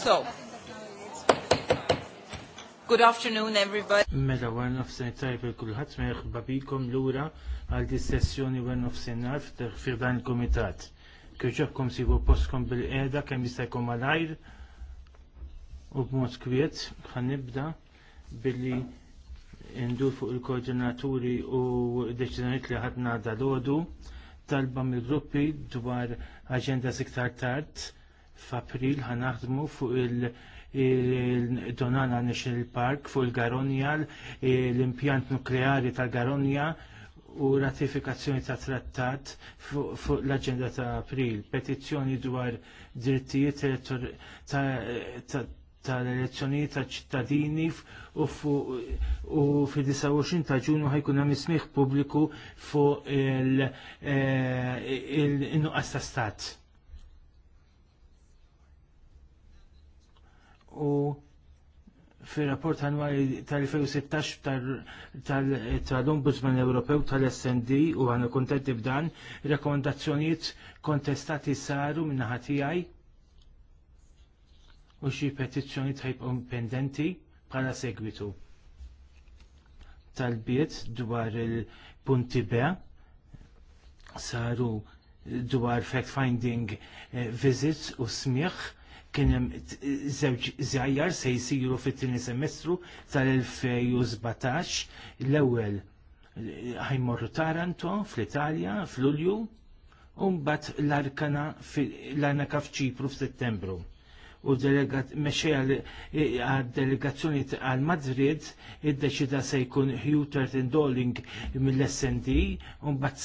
So, good afternoon everybody. Mela għan nofsen tajb il-kulħat, merħba mela, bikom l-ura għal di sessjoni għan of narf fir dan il-komitat. Kħiġabkom si postkom bil-eda kem jistajkom għal-ajr u b'mod kwiet għan nibda billi ndu fuq il-koordinaturi u deċizjoniet li ħadna dal-ħodu talba mill-gruppi dwar aġenda siktar tard F'April ħanaħdmu fuq il- il-Donana National Park fuq il-Garonja, l-impjant nukleari tal-Garonja u ratifikazzjoni ta' trattat fuq l-agenda ta' april, petizzjoni dwar drittijiet tal-elezzjoni ta' ċittadini u fi 29 ta' ġunju ħajkun hemm ismih pubbliku fuq eh, il-nuqqas ta' stat u fi rapport annwali tal-2016 tal-Ombudsman Ewropew tal-SND u għana kontenti b'dan, rekomendazzjoniet kontestati saru minnaħa tiegħi u xi petizzjoni ħajkom pendenti bħala segwitu tal-biet dwar il-punti B saru dwar fact-finding eh, visits u smieħ kien hemm żewġ żgħajjar se jsiru fit-tieni semestru tal-2017 l-ewwel eh, ħajmorru Taranto fl-Italja fl-Ulju u mbagħad l-Arkana l-Arnaka f'Ċipru f'Settembru u għad-delegazzjoni e, għal Madrid id-deċida se jkun Hugh Turton Dolling mill-SND un bat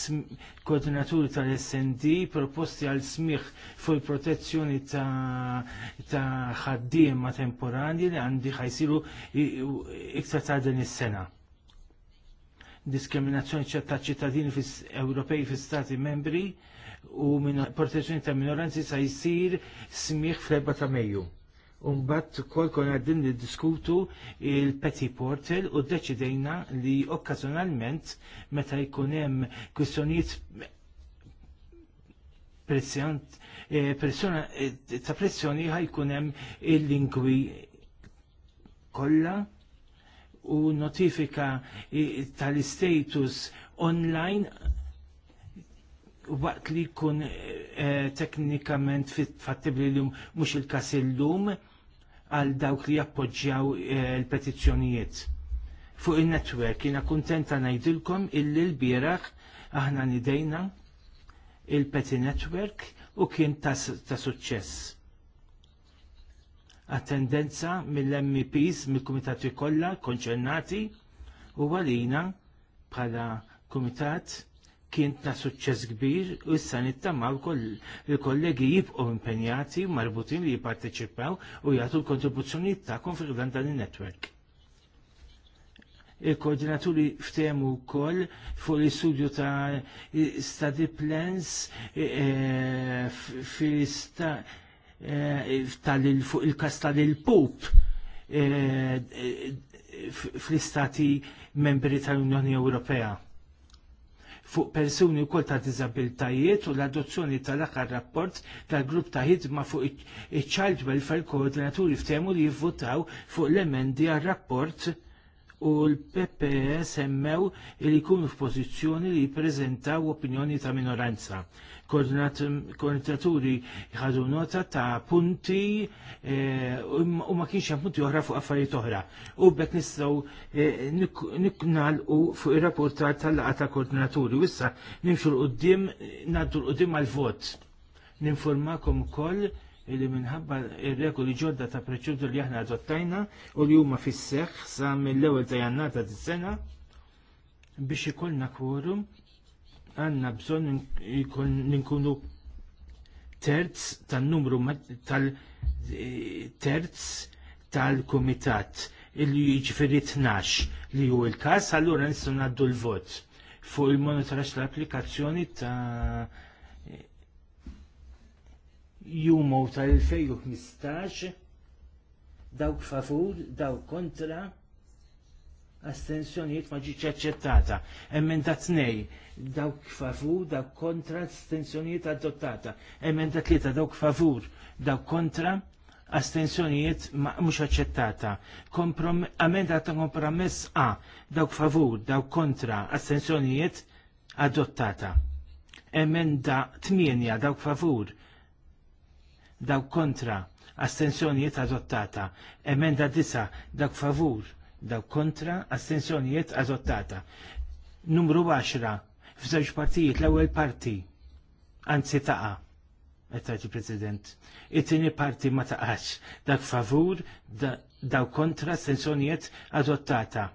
koordinaturi tal-SND proposti għal smiħ fuq protezzjoni ta' ħaddiema temporani li għandi ħajsiru iktar ta' din is-sena diskriminazzjoni ta' ċittadini Ewropej fi stati membri u protezzjoni ta' minoranzi sa' jisir smiħ fl-4 ta' Mejju. Umbat kol kon għaddin li diskutu il-Petty Portal u deċidejna li okkazjonalment meta jkunem kwistjonijiet pressjant eh, persona eh, ta' pressjoni ħajkunem il-lingwi kollha u notifika eh, tal-status online waqt li jkun eh, teknikament fattibli l-lum mux il-kas illum għal dawk li appoġġjaw eh, il-petizzjonijiet. Fuq il-netwerk jina kontenta najdilkom illi l-biraħ aħna nidejna il-peti network u kien ta' suċċess. Attendenza mill-MPs, mill-komitati kollha konċernati u għalina bħala komitat kien ta' suċċess kbir u issa nittama il-kollegi jibqgħu impenjati marbutin li jipparteċipaw u jagħtu l-kontribuzzjoni tagħkom fil dan il-netwerk. Il-koordinaturi ftehmu wkoll fuq l-istudju ta' study plans e, e, e, fuq il-kas tal-il-pup fl-istati membri tal-Unjoni Ewropea fuq persuni wkoll ta' diżabiltajiet u l-adozzjoni tal-aħħar rapport tal-grupp ta' ħidma fuq iċ-Child Welfare Koordinaturi ftehmu li jivvotaw fuq l-emendi għar-rapport u l-PPE semmew li jkunu f'pożizzjoni li jippreżentaw opinjoni ta' minoranza koordinaturi ħadu nota ta' punti eh, u ma kienx hemm punti oħra fuq affarijiet oħra. U bek nistgħu eh, niknalqu fuq ir rapport tal-laqgħa ta' koordinaturi. Issa nimxu l-qudiem ngħaddu l-qudiem għal-vot. Ninformakom ukoll illi minħabba il-regoli ġodda ta' preċedur li aħna adottajna u li huma fis-seħħ sa mill-ewwel ta' jannata ta' dis-sena biex ikollna kworum għanna bżon ninkunu terz tal-numru tal-terz tal-komitat illi jġifiri 12 li hu il-kas, allura nistgħu ngħaddu l-vot fuq il monitorax l-applikazzjoni ta' jumo tal-2015 dawk favur, dawk kontra astensjoniet ma ġiċ aċċettata. Emenda tnej, dawk favur, dawk kontra, astensjoniet adottata. Emenda tlieta, dawk favur, dawk kontra, astensjonijiet mhux aċċettata. Amenda ta' kompromess A, dawk favur, dawk kontra, astensjoniet adottata. Emenda t-mienja, dawk favur, dawk kontra, astensjonijiet adottata. Emenda disa, dawk favur, daw kontra astensjonijiet adottata. Numru 10 f'żewġ partijiet l-ewwel parti anzi taqa' qed President. It-tieni parti ma taqax dak favur daw kontra astensjonijiet adottata.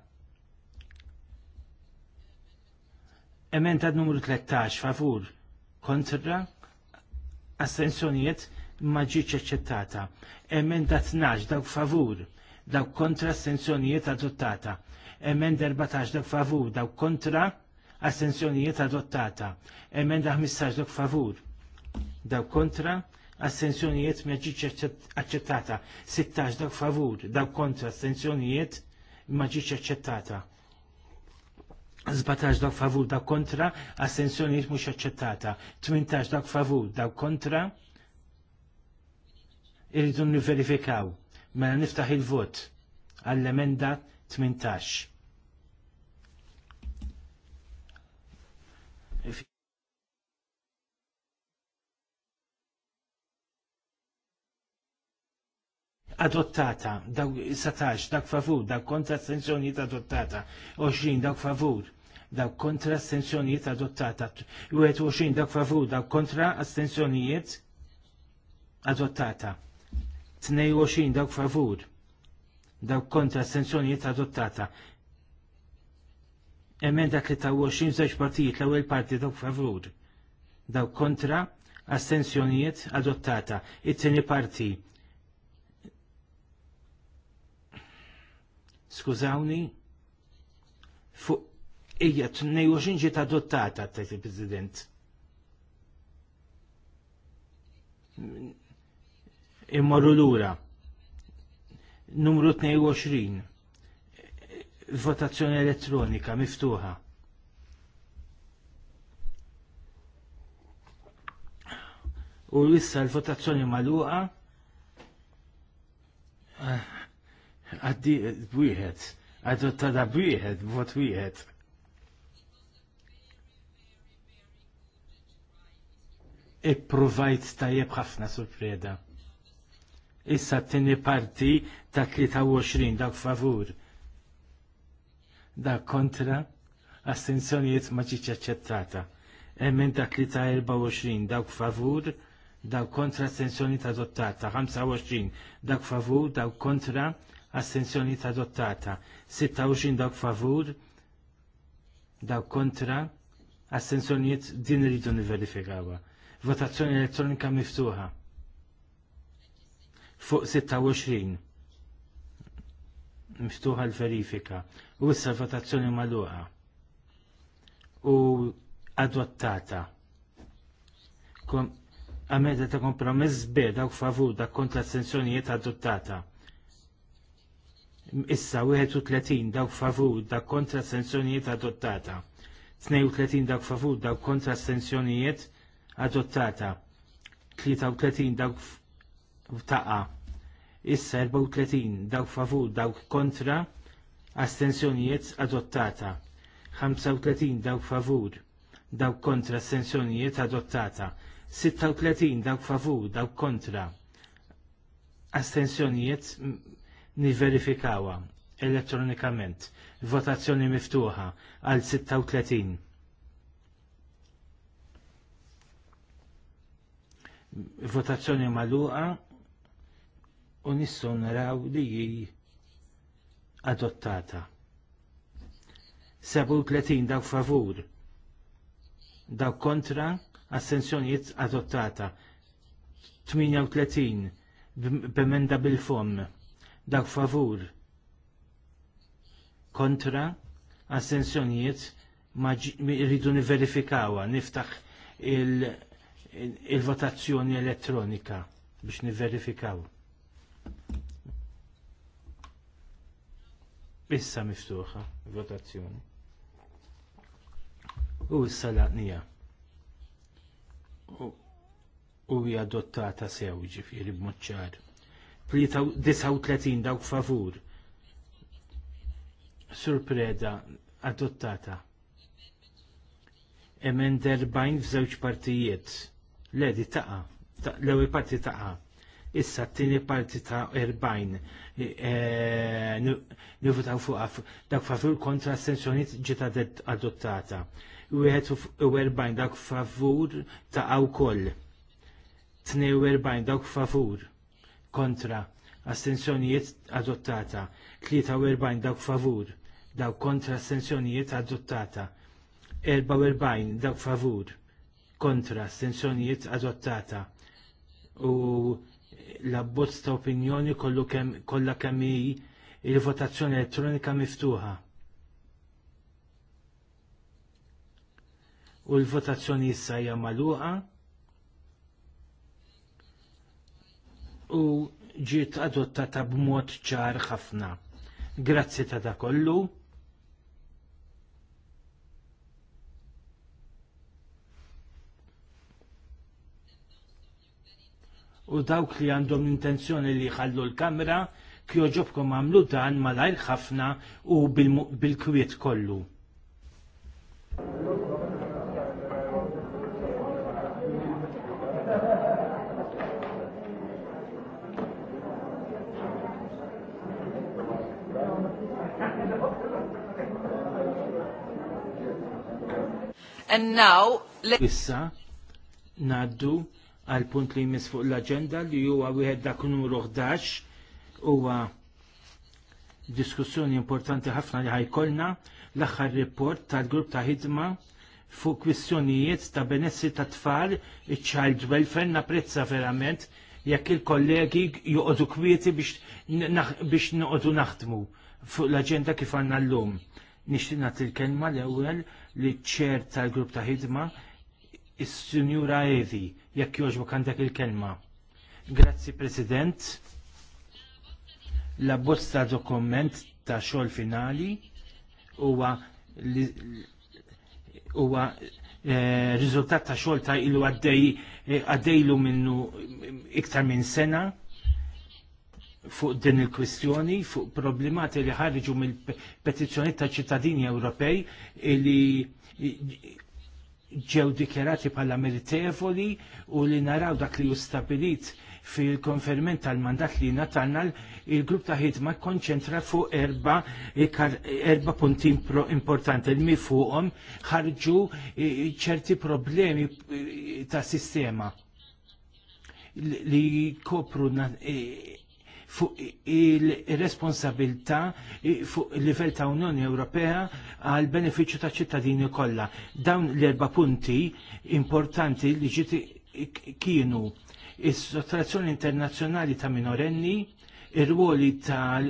Emenda numru 13 favur kontra astensjonijiet ma ġietx eċċettata. Emenda 12 dawk favur daw kontra assenzjonijiet adottata. Emenda 14 dak favur, daw kontra assenzjonijiet adottata. Emenda 15 dak favur, daw kontra astensjonijiet meġiċ accettata. 16 dak favur, daw kontra astensjonijiet maġiċ accettata. 17 dak favur daw kontra, assenzjonijiet mhux aċċettata. 18 dak favur daw kontra, irridu nivverifikaw. Mela niftaħ il-vot għall-emenda 18. adottata, dak satax, dak favur, dak kontra astensjonijiet adottata, 20 dak favur, dak kontra astensjonijiet adottata, 20 dak favur, dak kontra astensjonijiet adottata. 22 dawk favur, dawk kontra astenzjonijiet adottata. Emenda 23 zaċ partijiet l-ewwel parti dawk favur, dawk kontra astenzjonijiet adottata. It-tieni parti skużawni, fuq ija 22 ġiet adottata, tajt il-President immorru lura. Numru 22. Votazzjoni elettronika miftuħa. U issa l-votazzjoni maluqa għaddi bwieħed, għadottada bwieħed, b'vot wieħed. Ipprovajt tajjeb ħafna sur preda. Issa t-tini parti ta' 23 dak favur. Dak kontra astenzjoniet ma ġiċ aċċettata. Emmen ta' 24 dak favur dak kontra ta' adottata. 25 dak favur dak kontra ta' adottata. 26 dak favur dak kontra astenzjoniet din rridu niverifikawa. Votazzjoni elettronika miftuħa fuq 26 miftuħa l-verifika u issa votazzjoni magħluqa u adottata Kom ta' kompromess B u favur dak kontra s-sensjonijiet adottata. Issa 31 dawk favur dak kontra s-sensjonijiet adottata. 32 dawk favur dawk kontra sensjonijiet adottata. 33 dawk taqa. Issa 34 dawk favur dawk kontra astensjonijiet adottata. 35 dawk favur dawk kontra astensjonijiet adottata. 36 dawk favur dawk kontra astensjonijiet niverifikawa elettronikament. Votazzjoni miftuħa għal 36. Votazzjoni maluqa u nissu naraw li hi adottata. kletin daw favur, dawk kontra, assenzjonijiet adottata. 38 b'emenda bil-fom, dawk favur, kontra, assenzjonijiet ma rridu niverifikawa, niftaħ il-votazzjoni il il elettronika biex niverifikawa. Issa miftuħa votazzjoni. U issa laqnija. U hija adottata sew ġifieri bmoċċar. ċar. 39 dawk favur. Surpreda adottata. Emend derbajn f'żewġ partijiet. Ledi taqa. L-ewwel parti taqa' Issa t-tini parti ta' erbajn e, e, nifutaw fuq dak favur kontra astensjoniet ġita adottata. U erbajn dak favur ta' għaw koll. erbajn dak favur kontra astensjonijiet adottata, 43 dawk favur, dawk kontra astensjonijiet adottata, erbajn dak favur, kontra astensjonijiet adottata, u l-abbozz ta' opinjoni kem, kollha kemm il-votazzjoni elettronika miftuħa. U l-votazzjoni issa hija magħluqa. U ġiet adottata b'mod ċar ħafna. Grazzi ta' da kollu. u dawk li għandhom intenzjoni li jħallu l-kamra kjoġobkom għamlu dan malajr ħafna u bil-kwiet kollu. And now, issa naddu għal punt li jmiss fuq l-agenda li huwa wieħed dak numru 11 huwa diskussjoni importanti ħafna li ħajkolna l-aħħar report tal-grupp ta' ħidma fuq kwistjonijiet ta' benessi ta' tfal, child welfare, napprezza verament jekk il-kollegi joqogħdu kwieti biex noqogħdu naħdmu fuq l-aġenda kif għandna llum. Nixtieq nagħti l-kelma l-ewwel li ċer tal-grupp ta' ħidma Is-Sinjura Evi, jekk joġbu kandek il-kelma. Grazzi President, la bosta dokument ta' xogħol finali huwa huwa eh, riżultat ta' xogħol ta' ilu għaddej eh, għaddejlu minnu iktar minn sena fuq din il-kwistjoni, fuq problemati li ħarġu mill-petizzjoni ta' ċittadini Ewropej li ġew dikjerati bħala meritevoli u li naraw dak li ju stabilit fil-konferment tal-mandat li natanna il-grupp ta' ħidma konċentra fuq erba, erba punti importanti li fuqhom ħarġu e, e, ċerti problemi e, ta' sistema li kopru fuq il-responsabilità fuq il-livell ta' Unjoni Ewropea għal beneficju ta' ċittadini kollha. Dawn l-erba punti importanti li ġiet kienu is-sottrazzjoni internazzjonali ta' minorenni, ir-ruoli ta'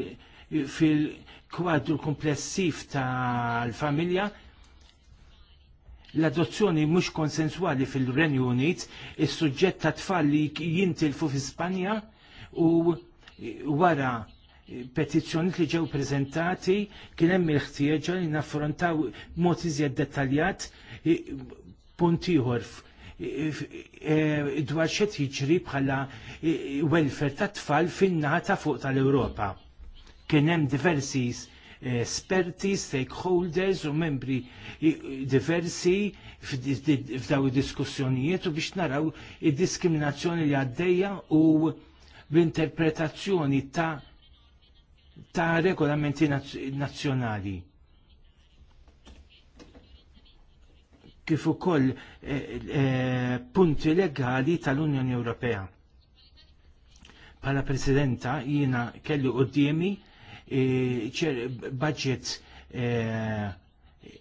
fil-kwadru komplessiv tal-familja, l-adozzjoni mhux konsensuali fil-Renju Unit, is-suġġett ta' tfal li jintilfu fi Spanja u wara petizzjoni li ġew prezentati kien hemm il-ħtieġa li naffrontaw mod iżjed dettaljat punt ieħor dwar xed jiġri bħala welfare ta' tfal fin-nata fuq tal-Ewropa. Kien hemm diversi eh, esperti, stakeholders u membri diversi f'daw id-diskussjonijiet u biex naraw id-diskriminazzjoni li għaddejja u b'interpretazzjoni ta' ta' regolamenti nazzjonali. Kif ukoll eh, eh, punti legali tal-Unjoni Ewropea. Pala Presidenta jiena kelli qudiemi e, budget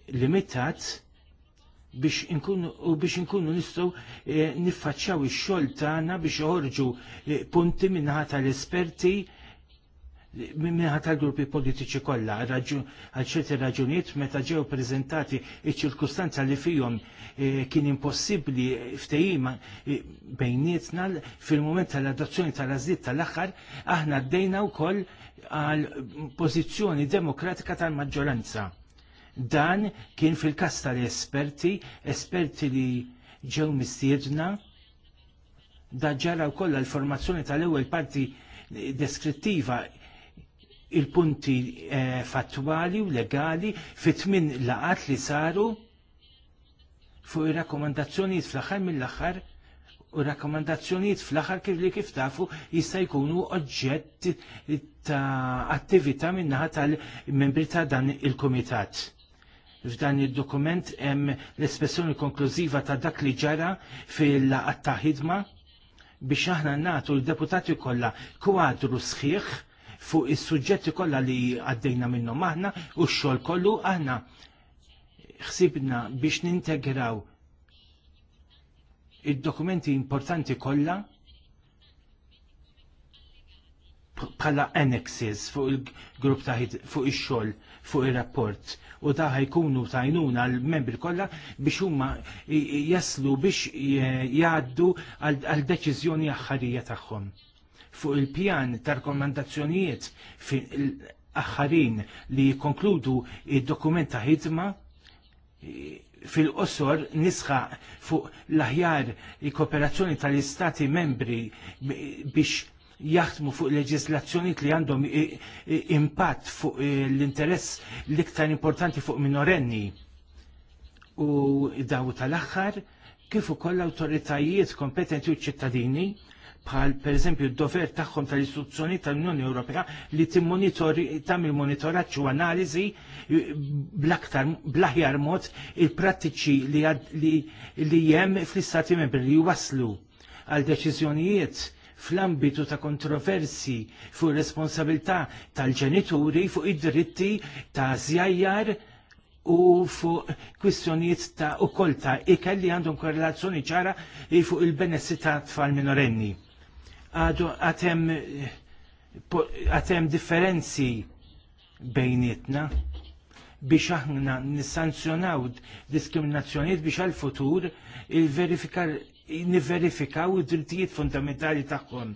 limitat biex inkunu u biex inkunu nistgħu eh, niffaċċjaw ix-xogħol tagħna biex joħorġu eh, punti minnaħa tal-esperti minnaħa tal-gruppi politiċi kollha għal ċerti raġunijiet meta ġew preżentati iċ-ċirkustanza li fihom eh, kien impossibbli ftehim bejnietna fil-mument tal-adozzjoni tal-għażliet tal-aħħar aħna ddejna wkoll għal pożizzjoni demokratika tal-maġġoranza Dan kien fil kasta tal-esperti, esperti li ġew mistiedna, da ġara wkoll l-formazzjoni tal-ewwel parti deskrittiva il-punti e, eh, fattuali u legali fit-tmin laqat li saru fuq ir-rakkomandazzjonijiet fl-aħħar mill-aħħar u rakkomandazzjonijiet fl-aħħar kif li kif tafu jista' jkunu oġġett ta' attività minnaħa tal-membri ta' dan il-kumitat. F'dan il-dokument hemm l-espressjoni konklużiva ta' dak li ġara fil-laqat ħidma biex aħna nagħtu l-deputati kollha kwadru sħiħ fuq is-suġġetti kollha li għaddejna minnhom aħna u x-xogħol kollu aħna ħsibna biex nintegraw id-dokumenti importanti kollha bħala annexes fuq il-grupp ta' fuq ix-xogħol fuq ir-rapport u da ħajkunu tajnuna l-membri kollha biex huma jaslu biex jgħaddu għal deċiżjoni aħħarija tagħhom. Fuq il-pjan ta' rakkomandazzjonijiet aħħarin li jikkonkludu id-dokument ta' ħidma fil-qosor nisħa fuq l-aħjar kooperazzjoni tal-istati membri biex jaħdmu fuq leġislazzjoni li għandhom impatt fuq eh, l-interess l-iktar importanti fuq minorenni. U daw tal-axħar kif ukoll l-autoritajiet kompetenti u ċittadini bħal per eżempju d-dover tagħhom tal-istituzzjoni tal-Unjoni Ewropea li timmonitori tagħmel monitoraġġ u analiżi eh, bl-aktar bl-aħjar mod il-prattiċi li hemm fl-istati membri li waslu għal deċiżjonijiet fl-ambitu ta' kontroversi fuq responsabilità tal-ġenituri fuq id-dritti ta' żjajjar u fuq kwistjonijiet ta' u kolta' ta' għandhom korrelazzjoni ċara fuq il-benessi ta' tfal minorenni. Għadu għatem differenzi bejnietna biex aħna nissanzjonaw diskriminazzjoniet biex għal-futur il-verifikar niverifikaw id-drittijiet fundamentali tagħhom.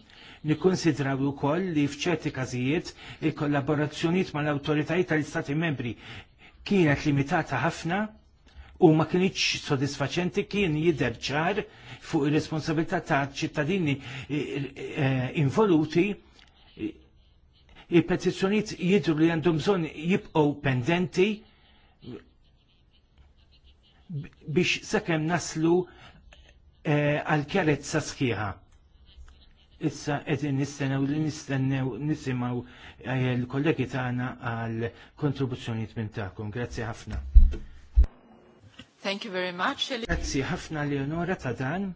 Nikkonsidraw ukoll li f'ċerti każijiet il-kollaborazzjonijiet mal-awtoritajiet tal-Istati membri kienet limitata ħafna u ma kienx sodisfaċenti kien jidher ċar fuq ir-responsabilità ta' ċittadini eh, eh, involuti il-petizzjoniet jidru li għandhom bżonn jibqgħu pendenti biex sakemm naslu Eh, għal kjarezza sħiħa. Issa qed nistennew li nistennew nisimgħu eh, l-kollegi tagħna għal kontribuzzjonijiet minn tagħkom. Grazzi ħafna. Thank you very much. Grazzi ħafna Leonora ta' dan.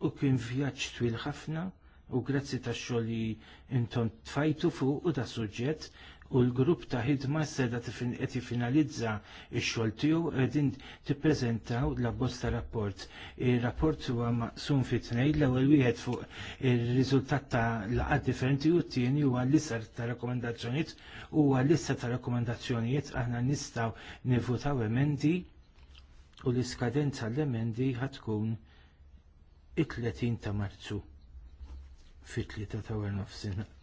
U kien vjaġġ twil ħafna u grazzi tax-xogħol li intom tfajtu fuq u da' suġġett u l-grupp ta' ħidma s-seda qed jiffinalizza ix xogħol tiegħu qegħdin tippreżentaw l bosta rapport. Ir-rapport huwa maqsum fi tnejn l-ewwel wieħed fuq ir-riżultat ta' laqgħat differenti u t-tieni huwa l-issa ta' rakkomandazzjonijiet huwa l-issa ta' rakkomandazzjonijiet aħna nistgħu nivvutaw emendi u l-iskadenza l-emendi ħatkun it-30 ta' Marzu fit-tlieta ta' nofsinhar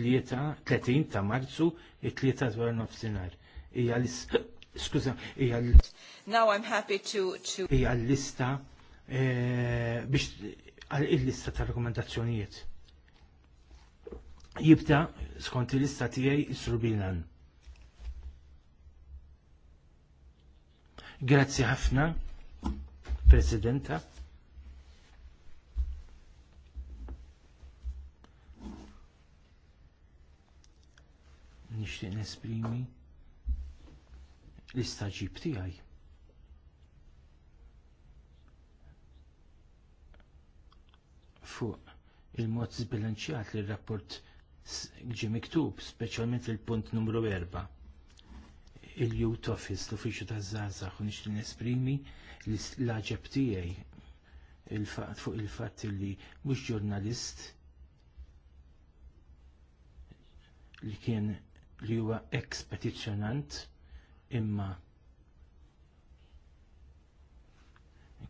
30 ta' marzu it-tlieta dwar nofsinhar. Hija Now I'm happy to to hija l-lista eh, biex il-lista ta' rekomendazzjonijiet. Jibda skont il-lista tiegħi is-Surbilan. Grazzi ħafna, Presidenta. nixtieq nesprimi l-istaġib tiegħi. Fuq il-mod zbilanċjat li r-rapport ġie miktub, speċjalment il-punt numru 4 il-Youth Office, l-Uffiċċju taż-Żgħażagħ, u nixtieq nesprimi l-aġeb tiegħi fuq il-fatt li mhux ġurnalist li kien li huwa ekspetizzjonant imma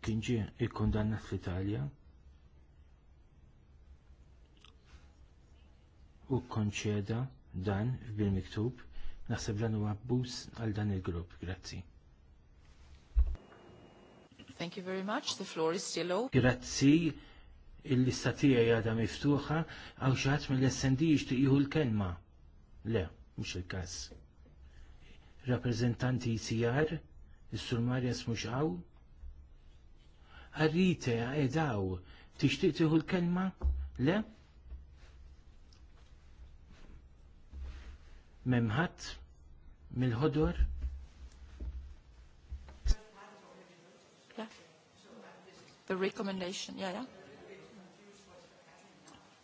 kien ġie ikkundannat fl-Italja u konċeda dan bil-miktub naħseb dan huwa abbuż għal dan il-grupp. Grazzi. Thank you very much. The floor is still open. Grazzi il-lista tiegħi għadha miftuħa għaw xi ħadd mill-SND jixtieq jieħu l-kelma. Le mux il kas Rappresentanti jisijar, is-Sur Marjas mhux hawn? Arrite edaw, tiċtiqtiħu l-kelma? Le? Memħat mil ħodor The recommendation, yeah, yeah.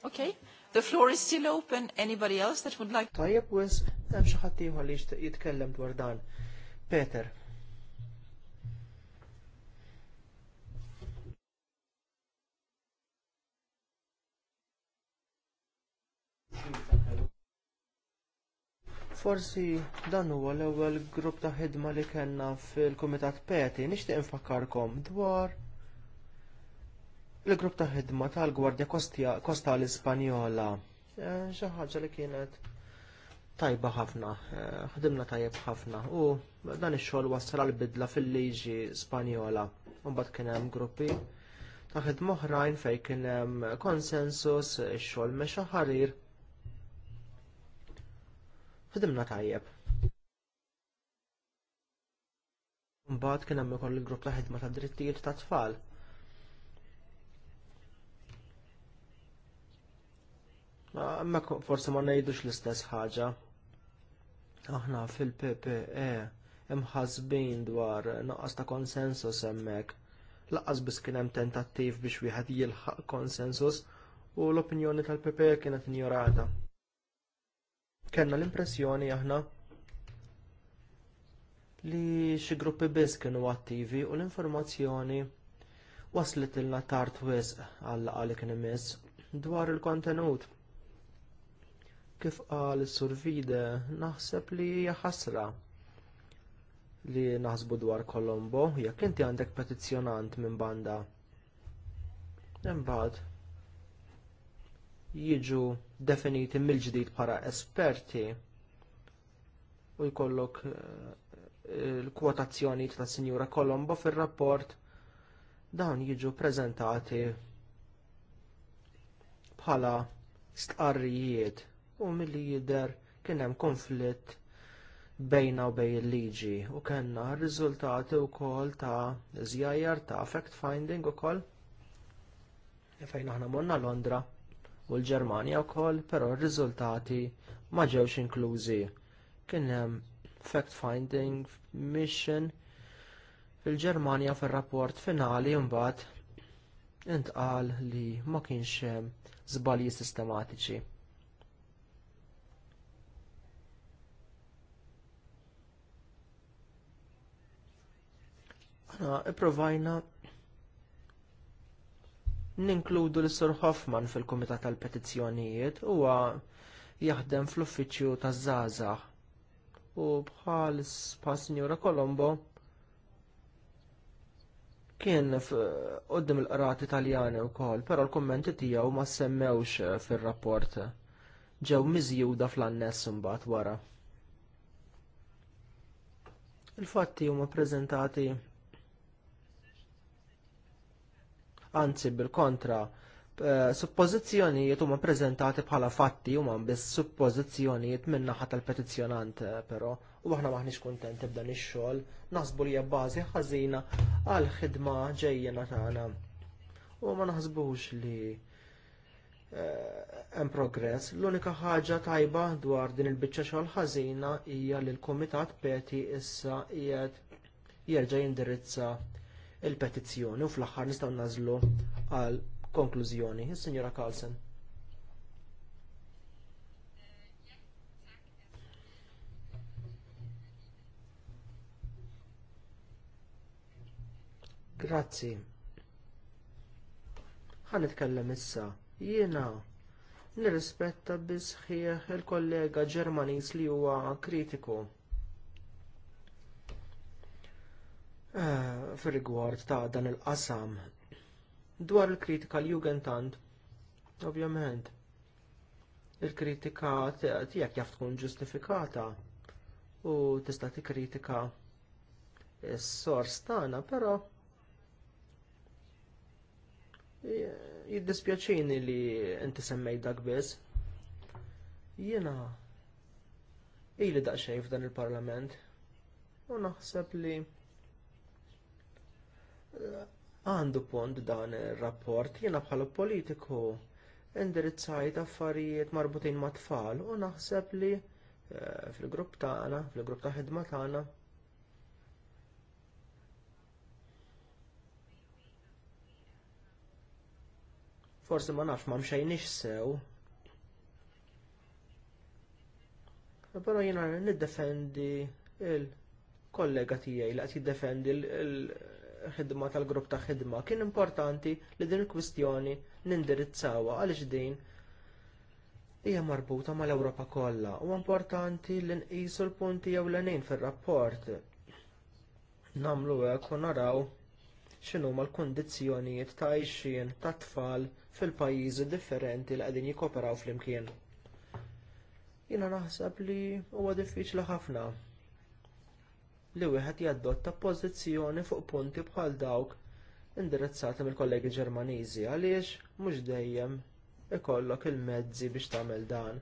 Okay. The floor is still open. Anybody else that would like? to Tajjeb wis, hemm xi ħadd ieħor li jitkellem dwar dan. Peter. Forsi dan huwa l-ewwel grupp ta' ħidma li kellna fil-Kumitat Peti nixtieq infakkarkom dwar Il-grupp ta' ħidma tal-Gwardja Kostali Spanjola eh, xi ħaġa li kienet tajba ħafna, eh, ħdimna tajjeb ħafna u dan ix-xogħol wassal għal bidla fil-liġi Spanjola. Mbagħad kien hemm gruppi ta' ħidma oħrajn fejn kien hemm konsensus, ix-xogħol mexa ħarir. Ħdimna tajjeb. Mbagħad kien hemm ukoll il-grupp ta' ħidma tad drittijiet tat tfal Ma forse ma ngħidux l-istess ħaġa. Aħna fil-PPE imħazbin dwar naqqas ta' konsensus hemmhekk. Laqqas biss kien hemm tentattiv biex wieħed jilħaq konsensus u l-opinjoni tal-PPE kienet injorata. Kenna l-impressjoni aħna li xi gruppi biss kienu attivi u l-informazzjoni waslet ilna tard wisq għal li kien imiss dwar il-kontenut. Kif qal survide naħseb li hija ħasra li naħsbu dwar Kolombo, jekk inti għandek petizzjonant minn banda. Imbagħad jiġu definiti mill-ġdid bħala esperti u jkollok eh, il-kwotazzjoni ta' Sinjura Kolombo fir rapport dawn jiġu ppreżentati bħala stqarrijiet u milli jidher kien hemm konflitt bejna u bejn il-liġi u kellna r-riżultati wkoll ta' żjajjar ta' fact finding ukoll fejn aħna morna Londra u l-Ġermanja wkoll, però r-riżultati ma ġewx inklużi. Kien hemm fact finding mission fil-Ġermanja fir-rapport finali mbagħad intqal li ma kienx hemm żbalji sistematiċi. Aħna iprovajna ninkludu l sur Hoffman fil-Kumitat tal-Petizzjonijiet huwa jaħdem fl-Uffiċċju taż-żgħażagħ u bħal pa' Sinjura Colombo kien qoddim il-qrati Italjani wkoll, però l-kummenti tiegħu ma semmewx fir-rapport ġew miżjuda fl-anness imbagħad wara. Il-fatti huma ppreżentati anzi bil-kontra eh, suppożizzjonijiet huma ppreżentati bħala fatti huma biss suppożizzjonijiet min-naħa tal-petizzjonant eh, però u aħna maħniex kuntenti b'dan ix-xogħol naħsbu li hija bażi ħażina għal ħidma ġejjena tagħna. U ma naħsbux li eh, hemm progress. L-unika ħaġa tajba dwar din il-biċċa xogħol ħażina hija li l-Kumitat Peti issa qiegħed jerġa' jindirizza il-petizzjoni u fl-aħħar nistgħu nażlu għal konklużjoni. is Carlsen. Grazzi. Ħan nitkellem issa. Jiena nirrispetta bisħieħ il-kollega Ġermaniż li huwa kritiku Eh, fir-rigward ta' dan il-qasam. Dwar il-kritika l-Jugendamt, ovvjament, il-kritika tiegħek jaf tkun ġustifikata u tista' tikkritika s-sors tagħna, però jiddispjaċini li inti semmej dak biss. Jiena ili daqsxejn f'dan il-Parlament u naħseb li għandu punt dan ir-rapport jiena bħala politiku indirizzajt affarijiet marbutin ma' tfal u naħseb li eh, fil-grupp tagħna, fil-grupp ta' ħidma tagħna forsi ma nafx ma mxejniex sew. Però jiena niddefendi il-kollega tiegħi li qed jiddefendi il- ħidma tal-grupp ta' ħidma kien importanti li din il-kwistjoni nindirizzawha għaliex din hija marbuta mal-Ewropa kollha u importanti li nqisu l-punti ewlenin fir-rapport. Nagħmlu hekk u naraw x'inhuma l-kundizzjonijiet ta' għajxien ta' tfal fil-pajjiżi differenti li qegħdin jikkoperaw flimkien. Jiena naħseb li huwa diffiċli ħafna li wieħed jadotta pożizzjoni fuq punti bħal dawk indirizzati mill-kollegi Ġermaniżi għaliex mhux dejjem ikollok il-mezzi biex tagħmel dan.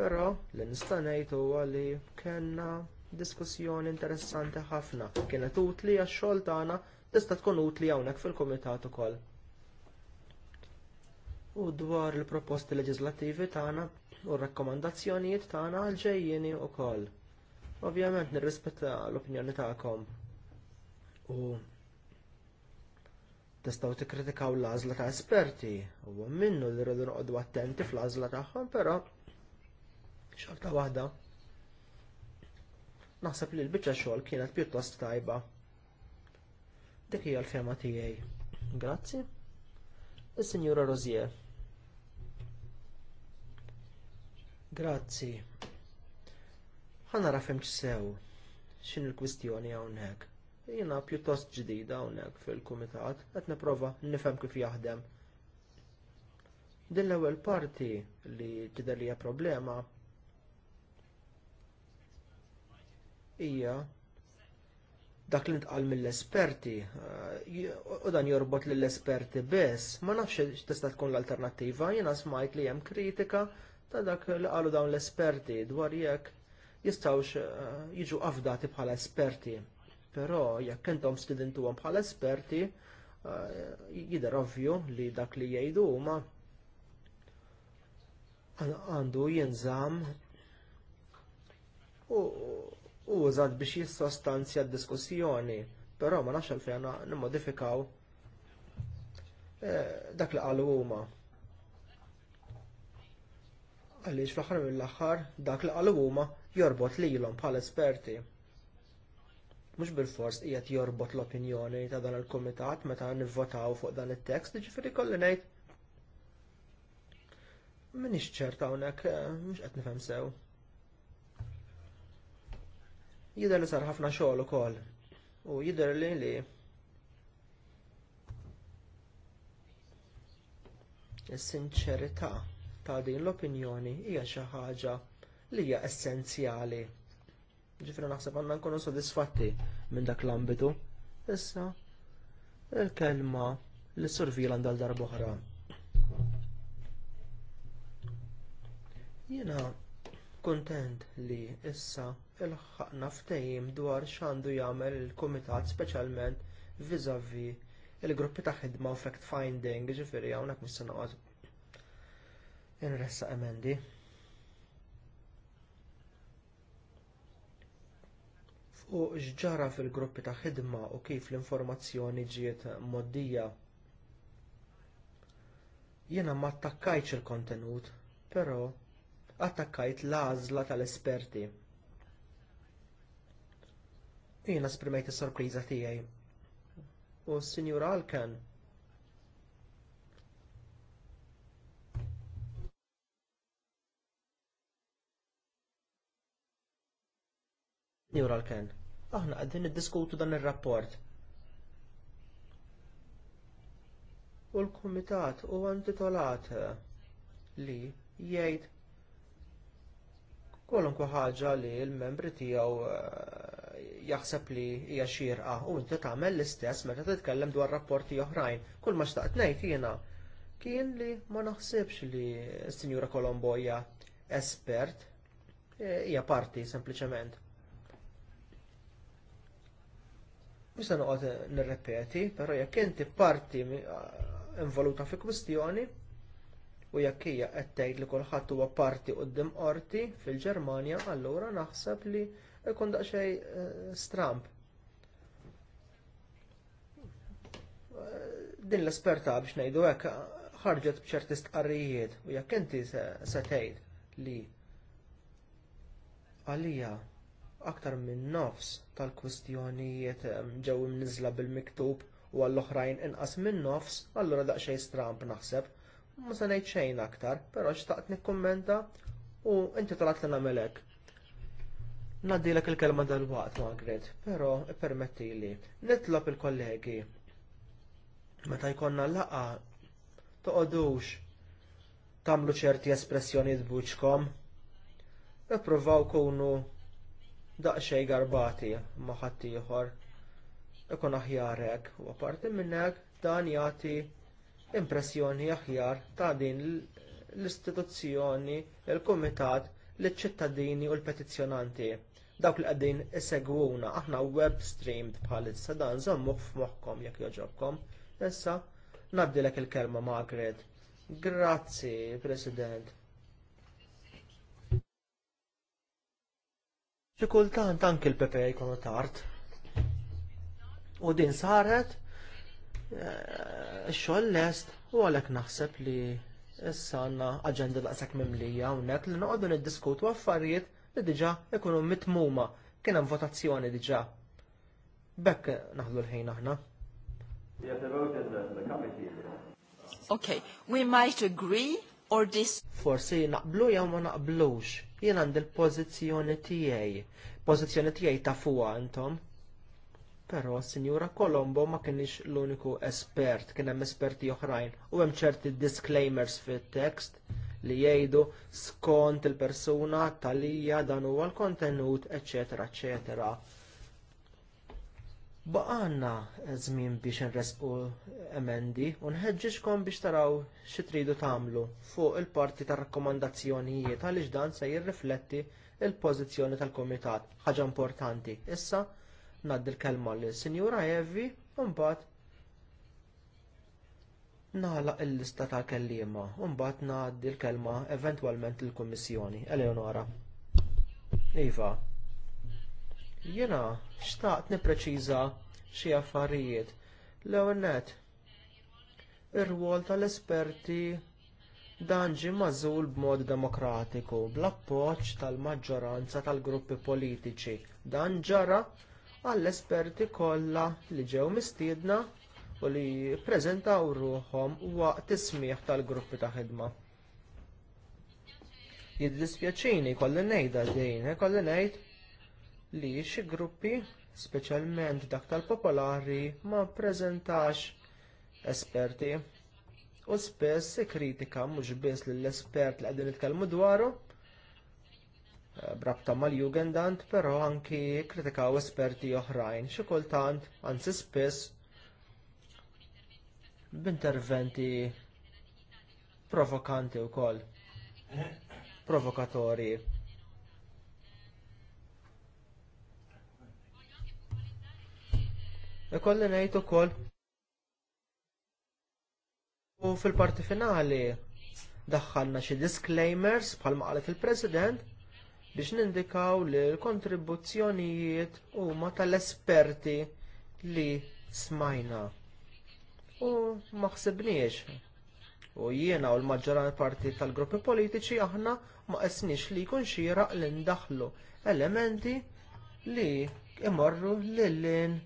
Però li nista' ngħid huwa li kellna diskussjoni interessanti ħafna. Kienet utli għax-xogħol tagħna tista' tkun utli hawnhekk fil-kumitat ukoll. U dwar il-proposti leġislattivi tagħna u r-rakkomandazzjonijiet tagħna għal ġejjieni wkoll. Ovvjament nirrispetta l-opinjoni tagħkom u tistgħu tikkritikaw l-għażla ta' esperti u minnu li rridu noqogħdu attenti fl-għażla tagħhom, però xorta waħda naħseb li l-biċċa xogħol kienet pjuttost tajba. Dik hija l-fema tiegħi. Grazzi. Is-Sinjura Rozier. Grazzi ħana rafem sew xin il-kwistjoni hawnhekk. Jiena pjuttost ġdida hawnhekk fil-kumitat qed nipprova nifhem kif jaħdem. Din l-ewwel parti li tidher li hija problema hija dak li ntqal mill-esperti u dan jorbot lill esperti biss, ma nafx tista' tkun l-alternattiva, jiena smajt li hemm kritika ta' dak li qalu dawn l-esperti dwar jekk jistawx eh, jiġu afdati bħala esperti. Però jekk intom studentuhom bħala esperti, eh, jidher ovvju li dak li jgħidu huma għandu jinżam u użad biex jissostanzja d-diskussjoni, però ma nafx fejn nimmodifikaw eh, dak li qalu huma. Għaliex fl-aħħar mill-aħħar dak li qalu huma jorbot lilhom bħala esperti. Mhux bilfors qiegħed jorbot l-opinjoni ta' dan il-kumitat meta nivvotaw fuq dan it-tekst, jiġifieri kolli ngħid Min ċerta hawnhekk eh, mhux qed nifhem sew. Jidher li sar ħafna xogħol ukoll u jidher li li is-sinċerità ta' din l-opinjoni hija xi ħaġa li hija essenzjali. Ġifri naħseb għandna nkunu sodisfatti minn dak l-ambitu. Issa, il-kelma li survila dal darboħra. Jiena kuntent li issa il-ħakna ftejim dwar x'għandu jagħmel il-kumitat speċjalment vizavi il-gruppi ta' ħidma u fact finding, ġifieri hawnhekk mis-sanoqgħod. Inressa emendi. u xġara fil-gruppi ta' ħidma u kif l-informazzjoni ġiet moddija. Jiena ma attakkajtx il-kontenut, però attakkajt l-għażla tal-esperti. Jiena sprimejt is-sorpriża tiegħi. U s-Sinjur Alkan Neural Ken aħna qegħdin diskutu dan ir-rapport. U l-kumitat huwa intitolat li jgħid kwalunkwe ħaġa li l-membri tiegħu eh, jaħseb li hija xierqa u inti tagħmel l-istess meta titkellem dwar rapporti oħrajn. Kull ma xtaqt ngħid jiena kien li ma naħsibx li s-Sinjura Kolombo hija espert eh, hija parti sempliċement. Misa noqgħod nirrepeti, però jekk inti parti involuta fi kwistjoni u jekk hija qed tgħid li kulħadd huwa parti quddiem qorti fil-Ġermanja, allura naħseb li jkun daqsxejn eh, stramp. Eh, din l-esperta biex ngħidu hekk eh, ħarġet b'ċerti stqarrijiet u jekk inti se tgħid li għalija aktar minn nofs tal-kwistjonijiet ġew imniżla bil-miktub u għall-oħrajn inqas minn nofs, allura daqsxejn stramp naħseb. Ma se ngħid xejn aktar, però xtaqt nikkummenta u inti talat li nagħmel hekk. Naddilek il-kelma dal-waqt, Margaret, però permettili, nitlob il-kollegi. Meta jkollna laqa, toqodux tagħmlu ċerti espressjonijiet buċkom, ippruvaw kunu daqsxejn garbati ma' ħadd ieħor ikun aħjar hekk u apparti minn hekk dan jagħti impressjoni aħjar ta' din l-istituzzjoni, il-kumitat, l ċittadini u l-petizzjonanti. Dawk li qegħdin isegwuna aħna web streamed bħalissa dan żammuh f'moħħkom jekk jogħġobkom. Issa, naddilek il-kelma Margaret. Grazzi, President. Xi kultant anki l-Pepe jkunu tard. U din saret eh, xogħol lest u għalhekk naħseb li issa għandna aġenda daqshekk mimlija hawnhekk li noqogħdu niddiskutu affarijiet li diġa' ikunu mitmuma kien hemm votazzjoni diġa'. Bekk naħdu l-ħin aħna. Okay, we might agree or this. Forsi naqblu jew ma naqblux. Jien għandi l-pożizzjoni tiegħi. Pożizzjoni tiegħi ta' fuqha intom. Però Sinjura Colombo ma kienx l-uniku espert, kien hemm esperti oħrajn u hemm ċerti disclaimers fit-text li jgħidu skont il-persuna talija dan huwa l-kontenut, eċetera, eċetera. Baqanna żmien biex nresqu emendi u nħeġġeġkom biex taraw xi tridu tagħmlu fuq il-parti tar rakkomandazzjonijiet għaliex dan se jirrifletti l pożizzjoni tal-Kumitat, ħaġa importanti. Issa ngħaddi l-kelma lis Sinjura Evi u mbagħad Nagħlaq il-lista ta' kelliema u mbagħad ngħaddi l-kelma eventwalment lill kummissjoni Eleonora. Iva, Jiena xtaqt nippreċiża xi affarijiet. L-ewwel nett, ir-rwol tal-esperti dan ġie magħżul b'mod demokratiku bl-appoġġ tal-maġġoranza tal-gruppi politiċi. Dan ġara għall-esperti kollha li ġew mistiedna u li ppreżentaw ruħhom waqt ismieħ tal-gruppi ta' ħidma. Jiddispjaċini kolli ngħidha din, kolli ngħid li xi gruppi, speċjalment dak tal-popolari, ma ppreżentax esperti u spess kritika mhux biss lill-espert li qegħdin jitkellmu dwaru eh, brabta mal-Jugendant, però anki kritikaw esperti oħrajn, xi kultant, anzi spiss, b'interventi provokanti wkoll provokatorji. Ikolli ngħid ukoll u fil-parti finali daħħalna xi disclaimers bħalma qalet il-President biex nindikaw li l-kontribuzzjonijiet huma tal-esperti li smajna. U ma ħsibniex. U jiena u l-maġġoran parti tal-gruppi politiċi aħna ma qesniex li jkun xieraq li ndaħlu elementi li imorru lil-lin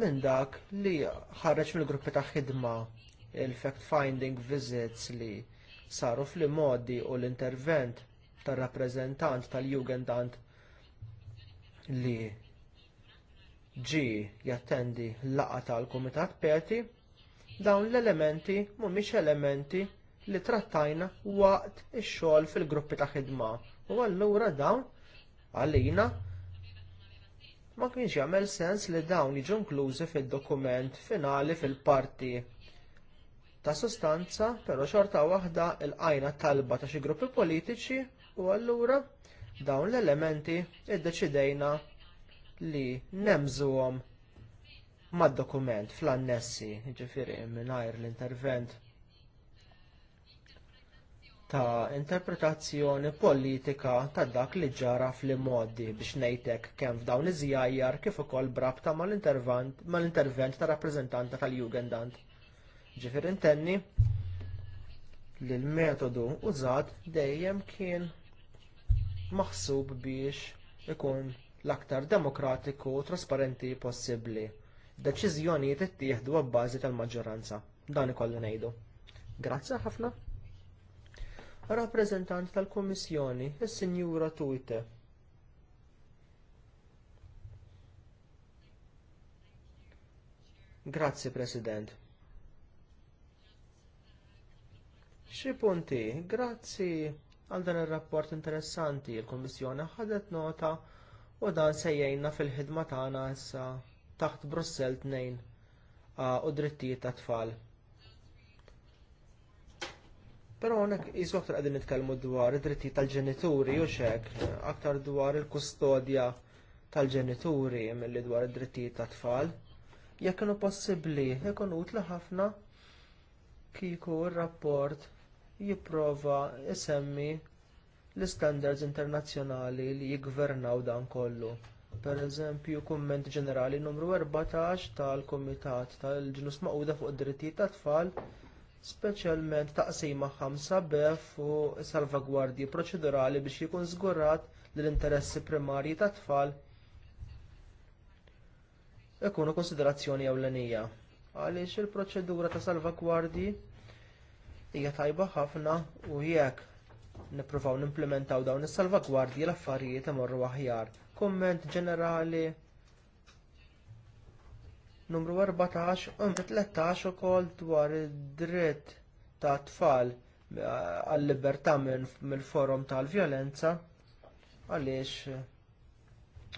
minn dak li ħareġ mill-gruppi ta' ħidma il-fact-finding visits li saru fl-modi u l-intervent tar rappreżentant tal-Jugendant li ġie jattendi l-laqgħa tal-Kumitat Peti, dawn l-elementi mhumiex elementi li trattajna waqt ix-xogħol fil-gruppi ta' ħidma. U allura dawn għalina ma kienx jagħmel sens li dawn jiġu inklużi fid-dokument finali fil-parti. Ta' sostanza, però xorta waħda il-qajna talba ta' xi gruppi politiċi u allura dawn l-elementi iddeċidejna li nemżuhom mad-dokument fl-annessi, ġifiri mingħajr l-intervent ta' interpretazzjoni politika ta' dak li ġara fl-modi biex ngħidlek kemm f'dawn iż-żjajjar kif ukoll brabta mal-intervent ta' rappreżentanta tal-Jugendant. Ġifier intenni li l-metodu użat dejjem kien maħsub biex ikun l-aktar demokratiku u trasparenti possibbli. Deċiżjonijiet ittieħdu għabbażi tal-maġġoranza. Dan ikollu ngħidu. Grazzi ħafna rappreżentant tal-Kummissjoni, is-Sinjura Tujte. Grazzi, President. Xi punti, grazzi għal dan ir-rapport interessanti l-Kummissjoni ħadet nota u dan sejjajna fil-ħidma tagħna issa taħt Brussell tnejn ah, u drittijiet tat-tfal. Però għonek jisu aktar għadin nitkellmu dwar id-dritti tal-ġenituri u xek, aktar dwar il-kustodja tal-ġenituri mill-li dwar id-dritti tat-tfal. Jekk kienu possibbli, ikun utla ħafna kieku r-rapport jipprova isemmi l istandards internazzjonali li jiggvernaw dan kollu. Pereżempju kumment ġenerali numru 14 tal kumitat tal-ġnus maquda fuq id-drittijiet tat-tfal speċjalment taqsima ħamsa bef u salvagwardji proċedurali biex jkun żgurat li l-interessi primarji tat tfal ikunu konsiderazzjoni ewlenija. Għaliex il-proċedura ta' salvagwardji hija tajba ħafna u jekk nippruvaw nimplementaw dawn is-salvagwardji l-affarijiet imorru aħjar. Kumment ġenerali numru 14 un numru 13 ukoll dwar id-dritt ta' tfal eh, għall-libertà mill-forum tal-vjolenza għaliex eh,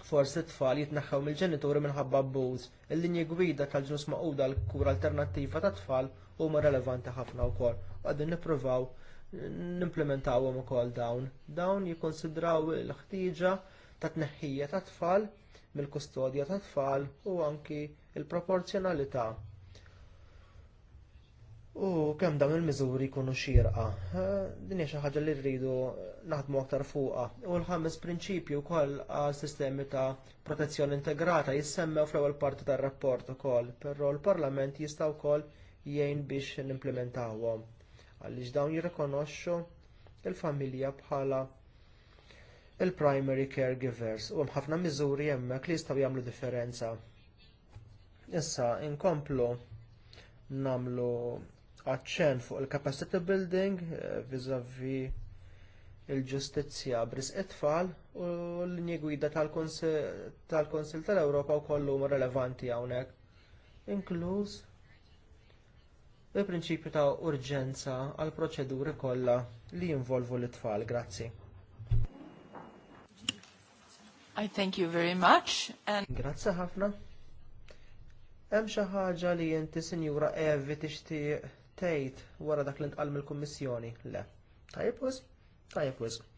forsi tfal jitneħħew mill-ġenituri minħabba abbuż. Il-linji gwida tal-ġnus maquda l-kura alternattiva ta' tfal huma relevanti ħafna wkoll. Għadin nippruvaw eh, nimplementawhom ukoll dawn. Dawn jikkonsidraw il-ħtieġa ta' tneħħija ta' tfal mill-kustodja tat tfal u anki l proporzjonalità U kemm dawn il-miżuri jkunu xierqa. Eh, din hija xi ħaġa li rridu naħdmu aktar fuqha. U l-ħames prinċipju wkoll għal sistemi ta' protezzjoni integrata jissemmew fl-ewwel parti tar-rapport ukoll, però l-Parlament jista' wkoll jgħin biex nimplementawhom. Għaliex dawn jirrikonoxxu il-familja bħala il-primary caregivers u ħafna miżuri hemmhekk li jistgħu jagħmlu differenza. Issa inkomplu nagħmlu aċċenn fuq il-capacity building eh, vis il-ġustizzja bris it-tfal u l-linji gwida tal-Konsil tal-Ewropa u kollu relevanti hawnhekk. Inkluż il-prinċipju ta' urġenza għall proċeduri kollha li jinvolvu l-tfal. Grazzi. I thank you very much. And... Grazzi ħafna. Hemm xi ħaġa li inti Sinjura Evi tixtieq tgħid wara dak li ntqal mill-Kummissjoni. Le. Tajjeb wisq? Tajjeb wisq.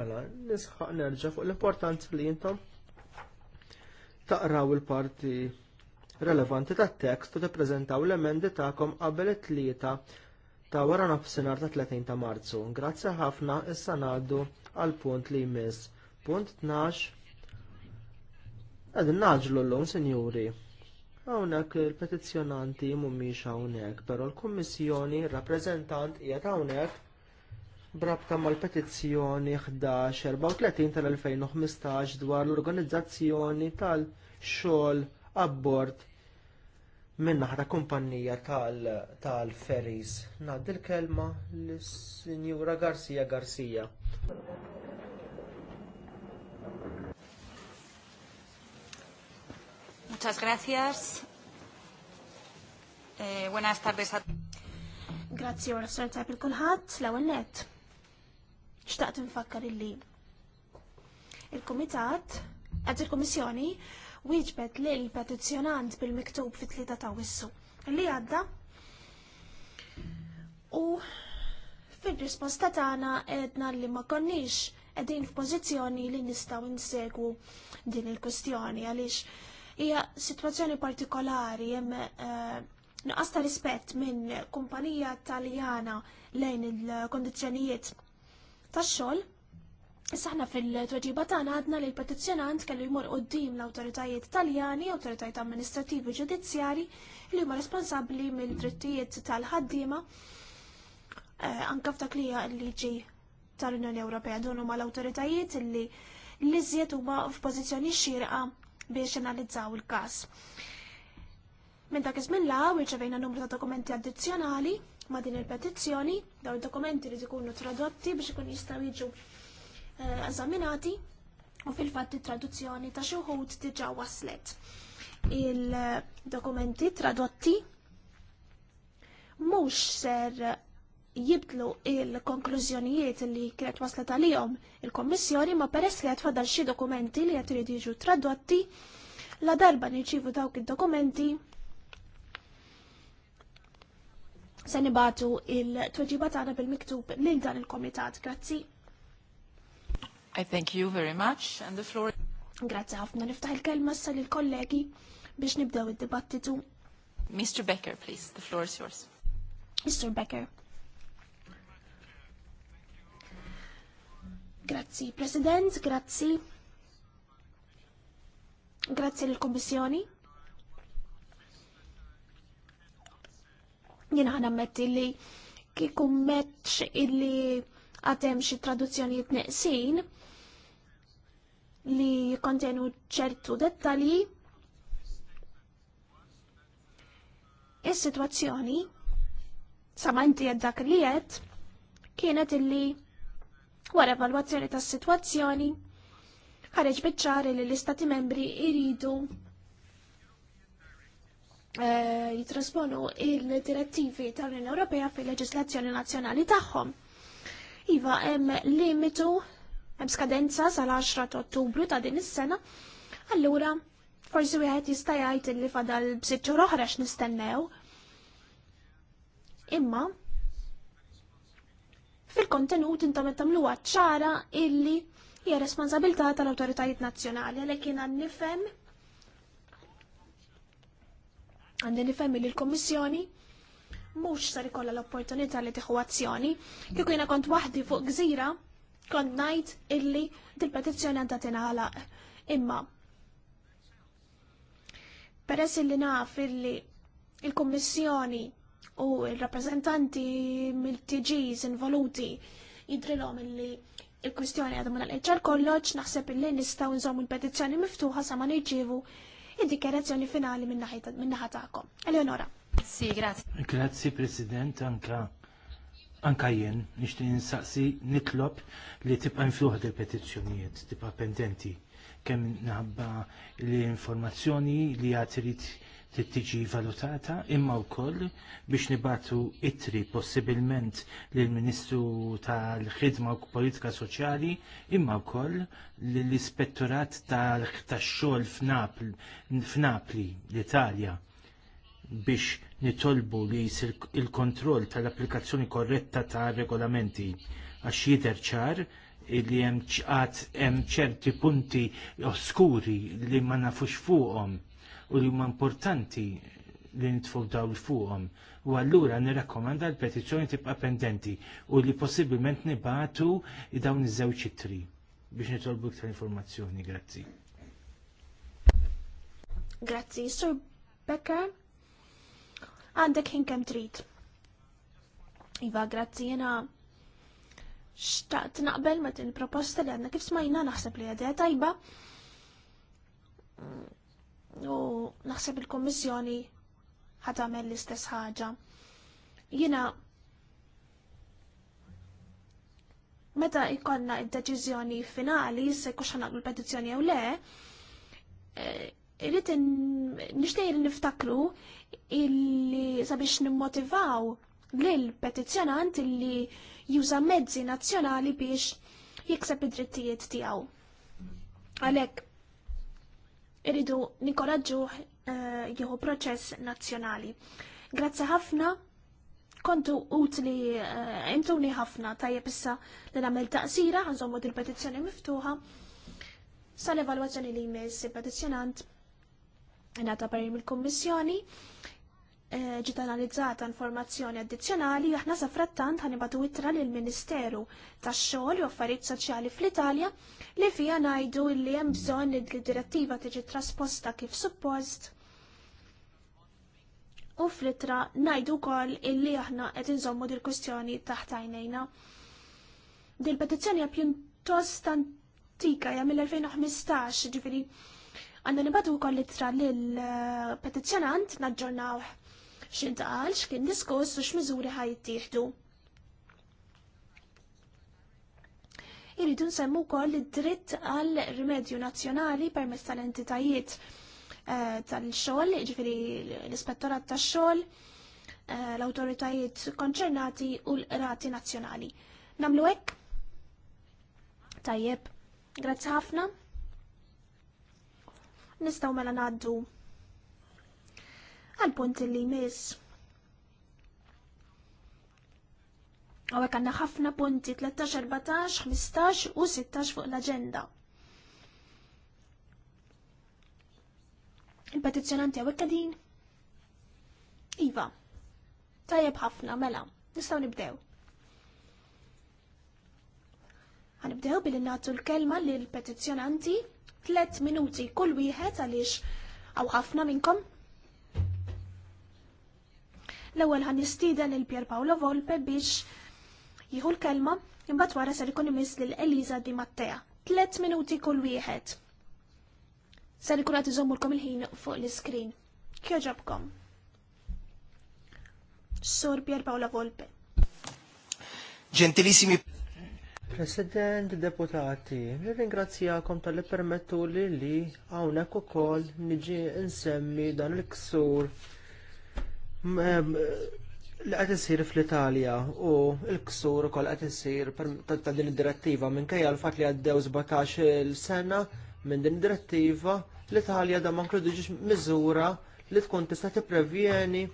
Mela, nisħaq nerġa' fuq l-importanza li intom taqraw il-parti relevanti tat tekst u tippreżentaw l-emendi tagħkom qabel it-tlieta ta' wara nofsinhar ta' 30 ta' Marzu. Grazzi ħafna issa ngħaddu għal punt li jmiss. Punt 12. Għadin naġlu l-lum, senjuri. Hawnhekk il-petizzjonanti mhumiex hawnhekk, però l-Kummissjoni rappresentant jgħat hawnhekk brabta mal-petizzjoni 11-34 tal-2015 dwar l-organizzazzjoni tal-xogħol abbord Minn-naħra kumpanija tal-ferries. Ngħaddi l-kelma lis-Sinjura Garcia Garcia. Muchas gracias. Eh, buenas tardes a Grazzi u rassol ta' il kulħadd l-ewwel nett. Xtaqt nfakkar il-Kumitat, għad il-Kummissjoni wieġbet lil petizzjonant bil-miktub fit-3 ta' wissu li għadda u fil-risposta tagħna edna li ma konniex qegħdin f'pożizzjoni li nistgħu nsegwu din il kwistjoni għaliex hija sitwazzjoni partikolari hemm eh, nuqqas ta' rispett minn kumpanija taljana lejn il-kondizzjonijiet tax-xogħol Saħna fil-tweġiba tagħna għadna li l-petizzjonant kellu jmur qudiem l-awtoritajiet Taljani, awtoritajiet amministrativi ġudizzjari li huma responsabbli mill-drittijiet tal-ħaddiema eh, anke f'dak li l-liġi tal-Unjoni Ewropea dun huma l-awtoritajiet li l-iżjed huma f'pożizzjoni xierqa biex analizzaw il-każ. Minn dak iż-żmien laqgħu irċevejna numru ta' dokumenti addizzjonali ma' din il-petizzjoni, dawn il dokumenti li ikunu tradotti biex ikun jistgħu jiġu Eh, eżaminati u fil-fatt it-traduzzjoni ta' xi wħud diġà waslet. Il-dokumenti tradotti mhux ser jibdlu il-konklużjonijiet li kienet waslet għalihom il-Kommissjoni ma peress li għatfadal xi dokumenti li qed jridu jiġu tradotti la darba nirċivu dawk id-dokumenti se nibatu il-tweġiba tagħna bil-miktub lil dan il-komitat. Grazzi. I thank you very much and the floor. Grazie ħafna niftaħ il-kelma issa lill kollegi biex nibdew id-dibattitu. Mr. Becker, please, the floor is yours. Mr. Becker. Grazzi, President, grazzi. Grazzi lill kommissjoni Jien ħana metti li kikum metx illi għatem xi traduzzjonijiet neqsin, li kontenu ċertu dettali Is-sitwazzjoni samanti inti dak li qed kienet illi wara evalwazzjoni tas-sitwazzjoni ħareġ biċċari li l-istati membri iridu eh, jitrasponu il-direttivi tal-Unjoni Ewropea fil-leġislazzjoni nazzjonali tagħhom. Iva hemm limitu hemm skadenza sal-10 ta' Ottubru ta' din is-sena, allura forsi wieħed jista' jgħid li fadal b'sitt xhur oħra x'nistennew. Imma fil-kontenut intom qed tagħmluha ċara illi hija responsabilità tal-awtoritajiet nazzjonali għalhekk jiena nifhem għandi nifhem li l-Kommissjoni mhux sar ikollha l-opportunità li tieħu azzjoni. Kieku jiena kont waħdi fuq gżira, kont ngħid illi dil-petizzjoni għandha tingħalaq. Imma peress illi naf illi il-Kummissjoni u il-rappreżentanti mill-TGs involuti jidrilom illi il-kwistjoni għadhom l-ħeċar kollox naħseb illi nistaw nżommu il petizzjoni miftuħa sa ma nirċievu il dikjarazzjoni finali minn naħa Eleonora. Sì, grazie. Grazie President, anka Anka jien, nixtieq nsaqsi nitlob li tibqa' influħ il petizzjonijiet, tibqa' pendenti kemm naħba l-informazzjoni li għad trid tittiġi valutata imma wkoll biex nibatu itri possibilment lill ministru tal-ħidma u politika soċjali imma wkoll l-ispettorat tax-xogħol f'Napli, l-Italja biex nitolbu li jisir il-kontroll tal-applikazzjoni korretta ta' regolamenti għax jidher ċar li hemm hemm ċerti punti oskuri li ma nafux fuqhom u li huma importanti li nitfgħu dawl fuqhom. U allura nirrakkomanda l-petizzjoni tibqa' pendenti u li possibilment nibatu dawn iż-żewġ tri biex nitolbu iktar informazzjoni. Grazzi. Grazzi, Sur Becker għandek ħin kemm trid. Iva, grazzi jena xtaqt naqbel ma tin proposta li għandna kif smajna naħseb li għadja tajba. U naħseb il-Kommissjoni ħatamel l-istess ħaġa. Jena meta ikonna id-deċiżjoni finali se kux ħanaqlu l-petizzjoni jew le, eh, irrit nishtej li niftakru illi sabiex nimmotivaw l-petizjonant illi juża mezzi nazzjonali biex jikseb id-drittijiet tiegħu. Għalhekk irridu nikoraġġuh eh, jieħu proċess nazzjonali. Grazzi ħafna kontu utli eh, intuni ħafna tajjeb issa li nagħmel taqsira ħanżommu il petizzjoni miftuħa sal-evalwazzjoni li jmiss il-petizzjonant nata parim mill-Kommissjoni eh, ġiet analizzata informazzjoni addizzjonali aħna sa frattant ħanibatu itra l ministeru tax-xogħol u affarijiet soċjali fl-Italja li fija ngħidu li hemm bżonn li d-direttiva tiġi trasposta kif suppost. U fl-ittra ngħidu wkoll illi aħna qed inżommu dil kustjoni taħt għajnejna. Dil-petizzjoni hija pjuntost antika hija mill-2015 ġifieri Għanna nibadu koll litra l-petizjonant eh, naġġornaw xintaqal x'kien diskuss u x'miżuri tiħdu. Iridu nsemmu koll id-dritt għal rimedju nazzjonali permezz tal-entitajiet eh, tal-xogħol, ġifiri l-ispettorat tax-xogħol, eh, l-awtoritajiet konċernati u l-rati nazzjonali. Namlu hekk? Tajjeb, grazzi ħafna nistaw mela naddu għal-punt li mis. Għawek għanna ħafna punti 13, 14, 15 u 16 fuq l-agenda. Il-petizjonanti għawek għadin? Iva, tajjeb ħafna, mela, nistaw nibdew. Għanibdew billi nagħtu l-kelma l petizjonanti tlet minuti kull wieħed għaliex għaw ħafna minnkom. L-ewwel ħan nistieden il Pier Paolo Volpe biex jieħu l-kelma imbagħad wara ser ikun imiss lil Eliza Di Mattea. Tlet minuti kull wieħed. Ser ikun qed iżommulkom il-ħin fuq l-iskrin. Kjoġobkom. Sur Pier Paolo Volpe. Gentilissimi President, deputati, nirringrazzjakom tal-li permettu li li għawnek u kol niġi nsemmi dan l-ksur ehm, li għat isir fl-Italja u l-ksur u kol għat isir ta' din id-direttiva minn kajja l-fat li għaddew 17 il-sena minn din id-direttiva l-Italja da man miżura li tkun tista' tipprevjeni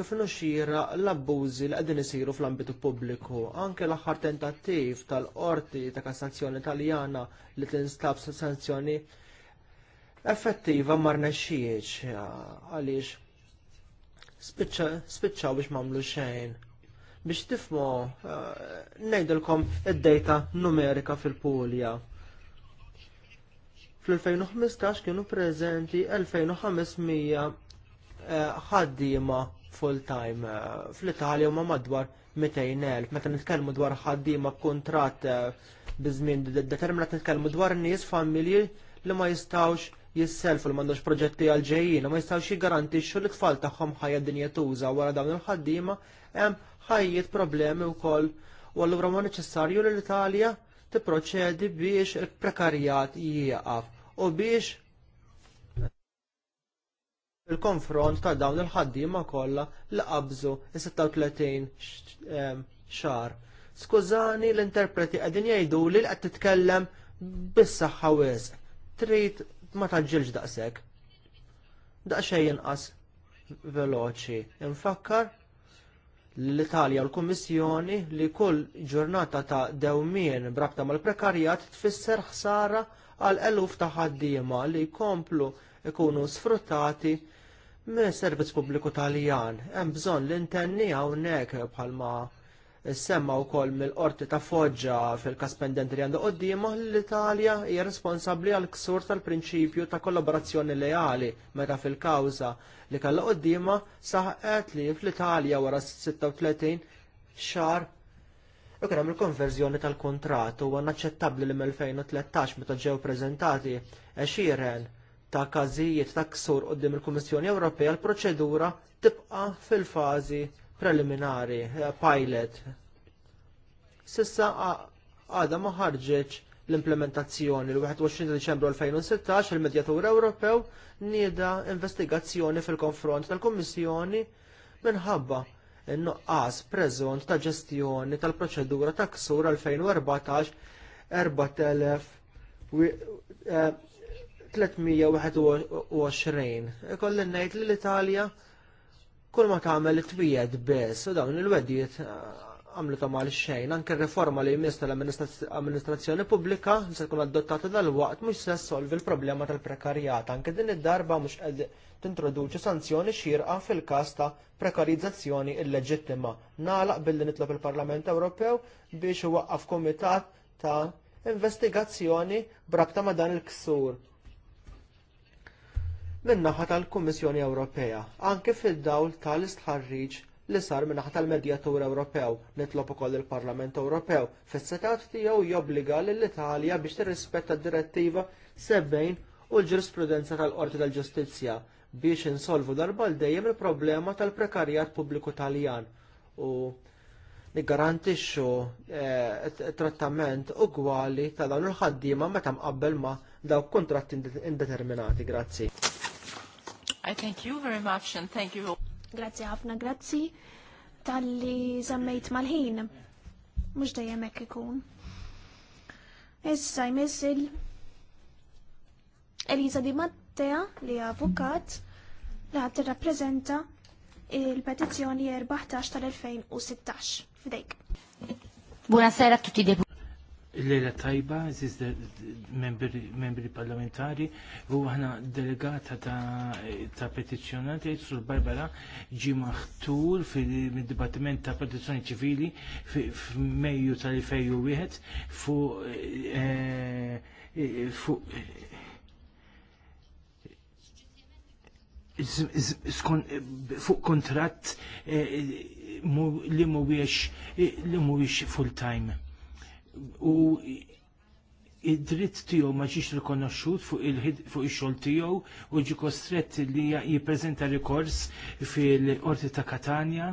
kif nuxxira l-abbużi li qegħdin isiru fl-ambitu pubbliku. Anke l-aħħar tentattiv tal-qorti ta' Kassazzjoni Taljana li tinstab sanzjoni effettiva ma rnexxiex għaliex spiċċaw biex m'għamlu xejn. Biex tifmu eh, ngħidilkom id-dejta numerika fil-Pulja. Fl-2015 kienu preżenti 2500 eh, ħaddiema full-time. Eh, Fl-Italja huma madwar 200.000, meta nitkellmu dwar ħaddiema kontratt eh, bizmin determinat nitkellmu dwar nies familji li ma jistawx jisselfu li m'għandux proġetti għal ma jistawx jiggarantixxu li tfal tagħhom ħajja dinja tuża wara dawn il-ħaddiema hemm ħajjiet problemi wkoll u allura ma neċessarju li l-Italja tipproċedi biex il-prekarjat jieqaf u biex il-konfront ta' dawn il-ħaddiema kollha li qabżu is-36 eh, xar. Skużani l-interpreti qegħdin jgħiduli li qed titkellem bis-saħħa wisq. Trid ma taġġilx daqshekk. Daqsxejn inqas veloċi. Infakkar l-Italja u l-Kummissjoni li kull ġurnata ta' dewmien brabta mal-prekarjat tfisser ħsara għal eluf ta' ħaddiema li jkomplu ikunu sfruttati minn servizz pubbliku taljan. Hemm bżonn li intenni hawnhekk bħalma semma u koll mill-qorti ta' foġġa fil kaspendenti pendenti li għandu qoddima l-Italja hija responsabli għal ksur tal-prinċipju ta' kollaborazzjoni leali meta fil-kawza li kalla qoddima saħqet li fl-Italja wara 36 xar Ikun hemm il-konverżjoni tal kontrat huwa naċċettabbli li mill-2013 meta ġew prezentati, għexieren ta' każijiet ta' ksur qoddim il-Kummissjoni Ewropea l-proċedura tibqa' fil-fażi preliminari, eh, pilot. Sissa għada ma ħarġitx l-implementazzjoni l-21 Deċembru 2016 il-Medjatur Ewropew nieda investigazzjoni fil-konfront tal-Kummissjoni minħabba n-nuqqas preżont ta' ġestjoni tal-proċedura ta' ksur 2014 4000 321. Ikolli ngħid li l-Italja kull ma t-wijed biss u dawn il-weddijiet eh, għamlu għal xejn, anke reforma riforma li jmiss tal-amministrazzjoni pubblika se tkun adottata dal-waqt mhux se solvi l-problema tal-prekarjat, anke din id-darba mhux qed tintroduċi sanzjoni xirqa fil-każ ta' prekarizzazzjoni illeġittima. Nalaq billi nitlob il-Parlament Ewropew biex iwaqqaf komitat ta' investigazzjoni brabta ma' dan il-ksur min-naħa tal-Kummissjoni Ewropea, anke fid-dawl tal-istħarriġ li sar min-naħa tal-Medjatur Ewropew nitlob ukoll il-Parlament Ewropew fis-setat tiegħu jobbliga lill-Italja biex tirrispetta d-direttiva sebbejn u l-ġurisprudenza tal-Qorti tal-Ġustizzja biex insolvu darba l dejjem il-problema tal-prekarjat pubbliku Taljan u niggarantixxu eh, trattament ugwali ta' dawn il-ħaddiema meta mqabbel ma' dawk kontratti indeterminati. Grazzi. I thank you very much and thank you all. Grazzi ħafna, grazzi tal-li zammejt mal-ħin. Mux dejjem hekk ikun. Issa jmessil Eliza Di Mattea li avukat li ħadd rappreżenta il-petizzjoni 14 tal-2016. Fidejk. Buonasera a tutti i deputati il lejla tajba, ziz membri parlamentari, u għana delegata ta' petizjonanti, Sur Barbara, ġi maħtur fil dipartiment ta' Protezzjoni Ċivili f'Mejju tal-2001 fu eh, eh, eh, fuq kontratt li mhuwiex li mhuwiex full time u id-dritt tiegħu ma ġiex rikonoxxut fuq ix-xogħol tiegħu u ġi kostrett li jippreżenta rikors fil-Qorti ta' Katania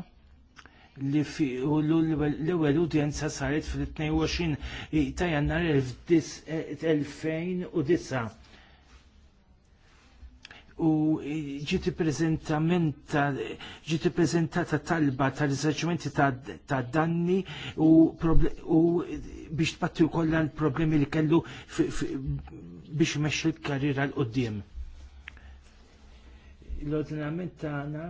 li l-ewwel udjenza saret fil-22 ta' Jannar 2009 u ġiet ġiet ippreżentata talba tal-riżarċimenti ta' danni u, u biex tpatti kollha l-problemi li kellu biex mexxi l-karriera l-qoddim l-ordinament tagħna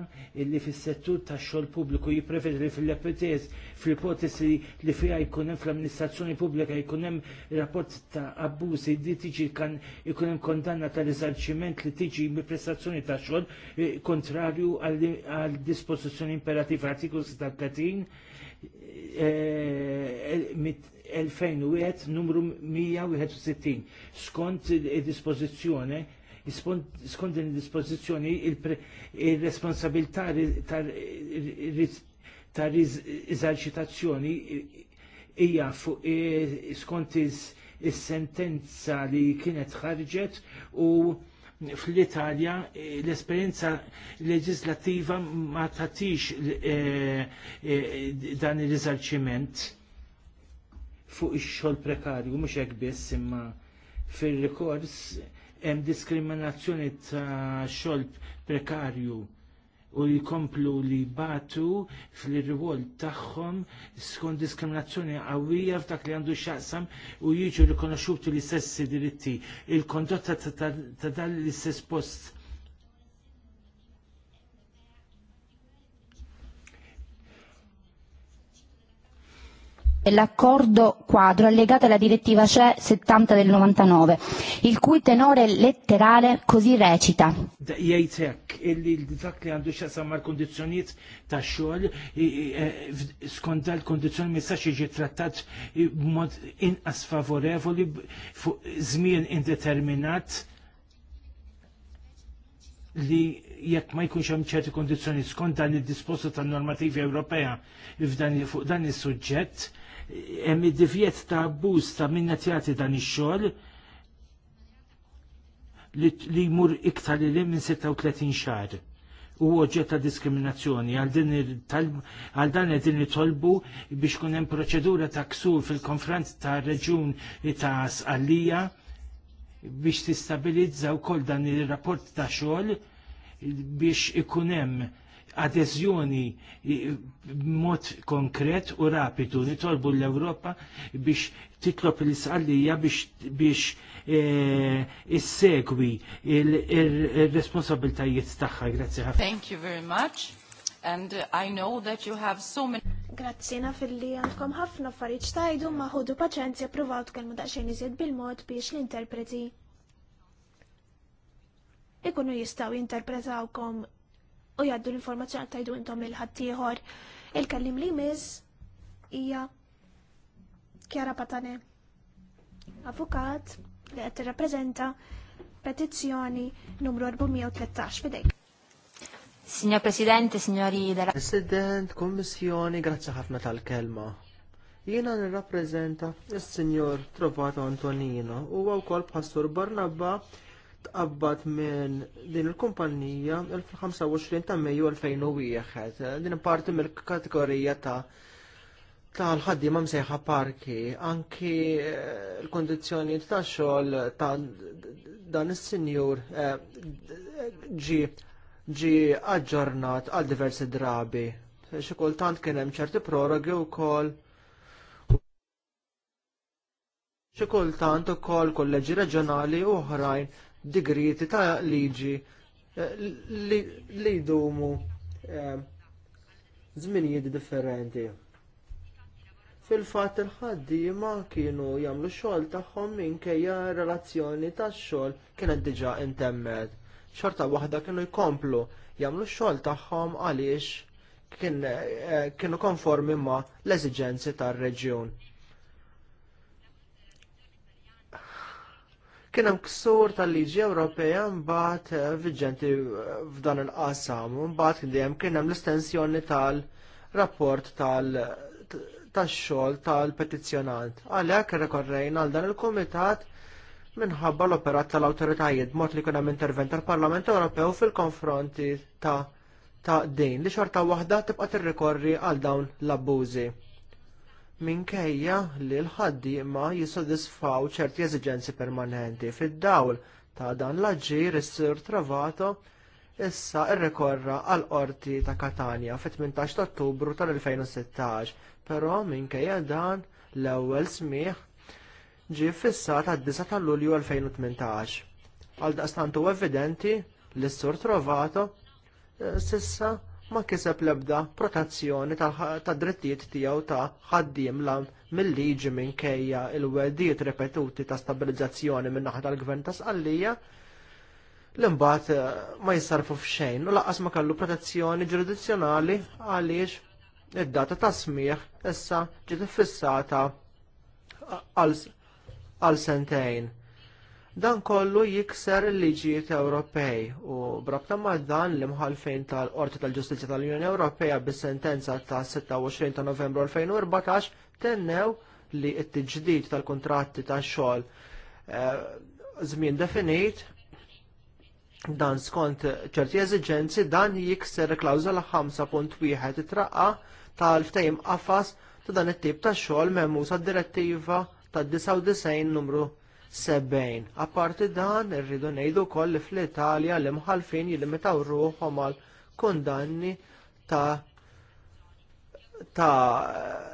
illi fis-settur tax-xogħol pubbliku jipprevedi li fil-epitez fl-ipotesi li fiha jkun hemm fl-amministrazzjoni pubblika jkun hemm rapport ta' abbużi li tiġi kan ikun hemm kondanna tal-riżarċiment li tiġi bi prestazzjoni ta' xogħol eh, kontrarju għal dispożizzjoni imperativa artiklu 36 2001 eh, eh, numru 161 skont id-dispożizzjoni skont din dispożizzjoni il-responsabilità ta' riżarċitazzjoni hija fuq e, skont is-sentenza li kienet ħarġet u fl-Italja e, l-esperienza leġislativa ma tatix e, dan il-rizarċiment fuq ix-xogħol prekarju mhux hekk biss imma fir-rikors hemm diskriminazzjoni ta' xogħol prekarju u jkomplu li batu fil-rivol tagħhom skont diskriminazzjoni qawwija f'dak li għandu xaqsam u jiġu rikonoxxuti l-istessi diritti. Il-kondotta ta' dan l-istess post E l'accordo quadro allegato alla direttiva CE 70 del 99, il cui tenore letterale così recita. Jgħid hekk illi dak li għandu x'għasam mal-kondizzjonijiet ta' xogħol e, skont dal-kondizzjoni ma jistax jiġi trattat b'mod inqas favorevoli fuq żmien indeterminat li jekk ma jkunx hemm ċerti kondizzjoni skont dan id-disposta tan-normativa Ewropea f'dan fuq dan is-suġġett hemm id-divjet ta' abbuż ta' minna tjati jagħti dan ix-xogħol li jmur iktar li minn 36 xahar u oġġett ta' diskriminazzjoni għal dan qegħdin nitolbu biex kun hemm proċedura ta' ksur fil-konfront ta' reġun ta' Sqallija biex tistabilizza wkoll dan ir-rapport ta' xogħol biex ikun hemm adeżjoni mod konkret u rapidu. Nitolbu l-Ewropa biex titlob l-isqallija biex biex e, issegwi il-responsabiltajiet tagħha. Grazzi ħafna. Thank you very much. And I know that you have so many Grazzina fil-li għandkom ħafna affarijiet tajdu maħudu paċenzja provaw tkellmu daqsxejn iżjed bil-mod biex l-interpreti ikunu jistaw jinterpretawkom u jaddu l-informazzjoni tajdu intom il-ħaddieħor. Il-kellim li miss hija Kjara Patane, avukat li qed tirrappreżenta petizzjoni numru 413 fidejk. Signor Presidente, signori della President, Kommissjoni, grazzi ħafna tal-kelma. Jiena nirrappreżenta il-Signor Trovato Antonino u wkoll Pastor Barnabba tqabbad minn din il-kumpanija il-25 ta' Mejju 2001. Din parti mill-kategorija ta' tal-ħaddiema msejħa parki, anki eh, l-kondizjoni ta' xogħol ta' dan is-sinjur eh, ġi ġi aġġornat għal diversi drabi. Xi kultant kien hemm ċerti prorogi wkoll xi kultant ukoll kolleġi reġjonali oħrajn digriti ta' liġi eh, li, jdumu żminijiet eh, differenti. Fil-fatt il-ħaddiema kienu jagħmlu x-xogħol tagħhom minkejja relazzjoni tax-xogħol kienet diġà intemmet. Xorta waħda kienu jkomplu jagħmlu x-xogħol tagħhom għaliex eh, kienu konformi ma l-eżigenzi tar-reġjun. Kien hemm ksur tal-liġi Ewropea mbagħad eh, viġenti eh, f'dan il-qasam, mbagħad dejjem kien hemm l-estensjoni istensjoni tal- tax-xogħol tal-petizzjonant. Għalhekk irrekorrejna għal dan il-kumitat minħabba l-operat tal-awtoritajiet mod li kien hemm intervent tal-Parlament Ewropew fil-konfronti ta' ta' din li xorta waħda tibqa' tirrikorri għal dawn l-abbużi minkejja li l-ħaddiema jisodisfaw ċerti eżigenzi permanenti fid-dawl ta' dan l aġir is-sur Travato issa irrekorra għal qorti ta' Katania fit-18 ta' Ottubru tal-2016, però minkejja dan l-ewwel smigħ ġie fissat għad 9 ta' Lulju 2018. Għal huwa evidenti li s-sur Trovato eh, sissa ma kiseb l-ebda protezzjoni tad drittijiet tiegħu ta' ħaddiem la mill-liġi minkejja il-weddijiet repetuti ta' stabilizzazzjoni minn naħa tal-gvern ta' sqallija l imbagħad eh, ma jissarfu f'xejn u laqqas ma kellu protezzjoni ġurisdizzjonali għaliex id-data ta' smigħ issa ġiet fissata għal sentejn. Dan kollu jikser il-liġijiet Ewropej u brabta ma' dan l-imħalfejn tal-Qorti tal-Ġustizja tal-Unjoni Ewropea bis-sentenza ta' 26 ta' Novembru 2014 tennew li t-tiġdid tal-kontratti ta' xogħol eh, żmien definit dan skont ċerti eżiġenzi dan jikser klawżola 5.1 traqqa tal-ftehim qafas ta' dan it-tip ta' xogħol memusa direttiva tad-99 numru 70. Apparti dan, irridu ngħidu wkoll li fl-Italja li mħalfin jilimitaw ruħhom għal kundanni ta' ta'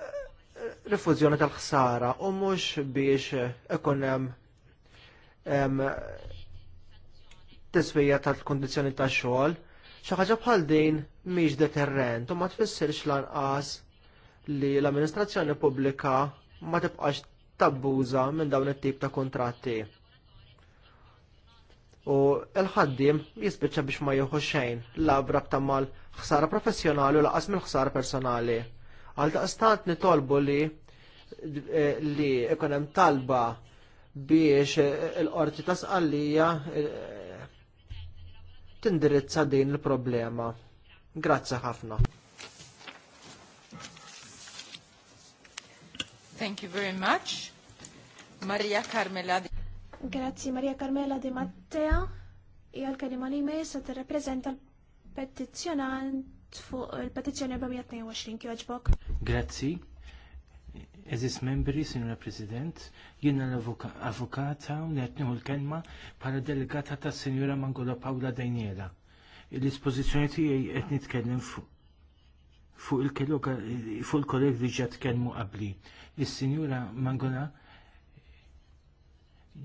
rifużjoni tal-ħsara u mhux biex ikun hemm tiswija tal-kundizzjoni tax-xogħol. Xi ħaġa bħal din mhix deterrent u ma tfissirx lanqas li l-amministrazzjoni pubblika ma tibqax tabbuża minn dawn it-tip ta' kontratti. U l-ħaddim jispiċċa biex ma jieħu xejn labra b'tammal ħsara professjonali u laqas mill ħsara personali. Għal daqstant nitolbu li li ikun hemm talba biex il-qorti sqallija eh, tindirizza din il-problema. Grazzi ħafna. Thank you very much. Maria Carmela. Grazie Maria Carmela Di Mattea. Hija l-kelima li mej se tirrappreżenta l-petizzjonant fuq il-petizzjoni 422 kjoġbok. Grazzi. Eżis membri, signora President, jiena l-avukata u nertniħu l-kelma para delegata ta' signora Mangola Paula Dajniela. l ti tiegħi etni t fuq fuq il-kolleg diġa tkellmu qabli. Il-signora Mangola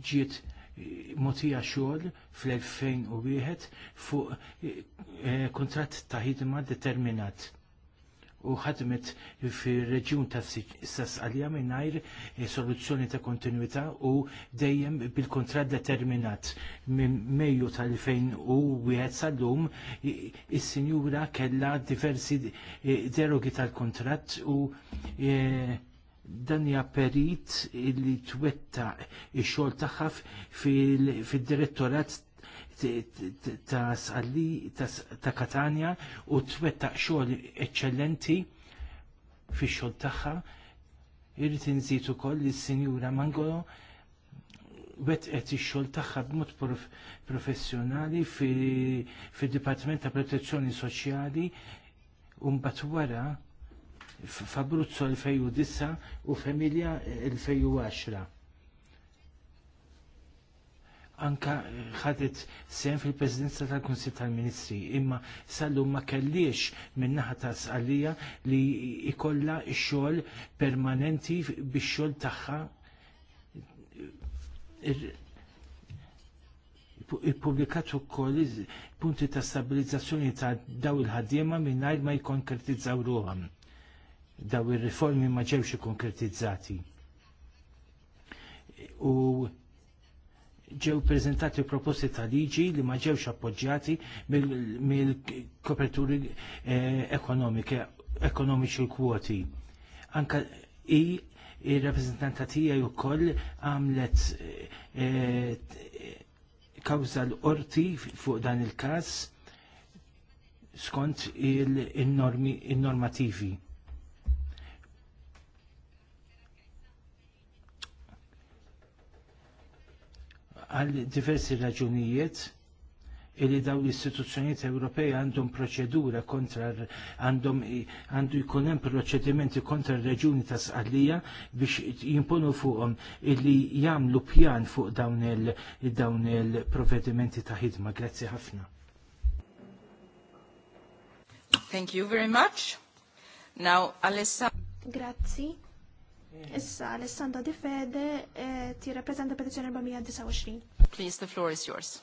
ġiet eh, motija xogħol fl-2001 fuq eh, eh, kontrat ta' ħidma determinat u ħadmet fil-reġjun ta' Sasqalja mingħajr soluzzjoni ta' kontinuità u dejjem bil-kontratt determinat. Minn Mejju tal-2001 sal-lum is-sinjura kellha diversi derogi tal kontrat u e, dan hija perit li twetta ix-xogħol tagħha fid-direttorat ta' Sali ta' Katania u twetta xogħol eċċellenti fix-xogħol tagħha. Irrid inżid ukoll li s-Sinjura Mangolo wetqet ix-xogħol tagħha b'mod professjonali fid-Dipartiment ta' Protezzjoni Soċjali u mbagħad wara f'Abruzzo 2009 u Femilja 2010. Anka ħadet sen fil-Presidenza tal-Kunsil tal-Ministri, imma sallu ma kellix minnaħa ta' sqalija li ikolla xogħol permanenti biex xogħol tagħha ippubblikat ukoll punti ta' stabilizzazzjoni ta' daw il-ħaddiema mingħajr ma jkonkretizzaw ruhom daw ir-riformi ma ġewx konkretizzati. U ġew prezentati proposti ta' liġi li ma ġewx appoġġjati mill-koperturi ekonomiċi eh, l kwoti. Anka i il-rappresentantatija ju koll għamlet eh, kawza l-orti fuq dan il-kas skont il-normativi. għal diversi raġunijiet illi daw l-istituzzjonijiet Ewropej għandhom proċedura kontra għandhom għandu jkun hemm proċedimenti kontra r-reġuni ta' sqallija biex jimponu fuqhom illi jagħmlu pjan fuq dawn il dawn il-provvedimenti ta' ħidma. Grazzi ħafna. Thank you very much. Now, Alessa. Grazie. Issa, Alessandra Di Fede eh, ti rappresenta petizjoni 429. Please, the floor is yours.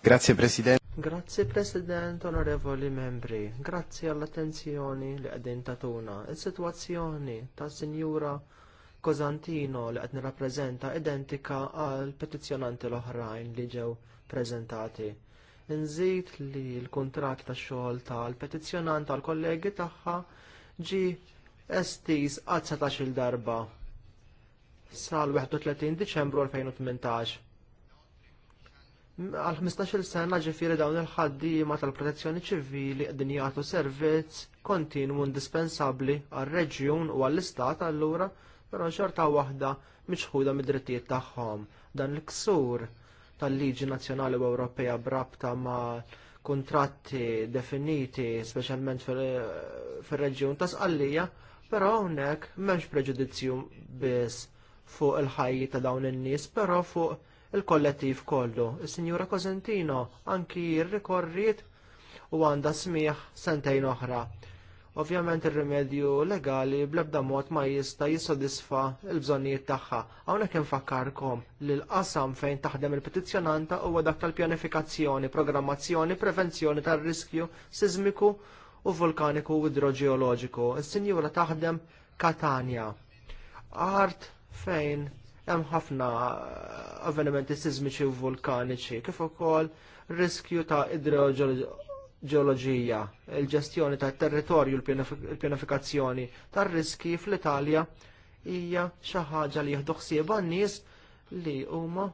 Grazie President. Grazie President, onorevoli membri. Grazie għall-attenzjoni li qegħdin tatuna. Is-sitwazzjoni ta' Sinjura Cosantino li qed nirrappreżenta identika għal petizzjonanti l-oħrajn li ġew preżentati. Nżid li l kuntratt tax xogħol tal-petizzjonant tal-kollegi tagħha ġi estiż għal il darba sal-31 Diċembru 2018. Għal 15 sena ġifiri dawn il-ħaddiema tal-protezzjoni ċivili qegħdin jagħtu servizz kontinu indispensabbli għar-reġjun u għall-istat allura però xorta waħda miċħuda mid-drittijiet tagħhom. Dan l-ksur tal-Liġi Nazzjonali u Ewropea brabta ma' kontratti definiti specialment fil-reġjun ta' sqallija, però hawnhekk m'hemmx preġudizzju biss fuq il-ħajji ta' dawn in-nies, però fuq il-kollettiv kollu. Is-Sinjura Cosentino anki rrikorriet u għandha smieħ sentejn oħra Ovvjament ir-rimedju legali bl-ebda mod ma jista' jissodisfa l-bżonnijiet tagħha. Hawnhekk infakkarkom li l-qasam fejn taħdem il-petizzjonanta huwa dak tal-pjanifikazzjoni, programmazzjoni, prevenzjoni tar-riskju siżmiku u vulkaniku u idroġeoloġiku. Is-sinjura taħdem Katania. Art fejn hemm ħafna eh, avvenimenti sizmiċi u vulkaniċi, kif ukoll riskju ta' idroġeoloġiku ġeoloġija, il-ġestjoni tat territorju, il-pjanifikazzjoni tar riski fl-Italja hija xi ħaġa li jieħdu ħsiebha n-nies li huma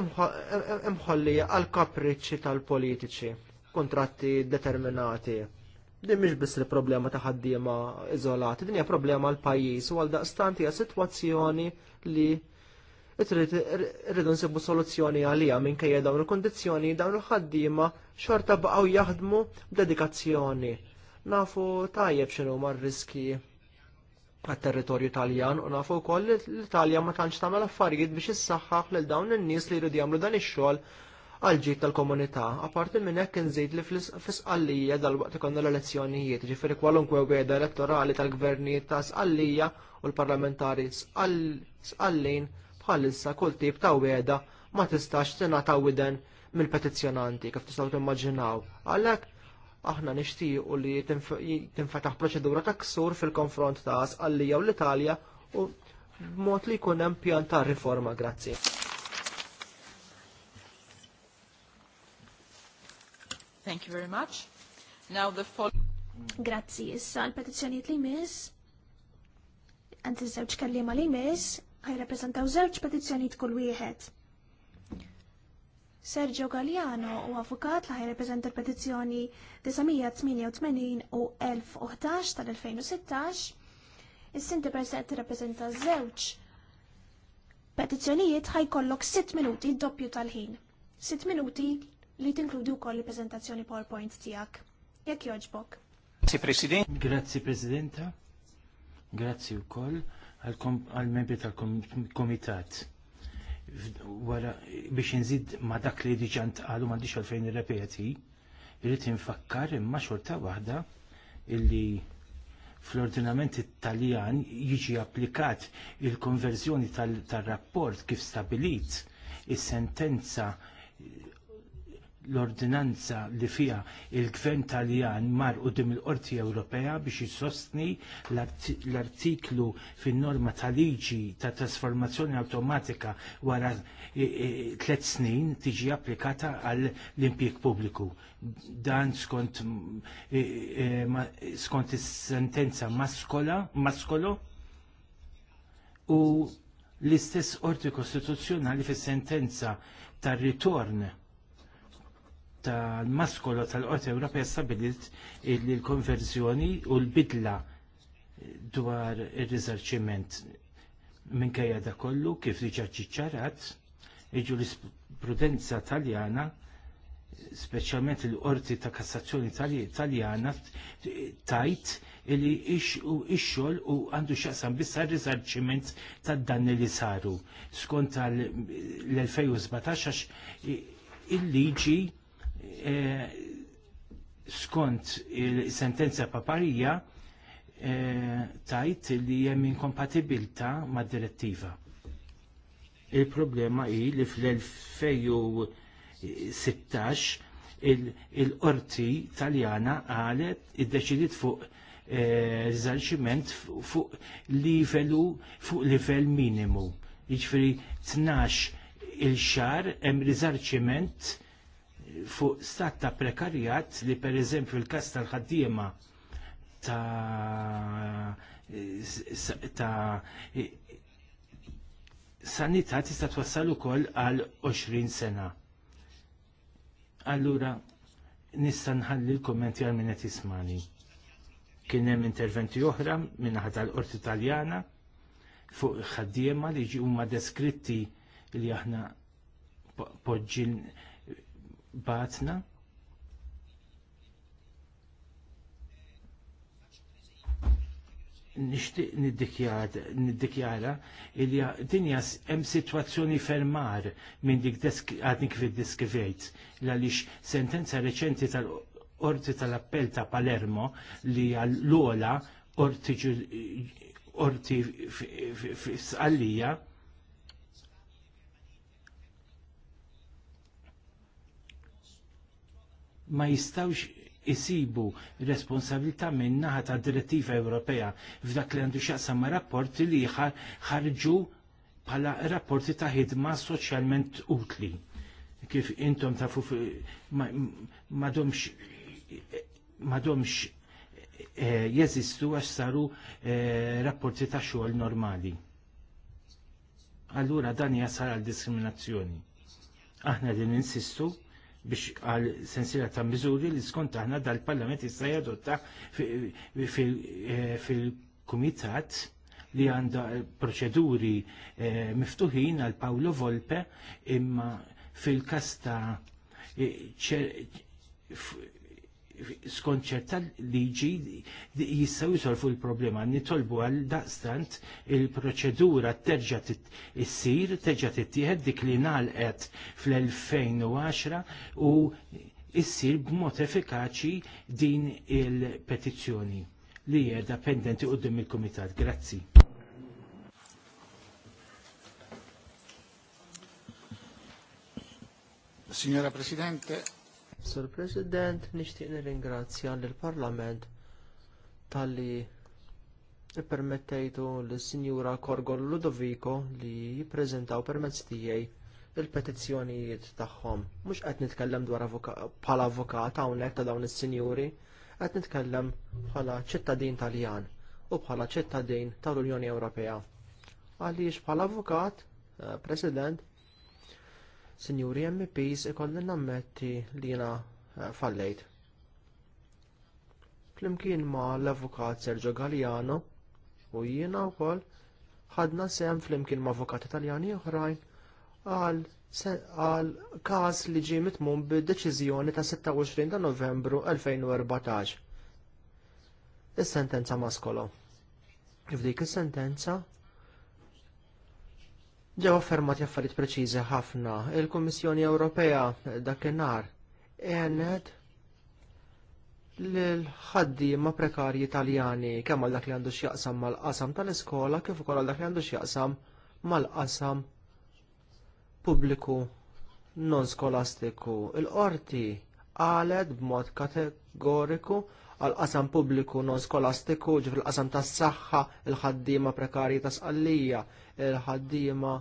imħollija għal kapriċċi tal-politiċi, kontratti determinati. Din mhix biss il problema ta' ħaddiema iżolati, din hija problema għal pajjiż u għal daqstant hija sitwazzjoni li trid irridu nsibu soluzzjoni għalija minkejja dawn il kondizjoni dawn il-ħaddiema xorta baqgħu jaħdmu b'dedikazzjoni. Nafu tajjeb xinu mar-riski għat-territorju Taljan u nafu wkoll li l-Italja ma tantx tagħmel affarijiet biex issaħħaħ lil dawn in-nies li jridu jagħmlu dan ix-xogħol għal ġid tal-komunità. Apparti minn hekk inżid li fis-qallija dal-waqt ikollna l-elezzjonijiet, ġifieri kwalunkwe wieda elettorali tal-gvernijiet ta' sqallija u l-parlamentari sqallin bħalissa kull tip ta' weda ma tistax tingħata widen mill-petizzjonanti kif tistgħu timmaġinaw. Għalhekk aħna nixtiequ li tinfetaħ proċedura ta' ksur fil-konfront ta' għallija u l-Italja u b'mod li jkun hemm pjan ta' riforma grazzi. Thank you very much. Now the Grazzi, issa l-petizzjoniet li mis, għanti żewġ kellima li jmiss, ħajrappreżentaw żewġ petizzjonijiet kull wieħed. Sergio Galliano u avukat li ħajrepreżenta l-petizzjoni 988 u 1011 tal-2016. Is-sinti per se żewġ petizzjonijiet ħajkollok 6 minuti doppju tal-ħin. 6 minuti li tinkludi wkoll il-preżentazzjoni PowerPoint tiegħek. Jekk jogħġbok. Grazie President. Grazie Presidenta. Grazie wkoll għal-membri tal-komitat wara biex nżid ma dak li diġan tqalu m'għandix għalfejn irrepeti, irrid infakkar imma xorta waħda illi fl-ordinament Italjan jiġi applikat il konverzjoni tal-rapport kif stabilit is-sentenza l-ordinanza li fija il-gvern taljan mar u dim il-qorti Ewropea biex jissostni l-artiklu fin-norma tal-liġi ta' trasformazzjoni automatika wara tliet snin tiġi applikata għall impjieg pubbliku. Dan skont skont is-sentenza maskolo u l-istess qorti kostituzzjonali fis-sentenza tar-ritorn tal maskola tal-Qorti Ewropea stabilit li l-konverzjoni u l-bidla dwar ir-riżarċiment minkejja da kollu kif diġà ċiċċarat l-isprudenza taljana speċjalment il-qorti ta' kassazzjoni taljana tajt li ix-xogħol u għandu x'aqsam bissa riżarċiment tad danni li saru skont l-2017 il-liġi E, skont il-sentenza paparija e, tajt li hemm inkompatibilta mad direttiva. Il-problema hi li fl-2016 il-qorti taljana għalet id deċidit fuq e, riżarċiment fuq livellu fuq livell minimu. Jiġifieri tnax il-xar hemm riżarċiment fuq stat ta' prekarjat li per eżempju l kas tal-ħaddiema ta' ta' sanità tista' twassal ukoll għal 20 sena. Allura nista' nħalli l kummenti għal min qed jismani. Kien hemm interventi oħra minnaħa tal-Qorti Taljana fuq ħaddiema li huma deskritti li aħna poġġin batna nishtiq niddikjara illi dinja hemm situazzjoni fermar minn dik għadnik fid-diskivejt għaliex sentenza reċenti tal-Orti tal-Appell ta' Palermo li għall-ola orti orti f'Sqallija ma jistawx isibu responsabilità minna ħata direttiva Ewropea f'dak li għandu xaqsam ma' rapporti li ħarġu bħala rapporti ta' ħidma soċjalment utli. Kif intom ta' fuf madomx jeżistu għax saru eh, rapporti ta' xogħol normali. Allura dan sar għal diskriminazzjoni. Aħna din insistu biex għal sensira ta' miżuri li skont aħna dal-Parlament jista' jadotta eh, fil-Kumitat li għanda proċeduri eh, miftuħin għal Paolo Volpe imma fil-kasta eh, skonċerta liġi jistaw jisolfu l-problema. Nitolbu għal daqstant il-proċedura terġa issir, terġa tittieħed dik li nalqet fl-2010 u issir b'mod effikaċi din il-petizzjoni li jedha pendenti qudiem il-Kumitat. Grazzi. Signora Presidente, Sur President, nixtieq nirringrazzja lill parlament talli ippermettejtu lis sinjura Korgol Ludovico li jippreżentaw permezz tiegħi il-petizzjonijiet tagħhom. Mhux qed nitkellem dwar bħala avukat hawnhekk ta' dawn is-sinjuri, qed nitkellem bħala ċittadin Taljan u bħala ċittadin tal-Unjoni Ewropea. Għaliex bħala avukat, eh, President, Sinjuri MPs ikolli nammetti li jena eh, fallejt. Flimkien ma l-avukat Sergio Galliano u jiena wkoll ħadna sem flimkien ma avukat Italjani oħrajn għal għal każ li ġie mitmum bid-deċiżjoni ta' 26 ta' Novembru 2014. Is-sentenza maskolo. F'dik is-sentenza Ġew affermati affarijiet preċiżi ħafna. Il-Kummissjoni Ewropea dakinhar għenet l-ħaddiema prekarji Italjani kemm għal dak li għandu x'jaqsam mal-qasam tal-iskola kif ukoll għal dak li għandu x'jaqsam mal-qasam pubbliku non skolastiku. Il-qorti qalet b'mod kategoriku għal-qasam pubbliku non skolastiku ġifri l-qasam tas saħħa il-ħaddima prekarji ta' sqallija, il-ħaddima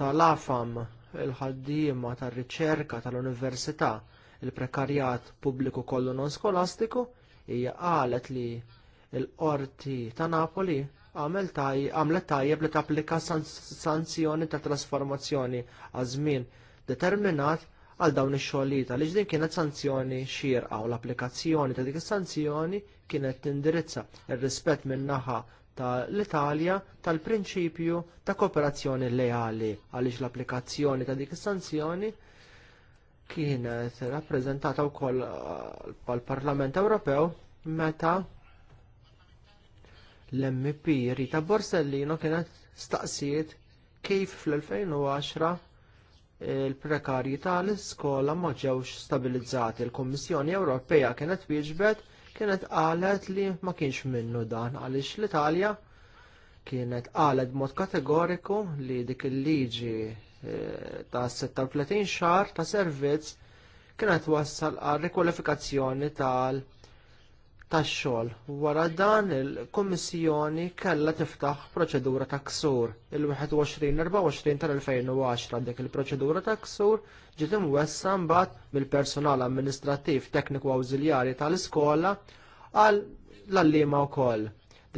tal-afam, il-ħaddima tal-riċerka tal-università, il-prekarjat pubbliku kollu non skolastiku, hija qalet li l-qorti ta' Napoli għamlet tajjeb li tapplika sanzjoni ta' trasformazzjoni għaż żmien determinat għal dawn ix-xogħlijiet għaliex din kienet sanzjoni xierqa u l-applikazzjoni ta' dik is-sanzjoni kienet tindirizza r rispett min-naħa tal-Italja tal-prinċipju ta' kooperazzjoni lejali għaliex l-applikazzjoni ta' dik is-sanzjoni kienet rappreżentata wkoll għall-Parlament eh, Ewropew meta l-MP Rita Borsellino kienet staqsiet kif fl-2010 il-prekarji tal-iskola ma ġewx stabilizzati. Il-Kummissjoni Ewropea kienet wieġbet kienet qalet li ma kienx minnu dan għaliex l-Italja kienet qalet mod kategoriku li dik il-liġi eh, ta' 36 xahar ta' servizz kienet wassal għal rikwalifikazzjoni tal- tax-xogħol wara dan il-Kummissjoni kellha tiftaħ proċedura ta' ksur il-21-24 tal-2010 dik il-proċedura ta' ksur ġiet imwessa mbagħad mill-personal amministrattiv tekniku awżiljarji tal-iskola għal l-allima wkoll.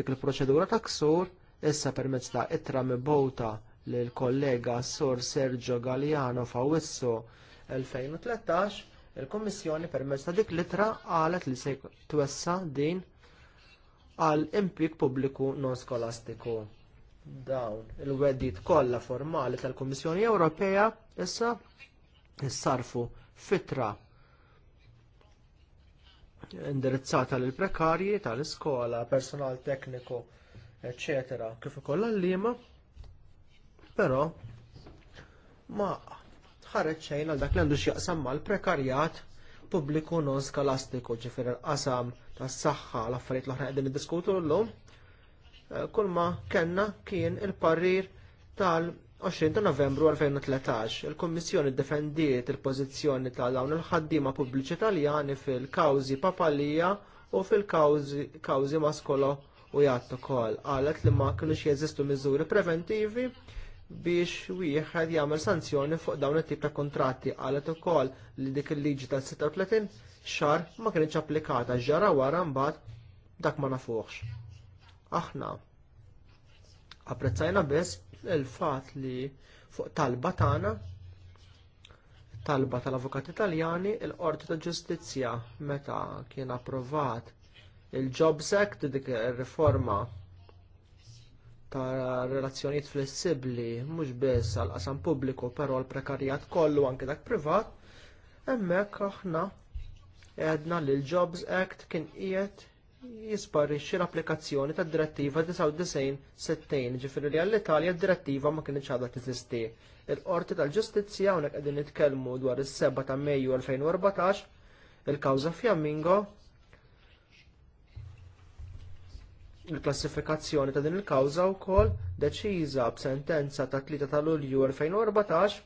Dik il-proċedura ta' ksur issa permezz ta' ittra mibota lill kollega Sor Sergio Galliano Fawisso 2013 il kummissjoni permezz ta' dik litra qalet li se twessa din għal impjieg pubbliku non skolastiku. Dawn il-weddit kollha formali tal-Kummissjoni Ewropea issa issarfu fitra indirizzata lill prekarji tal-iskola, personal tekniku, eċetera, kif ukoll l liema però ma ħareċ xejn għal dak li għandu xieqsam mal-prekarjat pubbliku non skalastiku ġifir il-qasam tas-saħħa l-affarijiet l-oħra qegħdin niddiskutu llum. Eh, kull ma kellna kien il-parir tal-20 ta' Novembru 2013. Il-Kummissjoni ddefendiet il-pożizzjoni ta' dawn il-ħaddiema pubbliċi Taljani fil-kawżi Papalija u fil-kawżi Maskolo u jattu ukoll qalet li ma kienux jeżistu miżuri preventivi biex wieħed jagħmel sanzjoni fuq dawn it-tip ta' kuntratti qalet ukoll li dik il-liġi tal-36 xar ma kienx applikata ġara wara mbagħad dak ma nafuħx. Aħna apprezzajna biss il-fatt li fuq talba tagħna talba tal-Avukat Italjani il-Qorti ta' Ġustizzja meta kien approvat il-Jobs Act dik ir-riforma ta' relazzjonijiet flessibbli mhux biss għall qasam pubbliku però għall prekarjat kollu anke dak privat, hemmhekk aħna għedna li l-Jobs Act kien qiegħed jisparixxi l-applikazzjoni tad direttiva 99-60 ġifiri li għall-Italja d-direttiva ma kienx għadha tiżisti. Il-Qorti tal-Ġustizzja hawnhekk qegħdin nitkellmu dwar is-7 ta' Mejju 2014 il-kawża Fjamingo Il-klassifikazzjoni ta' din il-kawża wkoll deċiża b'sentenza ta' 3 ta' Lulju 2014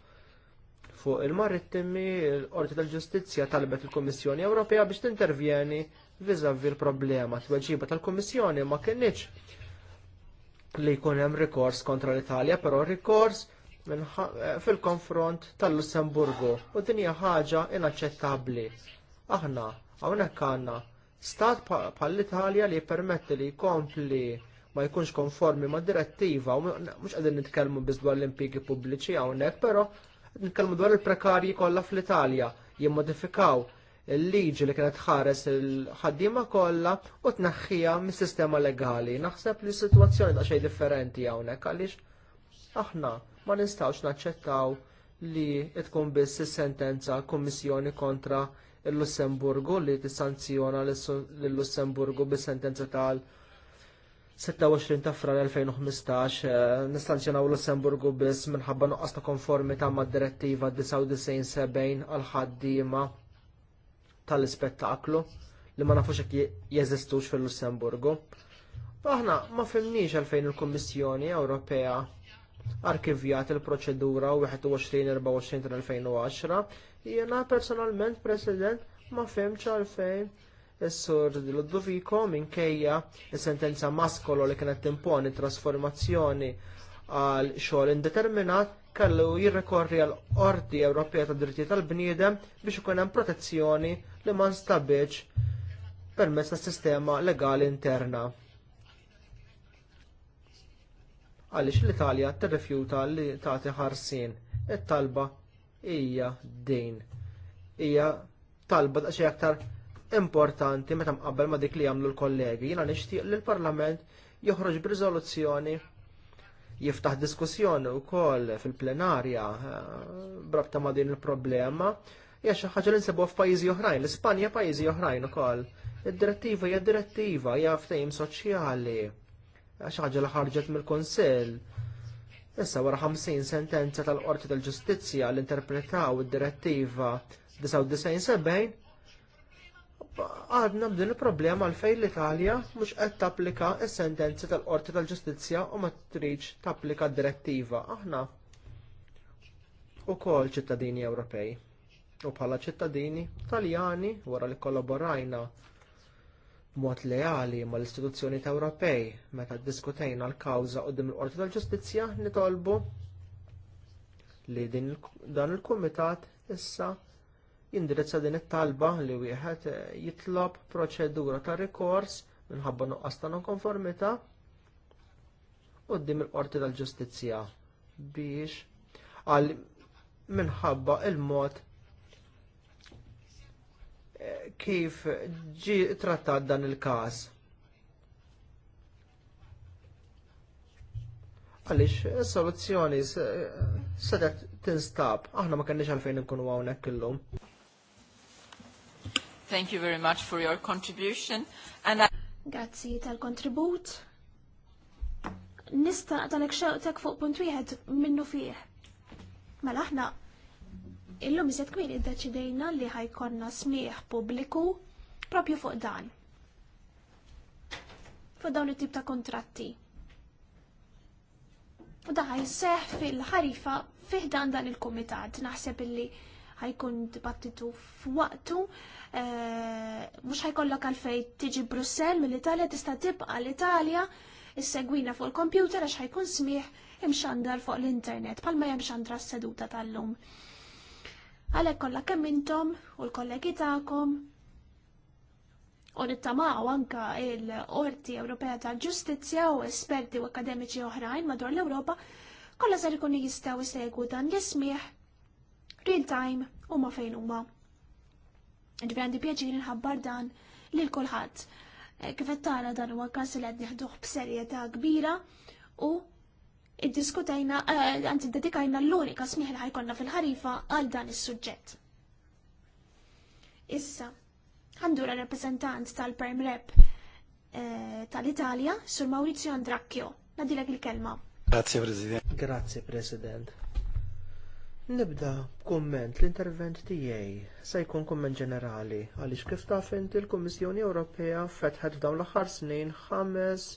fuq il-marittimi l-Qorti tal-Ġustizzja talbet il-Kummissjoni Ewropea biex tintervjeni viżavi l-problema. t-weġiba tal-Kummissjoni ma kinitx li jkun hemm rikors kontra l-Italja, però rikors fil-konfront tal-Lussemburgu u din hija ħaġa inaċċettabbli. Aħna hawnhekk għandna stat bħal italja li jippermetti li jkompli ma jkunx konformi ma' direttiva u mhux qegħdin nitkellmu biss dwar l-impjiegi pubbliċi hawnhekk, però nitkelmu dwar il-prekarji kollha fl-Italja jimmodifikaw il-liġi li kienet ħares il-ħaddiema kollha u tneħħija mis-sistema legali. Naħseb li s-sitwazzjoni ta' xejn differenti hawnhekk għaliex aħna ma nistgħux naċċettaw li tkun biss sentenza kummissjoni kontra il-Lussemburgu li tissanzjona l-Lussemburgu bis-sentenza tal 26 ta' frar 2015 eh, nistanzjonaw Lussemburgu biss minħabba nuqqas ta' konformità mad-direttiva 99-70 għal ħaddiema tal-ispettaklu li ma nafux jekk jeżistux fil-Lussemburgu. Aħna ma għal għalfejn il-Kummissjoni Ewropea arkivjat il-proċedura 21-24 2010 Jena personalment, President, ma fimx għalfejn Is-sur Ludovico minkejja sentenza maskolo li kienet timponi trasformazzjoni għal xogħol indeterminat kellu jirrekorri għal Qorti Ewropea tad Drittijiet tal-Bniedem biex ikun hemm protezzjoni li ma nstabiċ permezz tas-sistema legali interna. Għaliex l-Italja tirrifjuta li tagħti ħarsien it-talba hija din hija talba xi aktar importanti meta mqabbel ma dik li jagħmlu l-kollegi. Jiena nixtieq li l-Parlament joħroġ b'riżoluzzjoni jiftaħ diskussjoni wkoll fil-plenarja eh, brabta ma din il-problema hija xi ħaġa li nsibuha f'pajjiżi oħrajn, l-Ispanja pajjiżi oħrajn ukoll. Id-direttiva hija direttiva hija ftehim soċjali. Xi ħaġa li ħarġet mill-Kunsill Issa wara 50 sentenza tal-Qorti tal-Ġustizzja li interpretaw id-direttiva 99-70, għadna b'din il-problema għalfejn l-Italja mhux qed tapplika s sentenza tal-Qorti tal-Ġustizzja u ma tridx tapplika d-direttiva. Aħna kol ċittadini Ewropej u bħala ċittadini Taljani wara li kollaborajna mod leali mal istituzzjoni ta' Ewropej meta ddiskutejna l-kawża quddiem il-Qorti tal-Ġustizzja nitolbu li din dan il-Kumitat issa jindirizza din it-talba li wieħed eh, jitlob proċedura ta' rikors minħabba nuqqas ta' nonkonformità quddiem il-Qorti tal-Ġustizzja biex għal minħabba il-mod kif ġi trattat dan il-każ. Għaliex soluzzjoni sedet tinstab, aħna ma kenniex għalfejn nkunu hawnhekk illum. Thank you very much for your contribution. And tal-kontribut. Nista' tal-ek fuq punt wieħed minnu fih. Mela aħna Illum iżjed kmini ddeċidejna li ħajkonna smieħ pubbliku propju fuq dan. Fuq dawn it-tip ta' kontratti. U da ħajseħ fil-ħarifa fiħdan dan il-komitat. Naħseb illi ħajkun dibattitu f'waqtu, eh, mux ħajkollok għalfej tiġi Brussel mill-Italja tista' tibqa l-Italja is-segwina fuq il-kompjuter għax ħajkun smieħ imxandar fuq l-internet, palma jemxandra s-seduta tal-lum. Għalhekk kollha kemm intom u l-kollegi tagħkom u nittamaw anka il-Qorti Ewropea tal-Ġustizzja u esperti u akademiċi oħrajn madwar l-Ewropa kollha ser ikun jistgħu jsegwu dan l-ismieħ real time u ma fejn huma. Ġifier għandi pjaċir inħabbar dan lil kulħadd. Eh, kif tara dan huwa każ li qed b'serjetà kbira u id-diskutajna, għanti eh, dedikajna l-unika smiħ li ħajkonna fil-ħarifa għal dan is-suġġett. Issa, għandura rappresentant tal prem Rep eh, tal-Italja, Sur Maurizio Andracchio. Nadilek il-kelma. Grazie, President. Grazie, President. Nibda komment l-intervent tiegħi se jkun komment ġenerali għaliex kif taf inti l-Kummissjoni Ewropea fetħet dawn l-aħħar snin ħames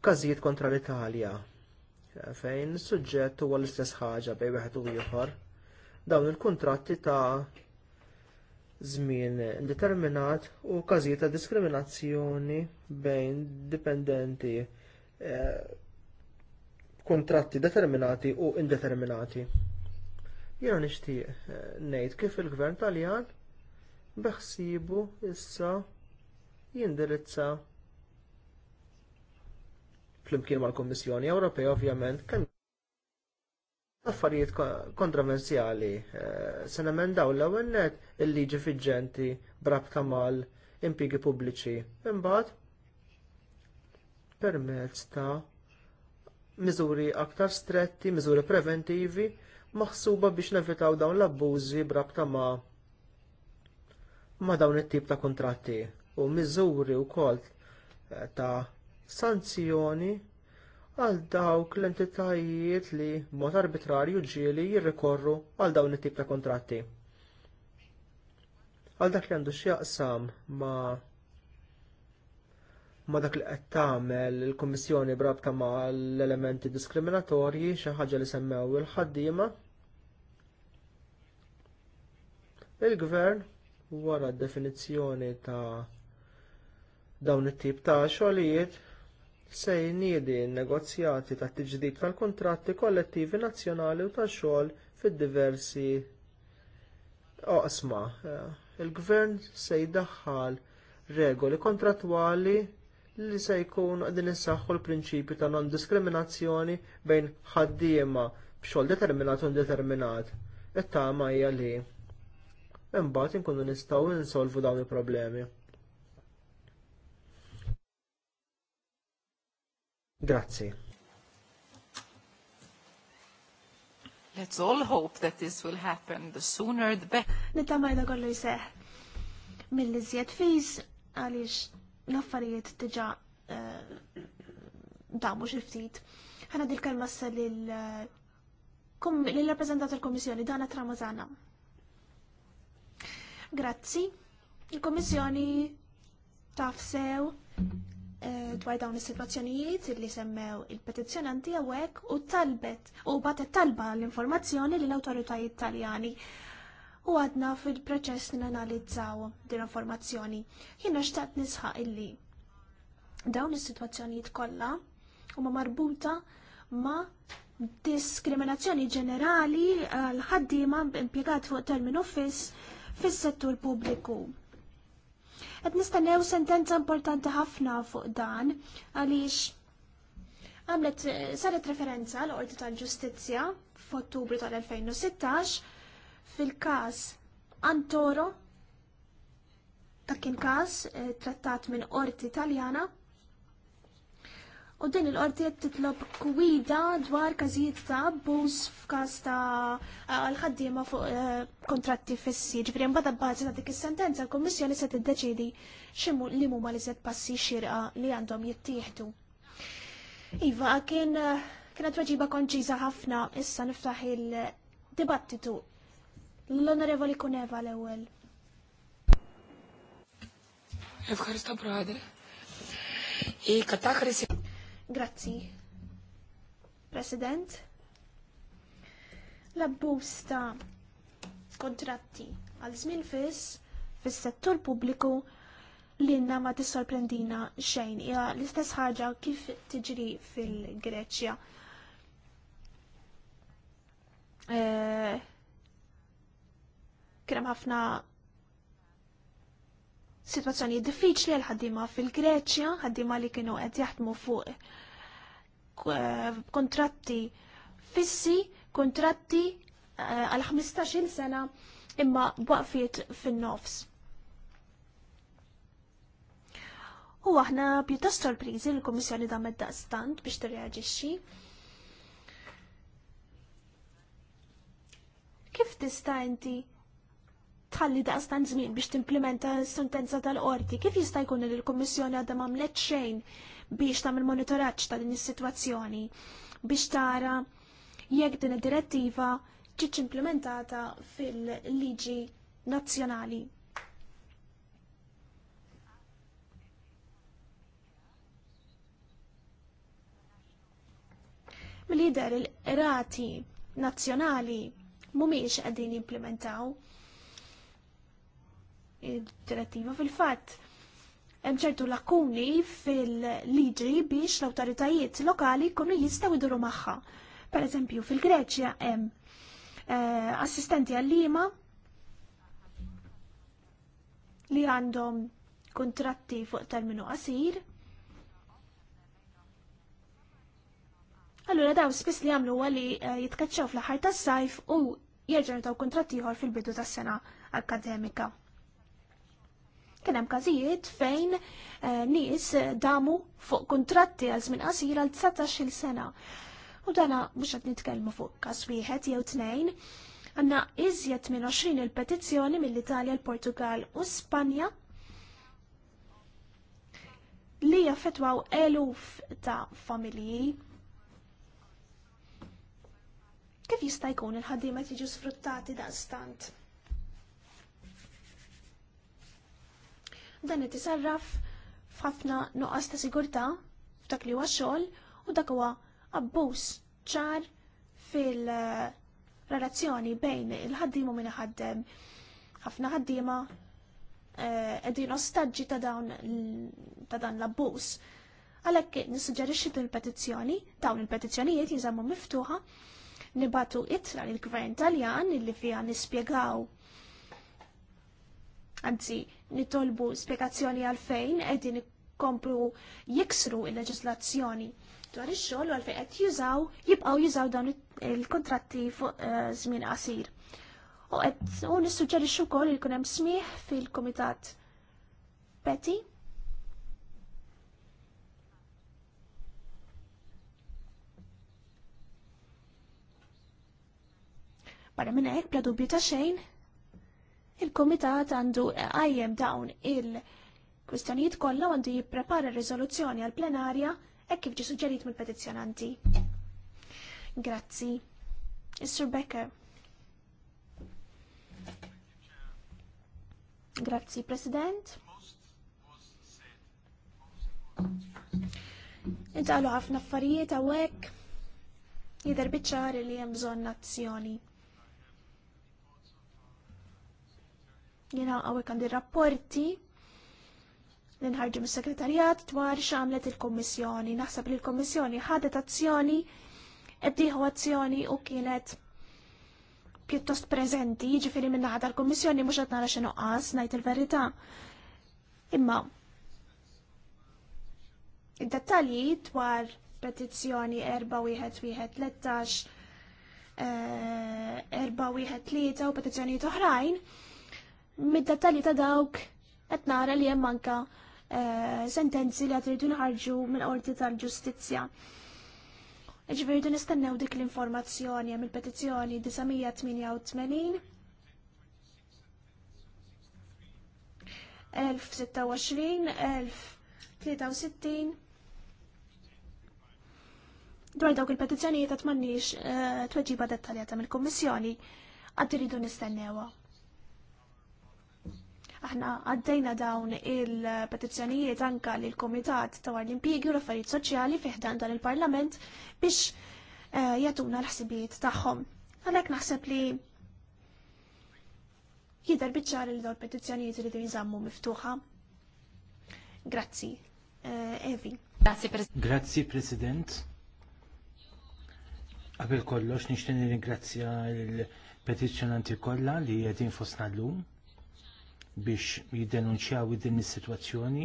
każijiet kontra l-Italja fejn is-suġġett huwa l-istess ħaġa bejn wieħed u ieħor. Dawn il-kuntratti ta' żmien indeterminat u każijiet ta' diskriminazzjoni bejn dipendenti eh, kontratti determinati u indeterminati. Jiena nixtieq eh, ngħid kif il-Gvern Taljan beħsibu issa jindirizza flimkien mal-Kummissjoni Ewropea ovvjament kemm affarijiet kontroversjali eh, se nemendaw l-ewwel net il-liġi fiġġenti brabta mal impjiegi pubbliċi. Imbagħad permezz ta' miżuri aktar stretti, miżuri preventivi, maħsuba biex nevitaw dawn l-abbużi brabta ma' ma' dawn it-tip ta' kuntratti u miżuri wkoll eh, ta' sanzjoni għal dawk l-entitajiet li b'mod arbitrarju ġieli jirrikorru għal dawn it-tip ta' kontratti. Għal dak li għandu x'jaqsam ma' ma dak li qed tagħmel il-Kummissjoni brabta ma' l-elementi diskriminatorji xi ħaġa li semmew il-ħaddiema. Il-Gvern wara d-definizzjoni ta' dawn it-tip ta' xogħlijiet se jniedi n-negozjati ta' tiġdid tal kuntratti kollettivi nazzjonali u tax-xogħol fid-diversi oqsma. Eh, il-gvern se jdaħħal regoli kontrattwali li se jkunu qegħdin issaħħu l-prinċipju ta' non-diskriminazzjoni bejn ħaddiema b'xogħol determinat u indeterminat. It-tama hija li imbagħad inkunu nistgħu insolvu dawn il-problemi. Grazzi. Let's all hope that this will happen the sooner the better. Nittama jda kollu jseħ. Mill-li zjed fiż għaliex l-affarijiet diġa eh, damu xiftit. ħana dil kelma s l-rappresentat eh, kommissjoni komissjoni Dana Tramazana. Grazzi. Il-Komissjoni tafsew Eh, dwar dawn is-sitwazzjonijiet li semmew il-petizzjonanti hawnhekk u talbet u batet talba l-informazzjoni l awtoritajiet Taljani. U għadna fil-proċess nanalizzaw din informazzjoni. Jiena xtaqt nisħaq illi dawn is-sitwazzjonijiet kollha huma marbuta ma' diskriminazzjoni ġenerali għal ħaddiema impjegat fuq termin office fis-settur pubbliku Qed nistennew sentenza importanti ħafna fuq dan għaliex għamlet saret referenza l qorti tal-Ġustizzja f'Ottubru tal-2016 fil-każ Antoro ta' kien każ eh, trattat minn qorti Taljana U din il-qorti qed titlob kwida dwar każijiet ta' abbuż f'każ ta' għal-ħaddiema fuq e, kontratti fissi. Ġifieri mbagħad bbażi ta' dik is-sentenza l-Kummissjoni se tiddeċiedi x'imu li huma li se passi xirqa li għandhom jittieħdu. Iva, kien e, kienet weġiba konċiża ħafna issa niftaħ il-dibattitu. L-Onorevoli Kuneva l-ewwel. Evħarista brother. I katakri Grazzi. President, l busta ta' kontratti għal żmien fis fis-settur pubbliku l-inna ma tissorprendina xejn. Hija l-istess ħaġa kif tiġri fil-Greċja. E, eh, Krem ħafna situazzjoni diffiċli għal ħaddima fil-Greċja, ħaddima li kienu qed jaħdmu fuq eh, kontratti fissi, kontratti eh, għal 15 sena imma waqfiet fin-nofs. U aħna pjuttost sorpriżi l-Kummissjoni da medda stand biex tirreaġixxi. Kif tista' inti tħalli daqstan żmien biex timplementa s-sentenza tal-qorti. Kif jista' jkun li kommissjoni kummissjoni għadha m'għamlet xejn biex tagħmel monitoraġġ ta' din is-sitwazzjoni biex tara jekk din id-direttiva ġietx implementata fil-liġi nazzjonali. Mill-lider il-rati nazzjonali mhumiex qegħdin jimplementaw direttiva fil-fatt. Hemm ċertu lakuni fil-liġi biex l-awtoritajiet lokali jkunu jistgħu jduru magħha. Pereżempju fil-Greċja hemm eh, assistenti għall-lima li għandhom kontratti fuq terminu qasir. Allura daw spiss li għamlu għalli eh, jitkaċċaw fl-ħar tas-sajf u jerġgħu taw kontratti ieħor fil-bidu tas-sena akademika. Kien hemm każijiet fejn eh, nies damu fuq kuntratti għal żmien qasir għal 19-il sena. U dana mhux qed nitkellmu fuq każ wieħed jew tnejn. Għandna iżjed minn 20 il-petizzjoni mill-Italja, l-Portugal u Spanja li jaffetwaw eluf ta' familji. Kif jista' jkun il ħaddiema jiġu sfruttati da' stant? dan qed isarraf f'ħafna nuqqas ta' sigurtà f'dak li huwa xogħol u dak huwa abbuż ċar fil-relazzjoni bejn il-ħaddim u min ħaddem. Ħafna ħaddiema qegħdin eh, ostaġġi ta' dawn ta' dan l-abbuż. Għalhekk nissuġġerixxi il-petizzjoni, dawn il-petizzjonijiet jinżammu miftuħa nibatu itra l-gvern Taljan illi fija nispjegaw Anzi, nitolbu spiegazzjoni għalfejn qegħdin kompru jiksru il-leġislazzjoni dwar ix-xogħol u għalfejn qed jużaw jibqgħu jużaw dawn il-kontratti fuq eh, żmien qasir. U qed u nissuġġerixxu wkoll li jkun hemm smih fil-Kumitat Peti Barra minn hekk bla dubju ta' xejn, il-Komitat għandu għajjem dawn il-kwistjonijiet kollha għandu jipprepara riżoluzzjoni għal plenarja hekk kif ġi suġġerit mill-petizzjonanti. Grazzi. is Becker. Grazzi, President. Intalu ħafna affarijiet għawek jider biċċar li hemm bżonn azzjoni. Jena għawek għandi rapporti li nħarġu mis-sekretarjat dwar x'għamlet il-Kommissjoni. Naħseb li l-Kommissjoni ħadet azzjoni, eddiħu azzjoni u kienet pjuttost preżenti, ġifiri minna ħad l-Kommissjoni mhux qed nara xi nuqqas, ngħid il-verità. Imma id-dettalji dwar petizzjoni 4113 413 eh, u petizzjonijiet oħrajn mid-dettalji ta' dawk qed nara li hemm anka eh, sentenzi li qed nħarġu minn qorti tal-ġustizzja. Ġifieri nistennew dik l-informazzjoni hemm il-petizzjoni 988 1026, Dwar dawk il-petizzjonijiet għat mannix eh, tweġiba dettaljata mill-Kommissjoni, għad diridu nistennewa. Aħna għaddejna dawn il-petizzjonijiet anka l komitat ta' l impiegi u l-affarijiet soċjali fiħdan dan il-Parlament biex eh, jatuna l-ħsibijiet tagħhom. Għalhekk naħseb li jidher biċċar li dawn petizzjonijiet iridu jżammu miftuħa. Grazzi. Eh, Evi. Grazzi President. Għabil President. Qabel kollox nixtieq nirringrazzja il petizzjonanti kollha li qegħdin fostna llum biex jiddenunċjaw din is-sitwazzjoni.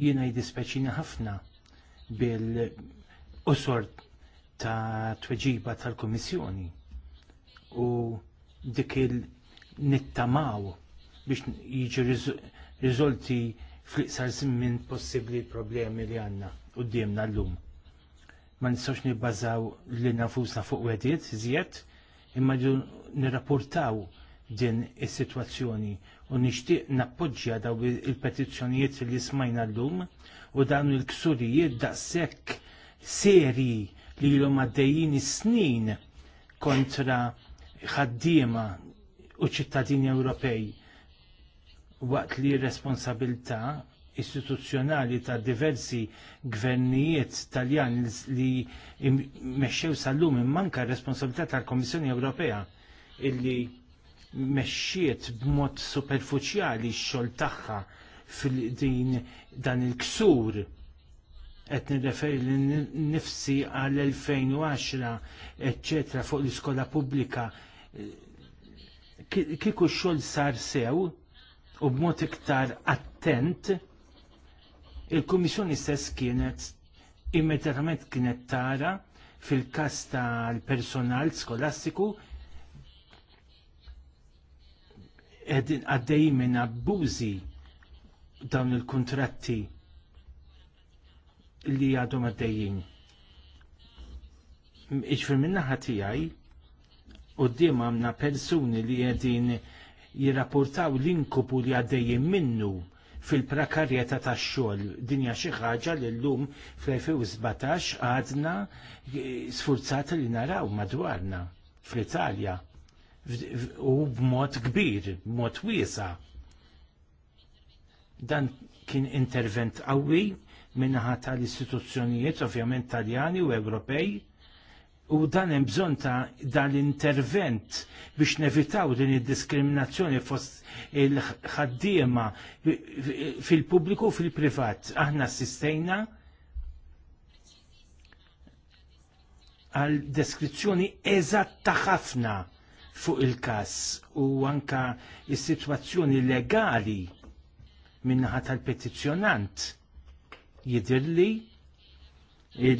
Jiena jiddispeċina ħafna bil-qosor ta' tweġiba tal-Komissjoni u dik il-nittamaw biex jiġi riżolti fl-iqsar minn possibbli problemi li għandna l llum. Ma nistgħux nibbażaw li nafusna fuq wedid iżjed imma nirrapportaw din is-sitwazzjoni u nixtieq nappoġġja daw il-petizzjonijiet li smajna llum u dan il-ksurijiet daqshekk seri li l-om għaddejjin snin kontra ħaddiema u ċittadini Ewropej waqt li responsabilità istituzzjonali ta' diversi gvernijiet taljan li meċċew sal-lum immanka responsabilità tal-Komissjoni Ewropea illi mexxiet b'mod superfuċjali x-xogħol tagħha fil-din dan il-ksur qed nirreferi nifsi għal 2010 eċċetra fuq l-iskola pubblika kieku x-xogħol sar sew u b'mod iktar attent il-Kummissjoni stess kienet immediatament kienet tara fil-kas tal-personal skolastiku għaddej minn abbużi dawn il-kontratti li għadhom għaddejjin. Iġfir minna ħatijaj, u d-dim għamna persuni li għedin jirrapportaw l-inkupu li għaddejjin minnu fil-prakarjeta ta' xol dinja xi ħaġa li llum fl-2017 għadna sfurzat li naraw madwarna fl-Italja u b'mod kbir, b'mod wiesa. Dan kien intervent qawwi minnaħa tal-istituzzjonijiet ovvjament taljani u Ewropej u dan hemm bżonn ta' dal-intervent biex nevitaw din id-diskriminazzjoni fost il-ħaddiema fil-pubbliku u fil-privat. Aħna sistejna għal deskrizzjoni eżatta ħafna fuq il-kas u anka il sitwazzjoni legali minnaħa tal-petizzjonant jidirli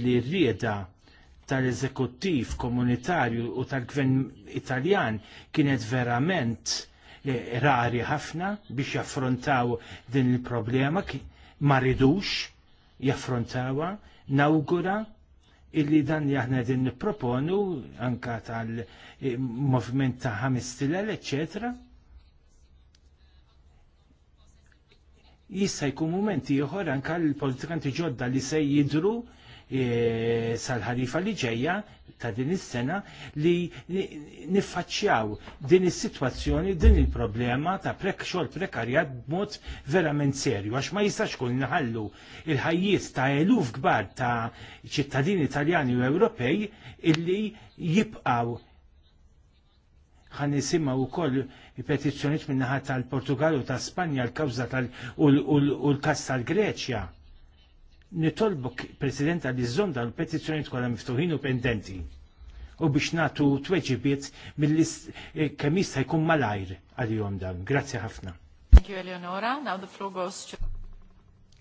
li rieda tal-eżekuttiv komunitarju u tal-gvern Italjan kienet verament eh, rari ħafna biex jaffrontaw din il-problema ma ridux jaffrontawa nawgura illi dan li aħna din nipproponu anka tal-movement eh, ta' 5000, etc. Jista' jkun mumenti ieħor anka l-politikanti ġodda li se jidru E, sal-ħarifa li ġejja ta' din is-sena li niffaċċjaw din is-sitwazzjoni, din il-problema ta' prek xogħol prekarjat b'mod verament serju għax ma jistax kull nħallu il-ħajjiet ta' eluf kbar ta' ċittadini Italjani u Ewropej illi jibqaw ħan nisimgħu u koll min minnaħat tal-Portugal u ta' Spanja l-kawza tal- u l-kas tal-Greċja nitolbok Presidenta li zonda l petizjoni tkollha miftuħin u pendenti u biex natu tweġibiet mill-kemm eh, jista' jkun malajr għal-jom dan. Grazzi ħafna. Thank you, Eleonora. Now the floor goes to...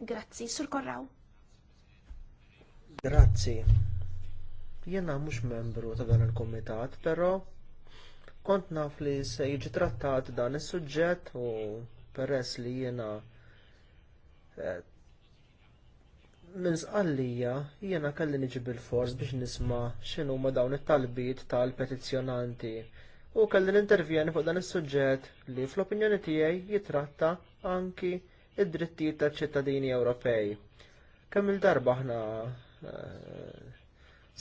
Grazzi, sur korraw. Grazzi. Jena mhux membru ta' dan il kumitat però kont naf li se jiġi trattat dan is-suġġett u peress li jiena eh, minn zqallija jiena kelli niġi bil-fors biex nisma' xinu ma dawn it-talbiet tal-petizzjonanti u kelli nintervjeni fuq dan is-suġġett li fl-opinjoni tiegħi jitratta anki id-drittijiet taċ ċittadini Ewropej. Kemm il-darba aħna eh,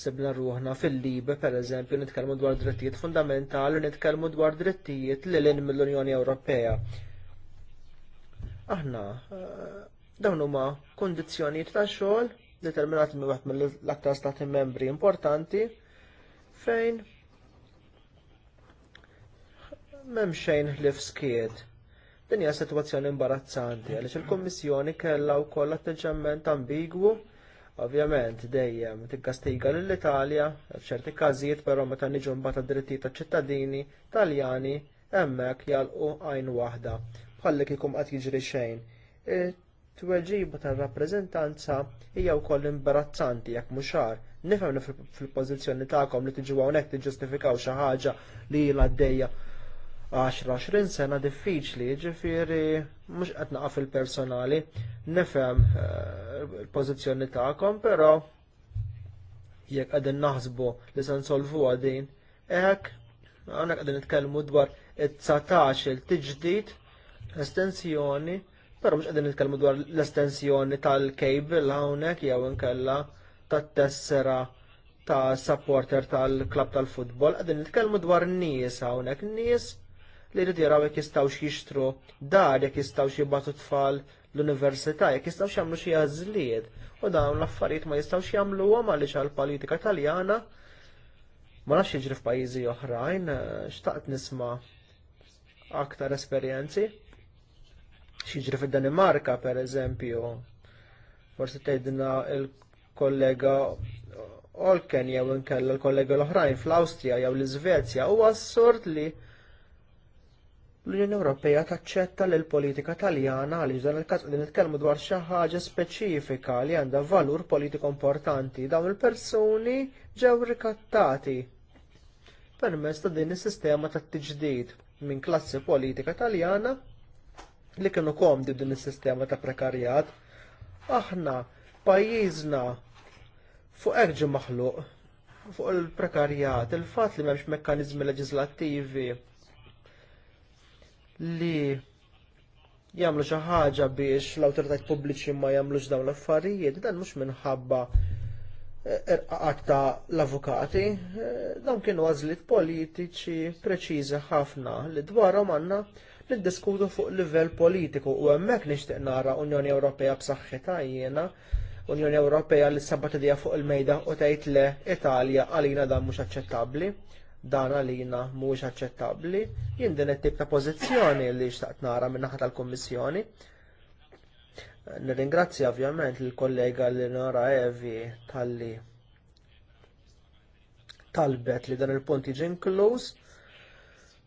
sibna ruħna fil-libe, pereżempju, nitkellmu dwar drittijiet fundamentali, nitkellmu dwar drittijiet li l mill-Unjoni Ewropea. Aħna eh, Dawn huma kondizzjonijiet ta' xogħol determinati minn waħd mill-aktar stati membri importanti fejn m'hemm xejn ħlif skied. Din hija sitwazzjoni imbarazzanti għaliex il-Kummissjoni kellha wkoll atteġġament ambigwu Ovvjament dejjem tikkastiga lill-Italja f'ċerti każijiet però meta niġu mbagħad id-drittijiet taċ-ċittadini Taljani hemmhekk jalqu għajn waħda bħalli kiekum qed jiġri xejn tweġiba tar-rappreżentanza hija wkoll imbarazzanti jekk mhux xar. Nifhem fil-pożizzjoni tagħkom li tiġu hawnhekk tiġġustifikaw xi ħaġa li ilha għaddejja 10-20 sena diffiċli, ġifiri, mux qed naqaf il-personali, nifhem eh, il-pozizjoni tagħkom, però jekk qegħdin naħsbu li se nsolvuha għadin, hekk hawnhekk qegħdin nitkellmu dwar it-19 il-tiġdid estensjoni Però mhux qegħdin nitkellmu dwar l-estensjoni tal-kejbil hawnhekk jew inkella tat-tessera ta' supporter tal-klab tal-futbol, qegħdin nitkellmu dwar n-nies hawnhekk, n-nies li jrid jaraw jekk jistgħux jixtru dar, jekk jistgħux jibgħatu tfal l-università, jekk jistgħux jagħmlu xi għażliet. U dawn l-affarijiet ma jistgħux jagħmluhom għaliex għall-politika Taljana ma nafx jiġri f'pajjiżi oħrajn, xtaqt nisma' aktar esperjenzi. Xieġri fil-Danimarka, per eżempju, forsi tejdina il-kollega Olken jew inkella l-kollega l-oħrajn fl austria jew l-Iżvezja huwa għassort li l-Unjoni Ewropea taċċetta l politika Taljana għaliex dan il-każ qegħdin nitkellmu dwar xi ħaġa speċifika li għandha valur politiku importanti dawn il-persuni ġew rikattati permezz ta' din is-sistema tat-tiġdid minn klassi politika Taljana li kienu komdi din is-sistema ta' prekarjat. Aħna pajjiżna fuq hekk ġie maħluq fuq il-prekarjat, il-fatt li m'hemmx mekkaniżmi leġislattivi li jagħmlu xi ħaġa biex l autoritajt pubbliċi ma jagħmlux dawn l-affarijiet, dan mhux minħabba eh, irqaqat ta' l-avukati, eh, dawn kienu għazlit politiċi preċiżi ħafna li dwarhom għandna niddiskutu fuq livell politiku u hemmhekk nixtieq nara Unjoni Ewropea b'saħħitha jiena Unjoni Ewropea li sabat idea fuq il-mejda u tgħid le Italja għalina dan mhux aċċettabbli, dan għalina mhux aċċettabbli, jien din it-tip ta' pożizzjoni li xtaqt nara min naħa tal-Kummissjoni. Nirringrazzja ovvjament lill kollega Linora Evi talli talbet li dan il-punt jiġi inkluż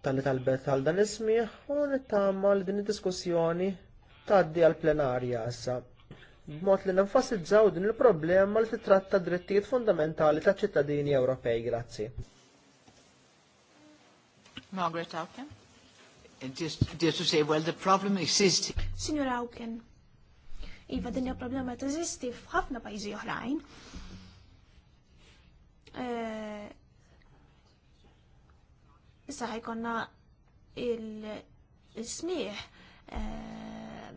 tal-li talbet għal dan ismiħ u nittama li din id-diskussjoni tgħaddi għall plenarja issa. B'mod li nenfasizzaw din il-problema li titratta drittijiet fundamentali ta' ċittadini Ewropej. Grazzi. Margaret Auken. Just, just to say, well, the problem exists. Signor Auken, iva din il problema teżisti f'ħafna pajjiżi oħrajn. Eh, Issa ħajkonna il-smieħ eh,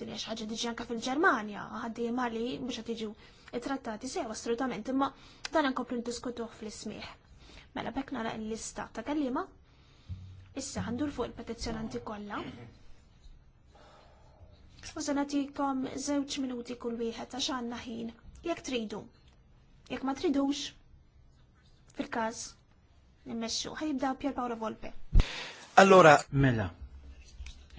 dinja xaġa diġi anka fil-Ġermanja, għaddi mali biex għatiġu it-trattati sew assolutament, imma dan nkomplu ndiskutuh fl-ismieħ. Mela bekk nara l-lista ta' kallima, issa għandur fuq il-petizzjonanti kollha. U se nagħtikom żewġ minuti kull wieħed għax għandna ħin, jekk tridu. Jekk ma tridux, fil-każ Nimmexxu, ħajibda Pier Paolo Volpe. Allora, mela,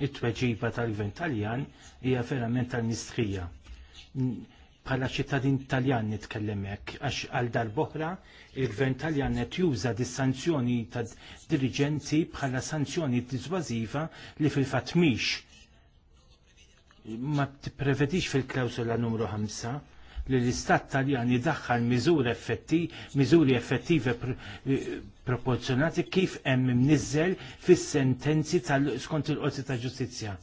it-tweġiba tal-gvern taljan hija verament tal-mistrija. Bħala ċittadin taljan nitkellem hekk, għax għal darboħra il-gvern taljan qed juża dis-sanzjoni ta' dirigenti bħala sanzjoni diswaziva li fil-fatt mhix ma tipprevedix fil-klawsola numru 5 li l-Istat Taljan jidaxħal miżur effetti, miżuri effettive eh, proporzjonati kif hemm nizzel fis-sentenzi tal-skont il-Qorti ta' Ġustizzja.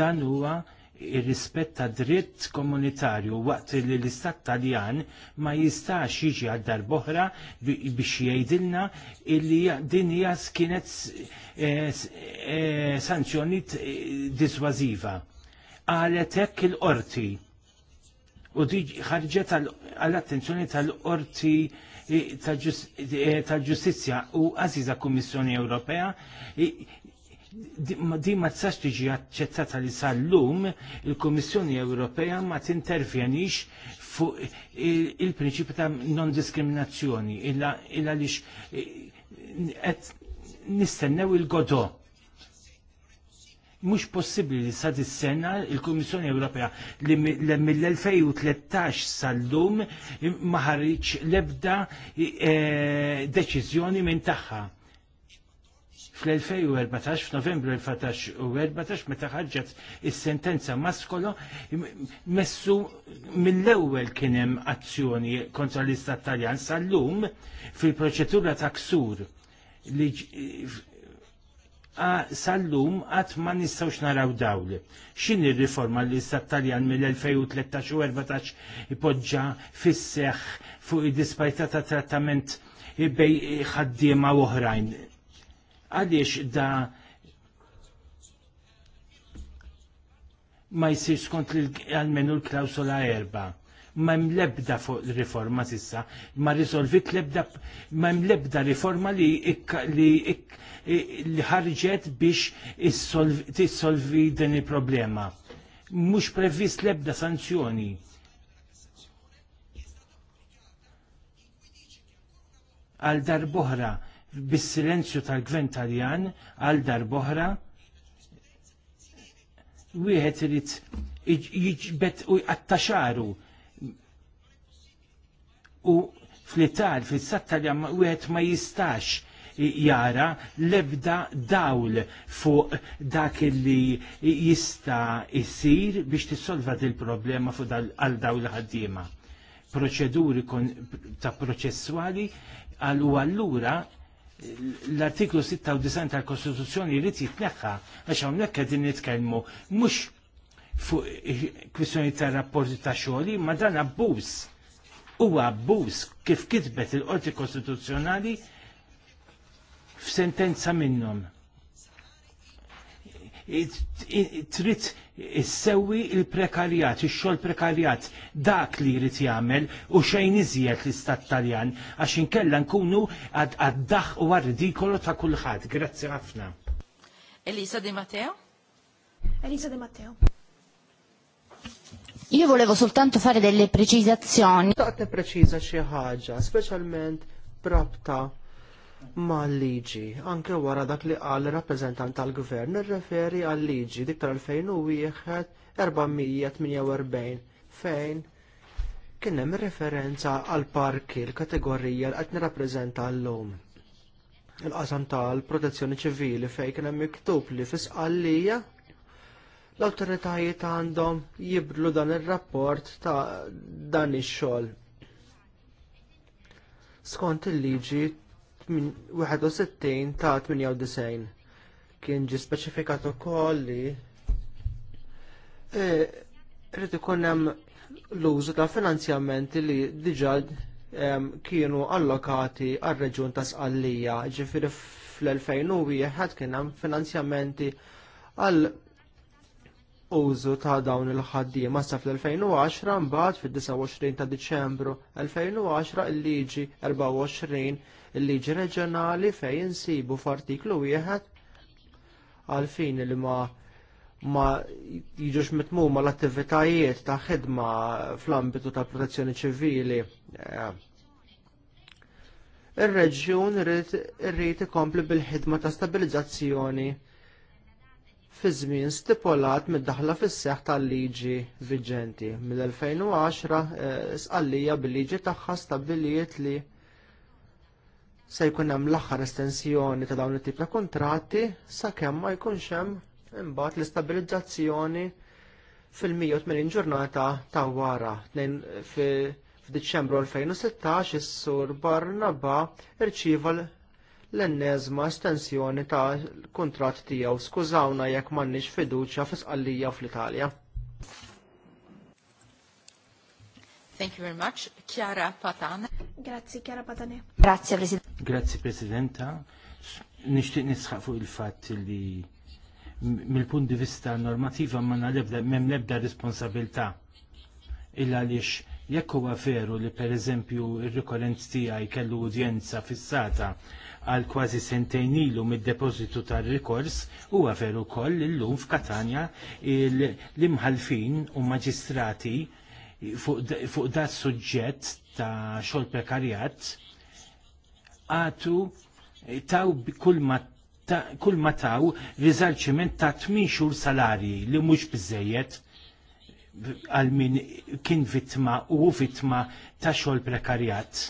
Dan huwa ir-rispett ta' dritt komunitarju waqt li l-Istat Taljan ma jistax jiġi għaddar boħra biex jgħidilna illi din hija kienet eh, eh, sanzjoni diswaziva. Għalet hekk il-qorti u di ħarġet għall-attenzjoni tal-qorti eh, tal-ġustizja eh, u għaziza Kommissjoni Ewropea di ma tsax tiġi accettata li sal-lum il-Kommissjoni Ewropea ma tintervjenix fuq il-prinċipju ta' non-diskriminazzjoni illa lix eh, nistennew il-godo Mhux possibbli li sa is-sena il-Kummissjoni Ewropea li mill-2013 sal-lum ma ħarriġ l-ebda e, e, deċiżjoni minn tagħha fl-2014, f'Novembru 2014, meta ħarġet is-sentenza maskolo, messu mill-ewwel kien hemm azzjoni kontra l-Istat Taljan sal-lum fil-proċedura ta' ksur sal-lum għat ma nistawx naraw dawl. Xin il-riforma li sta taljan mill-2013 u 14 ipoġġa fisseħ fuq id-disparita ta' trattament bej ħaddiema oħrajn. Għaliex da ma jisir skont għalmenu l-klausola erba. Ma mlebda fuq riforma sissa, ma risolvit lebda, ma mlebda riforma li, ikka li ikka li ħarġet biex tissolvi din il-problema. Mhux previst l-ebda sanzjoni. Għal darboħra, bis-silenzju tal-gvern taljan, għal darboħra, wieħed irid jiġbet u jattaxaru. U fl-Ital, fil-Sattalja, wieħed ma jistax jara lebda dawl fuq dak li jista jisir biex tissolva dil problema fuq għal dawl ħaddiema. Proċeduri ta' proċessuali għal u allura l-artiklu 96 tal-Kostituzzjoni jrid jitneħħa għax hawnhekk qegħdin nitkellmu mhux fuq kwistjoni ta' rapporti ta' xogħli, ma dan abbuż. Huwa abbuż kif kitbet il-Qorti Kostituzzjonali f'sentenza minnhom. Trid issewwi il-prekarjat, ix-xogħol prekarjat dak li jrid jagħmel u xejn iżjed l-istat Taljan għax inkella nkunu għad-daħ u għardi ridikolo ta' kulħadd. Grazzi ħafna. Elisa Di Matteo? Elisa Di Matteo. Io volevo soltanto fare delle precisazioni. Taqt preċiża xi ħaġa, speċjalment brabta mal-liġi. Anke wara dak li qal rappreżentant tal-gvern referi għal-liġi dik tal-2001 448 fejn kien hemm referenza għal parki l-kategorija li qed nirrappreżenta llum. Il-qasam tal-protezzjoni ċivili fejn kien hemm miktub li fisqallija l-awtoritajiet għandhom jibdlu dan ir-rapport ta' dan ix-xogħol. Skont il-liġi 61 ta' 98 kien ġi speċifikat ukoll li eh, rrid ikun hemm l-użu ta' finanzjamenti li diġà kienu allokati għal reġjun ta' Sqallija, ġifiri fl-2001 kien hemm finanzjamenti għal użu ta' dawn il-ħaddiema sa fl-2010 mbagħad fid-29 ta' Diċembru 2010 il-liġi 24 il-liġi reġjonali fejn insibu f'artiklu wieħed għalfin li ma ma jiġux mitmuma l-attivitajiet ta' ħidma fl-ambitu ta' protezzjoni ċivili. Eh, ir-reġjun irrid ikompli bil-ħidma ta' stabilizzazzjoni fi żmien stipulat mid-daħla fis-seħħ tal-liġi viġenti. Mill-2010 eh, sqallija bil-liġi tagħha stabbiliet li se jkun hemm l-aħħar estensjoni ta' dawn it-tip ta' kontratti sakemm ma jkunx hemm imbagħad l-istabilizzazzjoni fil-180 ġurnata ta' wara f'Diċembru 2016 is-sur Barnaba rċieva l-enneżma estensjoni ta' kuntratt tiegħu skużawna jekk m'għandniex fiduċja fi sqallija fl-Italja. Thank you very much. Chiara Patane. Grazie, Chiara Patane. Grazie, Presidente. Grazie, Presidenta. Nishtiq nisħaq fuq il-fat li mill-punt di vista normativa ma nalebda mem lebda responsabilità illa għaliex jekk huwa veru li per eżempju il rikorrent tiegħi kellu udjenza fissata għal kważi sentejn ilu mid-depożitu tar-rikors, huwa veru koll illum f'Katanja l-imħalfin u maġistrati fuq da suġġett ta' xogħol prekarjat għatu eh, taw kull ma kull ma taw riżarċiment ta' 8 xur salarji li mux biżejjed għal min kien vittma u vittma ta' xogħol prekarjat.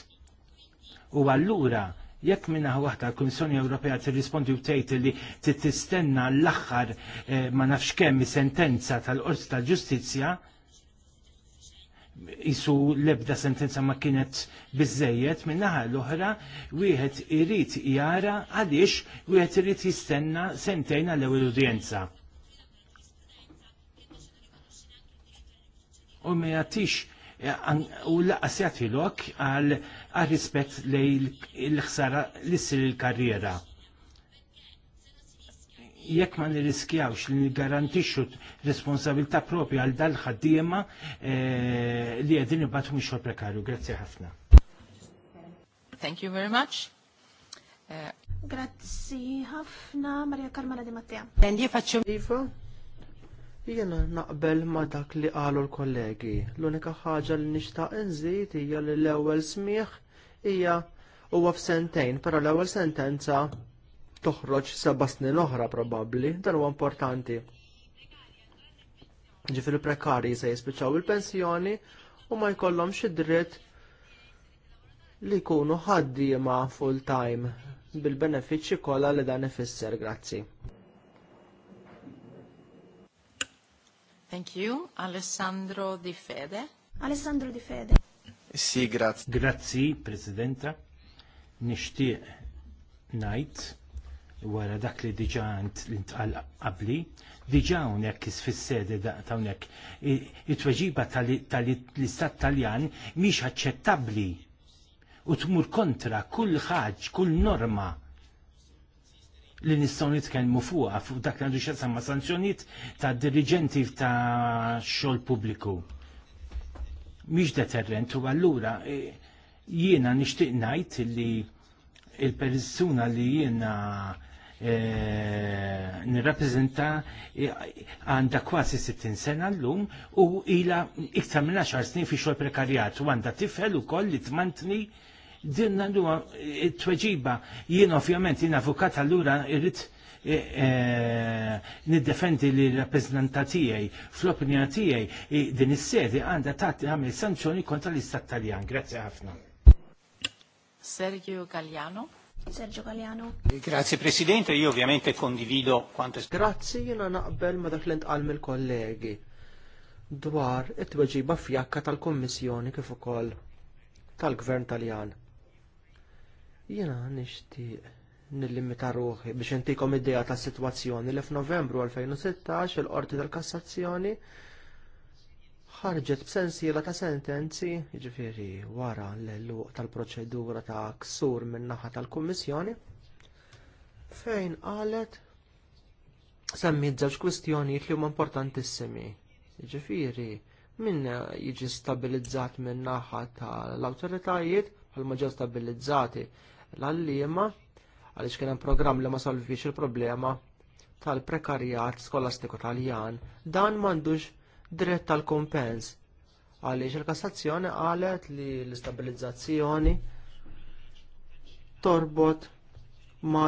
U allura jekk minna waħda l-Kummissjoni Ewropea tirrispondi u tejt li tistenna l-aħħar eh, ma nafx kemm sentenza tal-Qorti tal-Ġustizzja, tal qorti tal ġustizja tal qorti tal ġustizzja isu lebda sentenza ma kienet bizzejiet minnaħa l-oħra wieħed irrit jara għaliex wieħed irrit jistenna sentejna l ewwel udjenza. U ma jagħtix eh, u laqqas jagħtilok għal rispett lejn l-ħsara l-issir il-karriera jekk ma nirriskjawx li nigarantixxu responsabilità propja għal dal ħaddiema eh, li qegħdin ibatu mhix prekarju. Grazzi ħafna. Thank you very much. Eh, Grazzi ħafna Maria Carmela Di Mattea. Tendi faċċu Ivo. Jiena naqbel ma dak li qalu l-kollegi. L-unika ħaġa li nixtaq inżid hija li l-ewwel smigħ hija huwa f'sentejn, però l-ewwel sentenza toħroġ seba' snin oħra probabbli, dan huwa importanti. Ġifieri prekari se jispiċċaw il-pensjoni u ma jkollhomx id li jkunu ħaddiema full time bil-benefiċċji kollha li dan ifisser, grazzi. Thank you. Alessandro Di Fede. Alessandro Di Fede. Sì, grazie. Grazzi, Presidenta. Nishtiq najt wara dak li diġa l-intqal qabli, diġa unek fis-sede ta' unek it-tweġiba tal-istat taljan miex aċċettabli u tmur kontra kull ħaġ, kull norma li nistgħu nitkellmu fuqha fuq dak li għandu xi ma' sanzjonijiet ta' dirigenti ta' xogħol pubbliku. Miex deterrent u allura e, jiena nixtieq ngħid li il-persuna li jiena Eh, nirrappreżenta eh, għandha kważi 60 sena llum u ila iktar minn 10 snin fi xogħol prekarjat u għandha tifel ukoll li tmantni din huwa eh, t-tweġiba jien ovvjament jien avukat allura irrid niddefendi li rappresentanta tiegħi fl-opinjoni tiegħi din is-sedi għandha tagħti għamel sanzjoni kontra l-Istat Taljan. Grazzi ħafna. Sergio Galliano. Sergio Galiano. Grazie Presidente, io ovviamente condivido quanto... Grazie, jena naqbel ma da li ntqal mill-kollegi dwar it-tweġiba fjakka tal-Kommissjoni kif ukoll tal-Gvern Taljan. Jena nixtieq nillimita ruħi biex intikom idea ta' situazzjoni li f'Novembru 2016 il-Qorti tal-Kassazzjoni ħarġet b'sensiela ta' sentenzi, jiġifieri wara l-luq tal-proċedura ta' ksur min-naħa tal-Kummissjoni, fejn qalet semmi żewġ kwistjonijiet li huma importantissimi. Jiġifieri min jiġi stabilizzat min naħa tal-awtoritajiet bħalma ġew stabilizzati l-allima għaliex kien hemm programm li ma solvix il-problema tal-prekarjat skolastiku taljan dan m'għandux dritt tal-kumpens. Għaliex il-Kassazzjoni qalet li l-istabilizzazzjoni torbot ma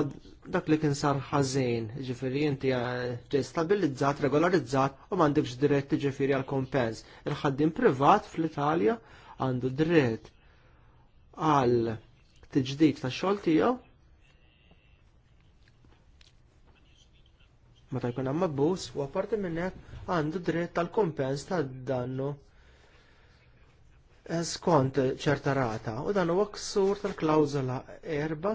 dak li kien sar ħażin, ġifiri inti eh, ġej stabilizzat, regolarizzat u m'għandekx dritt ġifiri għal kompens. Il-ħaddim privat fl-Italja għandu dritt għal tiġdid ta' xogħol tiegħu meta jkun hemm abbuż u apparti minn hekk għandu dritt tal-kompens tad-dannu eh, skont ċerta rata u dan huwa ksur tal-klawżola erba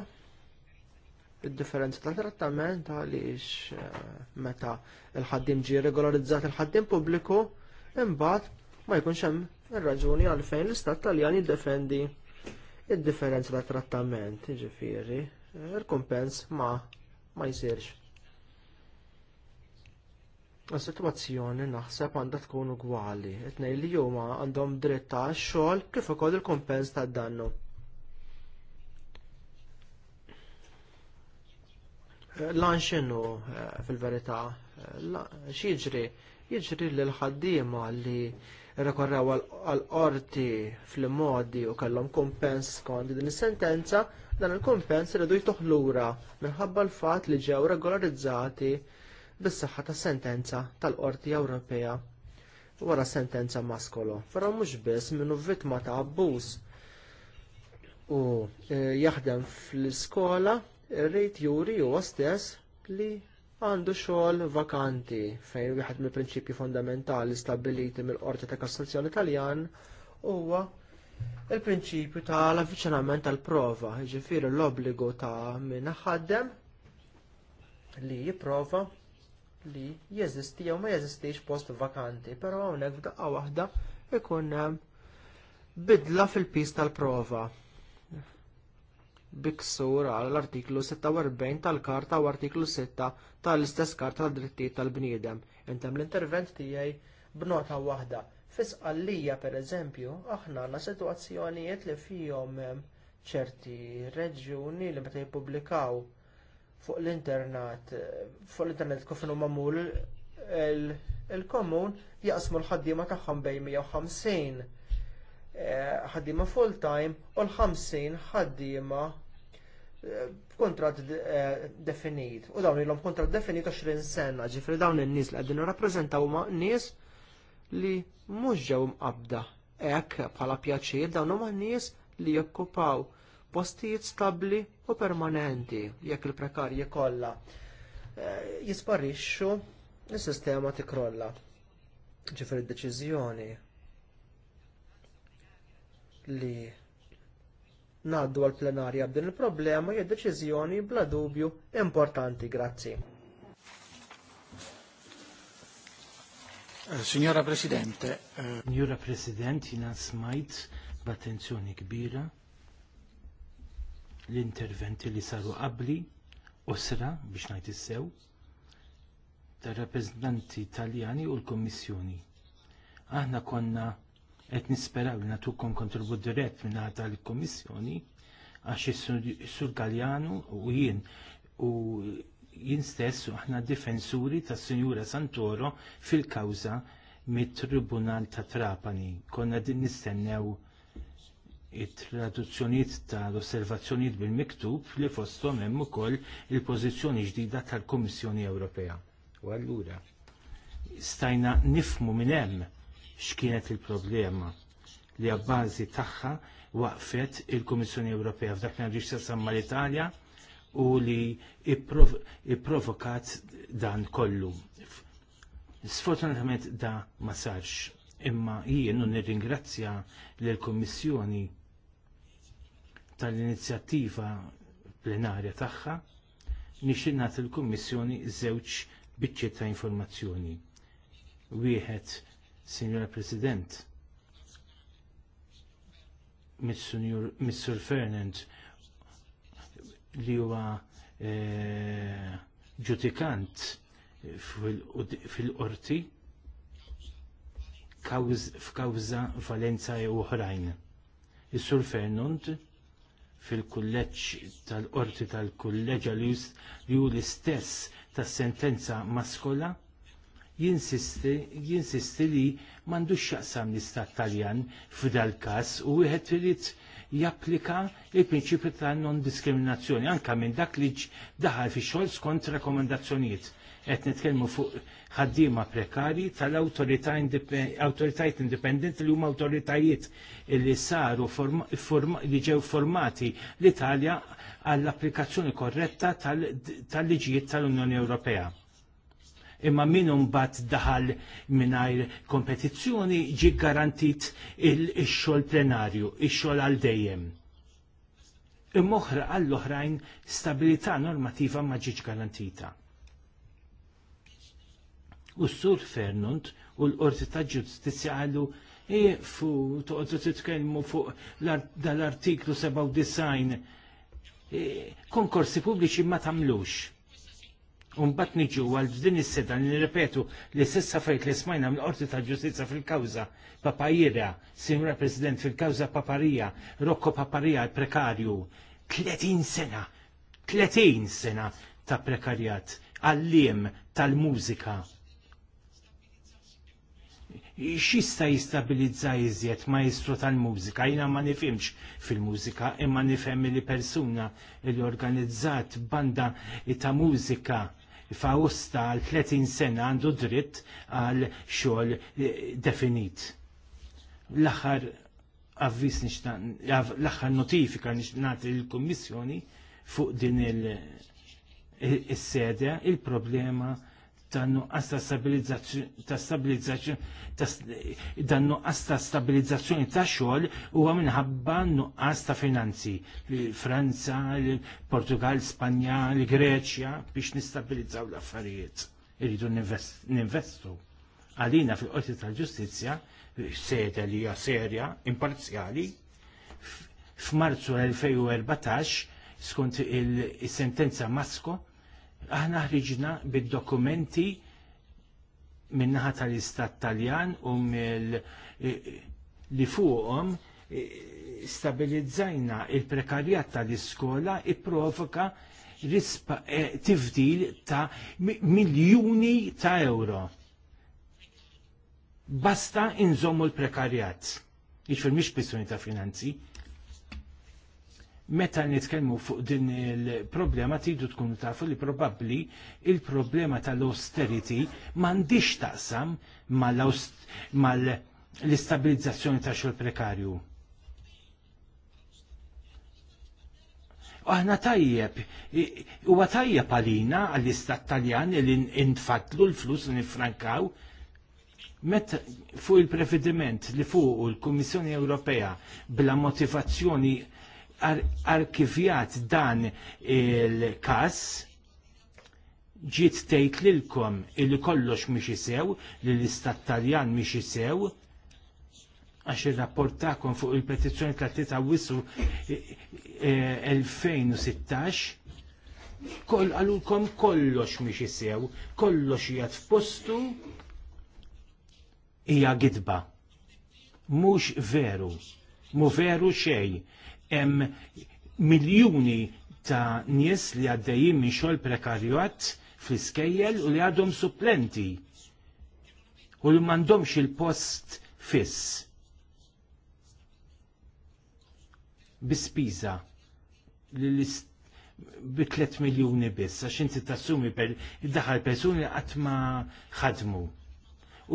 id-differenza tal-trattament għaliex eh, meta il-ħaddim ġie regolarizzat il-ħaddim pubbliku imbagħad ma jkunx hemm ir-raġuni għalfejn l-istat Taljan jiddefendi id-differenza tal-trattament, ġifieri, il-kumpens ma ma jsirx. Is-sitwazzjoni naħseb għandha tkun ugwali, Etnej tnejn li huma għandhom dritt ta' xogħol kif ukoll il-kumpens tad-dannu. Lan x'inhu eh, fil-verità, x'jiġri? Jiġri li l-ħaddiema li rekorrew għal-qorti fl-modi u kellhom kumpens skont din is-sentenza, dan il-kumpens iridu jtoħlura minħabba l-fatt li ġew regolarizzati bis-saħħa ta' sentenza tal-Qorti Ewropea wara sentenza maskolo. Però mhux biss minnu vittma ta' abbuż u e, jaħdem fl-iskola rrit juri huwa stess li għandu xogħol vakanti fejn wieħed mill-prinċipji fondamentali stabbiliti mill-Qorti ta' Kassazzjoni Taljan huwa il-prinċipju tal-avviċinament tal-prova, jiġifieri l-obbligu ta' min ħaddem li jipprova li jeżisti jew ma jeżistix post vakanti, però hawnhekk f'daqqa waħda ikun hemm eh, bidla fil-pis tal-prova. Biksur l artiklu 46 tal-karta u artiklu 6 tal-istess karta tad-drittijiet tal-bniedem. Intem l-intervent tiegħi b'nota waħda. per pereżempju, aħna għandna sitwazzjonijiet li fihom eh, ċerti reġjuni li meta jippubblikaw fuq l-internet, fuq l-internet kif huma mamul il-komun jaqsmu l-ħaddiema tagħhom bej 150 eh, ħaddiema full time u l-50 ħaddiema b'kuntratt eh, eh, definit. U dawn ilhom kontrat definit 20 sena, ġifri dawn in-nies li qegħdin irrappreżentaw huma nies li mhux ġew mqabda hekk bħala pjaċir dawn huma nies li jokkupaw postijiet stabbli u permanenti jekk il-prekarji kollha eh, jisparixxu is-sistema tikrolla. Ġifier id-deċiżjoni li Ngħaddu għall plenarja b'din il-problema hija deċiżjoni bla dubju importanti. Grazzi. Eh, signora Presidente. Eh, signora President, jina smajt b'attenzjoni kbira l-interventi li saru qabli osra biex ngħid sew tar-rappreżentanti Taljani u l-Kummissjoni. Aħna konna qed nisperaw li nagħtukom kontribut dirett minn tal-Kummissjoni għax is-Sur Taljanu u jien u jien stess aħna difensuri tas Sinjura Santoro fil-kawża mit-Tribunal ta' Trapani. Konna din nistennew it-traduzzjoniet tal-osservazzjoniet bil-miktub li fosthom hemm ukoll il-pożizzjoni ġdida tal-Kummissjoni Ewropea. U allura stajna nifmu minn hemm x'kienet il-problema li għabbażi tagħha waqfet il-Kummissjoni Ewropea f'dak li għandix sasam l italja u li ipprovokat dan kollu. Sfortunatament da ma sarx imma jien nirringrazzja l kummissjoni tal-inizjattiva plenarja tagħha nixtieq nagħti l-Kummissjoni żewġ biċċiet ta' informazzjoni. Wieħed, Sinjora President, Mr. Fernand li huwa eh, ġudikant fil-qorti f'kawża Valenza e oħrajn. Is-Sur Fernand fil-kulleġġ tal-qorti tal-kulleġġa li hu l-istess tas-sentenza maskola, jinsisti li m'għandux xaqsam l-istat Taljan f'dal każ u wieħed irid japplika il-prinċipju ta' non-diskriminazzjoni anke minn dak li daħal fi xogħol skont rakkomandazzjonijiet qed nitkellmu fuq ħaddiema prekari tal awtoritajiet indipendenti li huma awtoritajiet li saru li ġew formati l-Italja għall-applikazzjoni korretta tal-liġijiet tal-Unjoni Ewropea. Imma min mbagħad daħal mingħajr kompetizzjoni ġi garantit il-xogħol plenarju, ix-xogħol għal dejjem imma oħra għall-oħrajn stabilità normativa ma ġiġ garantita u s-sur Fernund u l-Qorti ta' Ġustizzja għallu e, fu toqgħodu titkellmu fuq dal-artiklu 97 e, konkorsi pubbliċi ma tagħmlux. Unbat niġu għal din is li nirrepetu li sissa fejt li smajna mill-Qorti ta' ġustizja fil-kawża Papajira, Simra President fil-kawża Paparija, Rocco Paparija prekarju. 30 sena, 30 sena ta' prekarjat liem tal-mużika xista jistabilizza iżjed maestro tal-mużika. Jina ma nifimx fil-mużika, imma nifhem li persuna li organizzat banda ta' mużika fawsta għal 30 sena għandu dritt għal xogħol eh, definit. L-aħħar avvis l axar notifika nixtnat il-Kummissjoni fuq din il-sede il-problema il problema ta' stabilizzazzjoni ta' stabilizzazzjoni dan nuqqas ta' stabilizzazzjoni ta' xogħol huwa minħabba nuqqas ta' finanzi. Franza, Portugal, Spanja, Greċja biex nistabilizzaw l-affarijiet. Irridu ninvestu. Għalina fil-qorti tal-ġustizzja seda li hija serja, imparzjali, f'Marzu 2014 skont il-sentenza Masko Aħna ħriġna bid-dokumenti minnaħa tal-Istat Taljan u mill li fuqhom stabilizzajna il-prekarjat tal-iskola i-provoka e, tifdil ta' miljuni ta' euro. Basta inżommu l-prekarjat. Jiġifieri Ix fil-mix ta' finanzi, meta nitkellmu fuq din il-problema tridu tkun tafu li probabbli il-problema tal-austerity m'għandix taqsam mal-istabilizzazzjoni ta' xogħol prekarju. Aħna tajjeb, huwa tajjeb għalina għall-istat Taljan li intfatlu l-flus li nifrankaw met fuq il-prevediment li fuq il kummissjoni Ewropea bla motivazzjoni arkivjat dan il-kas ġiet tgħid lilkom illi kollox mhix isew, li l-istat Taljan mhix isew, għax ir-rapport fuq il-petizzjoni tal-3 Wissu 2016 e, e, koll għalulkom kollox mhix isew, kollox hija f'postu hija gidba. Mhux veru, mu veru xejn hemm miljuni ta' nies li għaddejjin minn xogħol prekarjat fl-iskejjel u li għadhom supplenti u li m'għandhomx il-post fiss. Bispiża li bi 3 miljoni biss, għax inti tassumi per daħal persuni qatt ma ħadmu.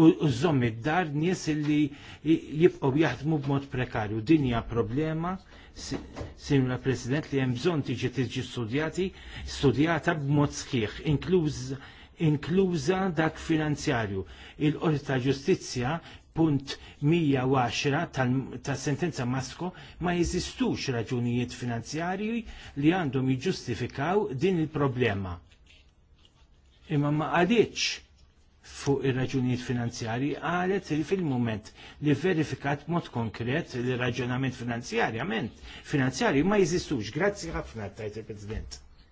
U żomm id-dar nies li jibqgħu jaħdmu b'mod prekarju. Din hija problema Sinjura President, li hemm bżonn tiġi tiġi studjati, studjata b'mod sħiħ, inkluża dak finanzjarju. Il-Qorti ta' Ġustizzja punt 110 ta' sentenza Masko ma jeżistux raġunijiet finanzjarji li għandhom jiġġustifikaw din il-problema. Imma ma qalitx fuq ir-raġunijiet finanzjarji għalet li fil-mument li verifikat mod konkret li raġunament għamen finanzjarji ma jizistux Grazzi ħafna tajt il-President.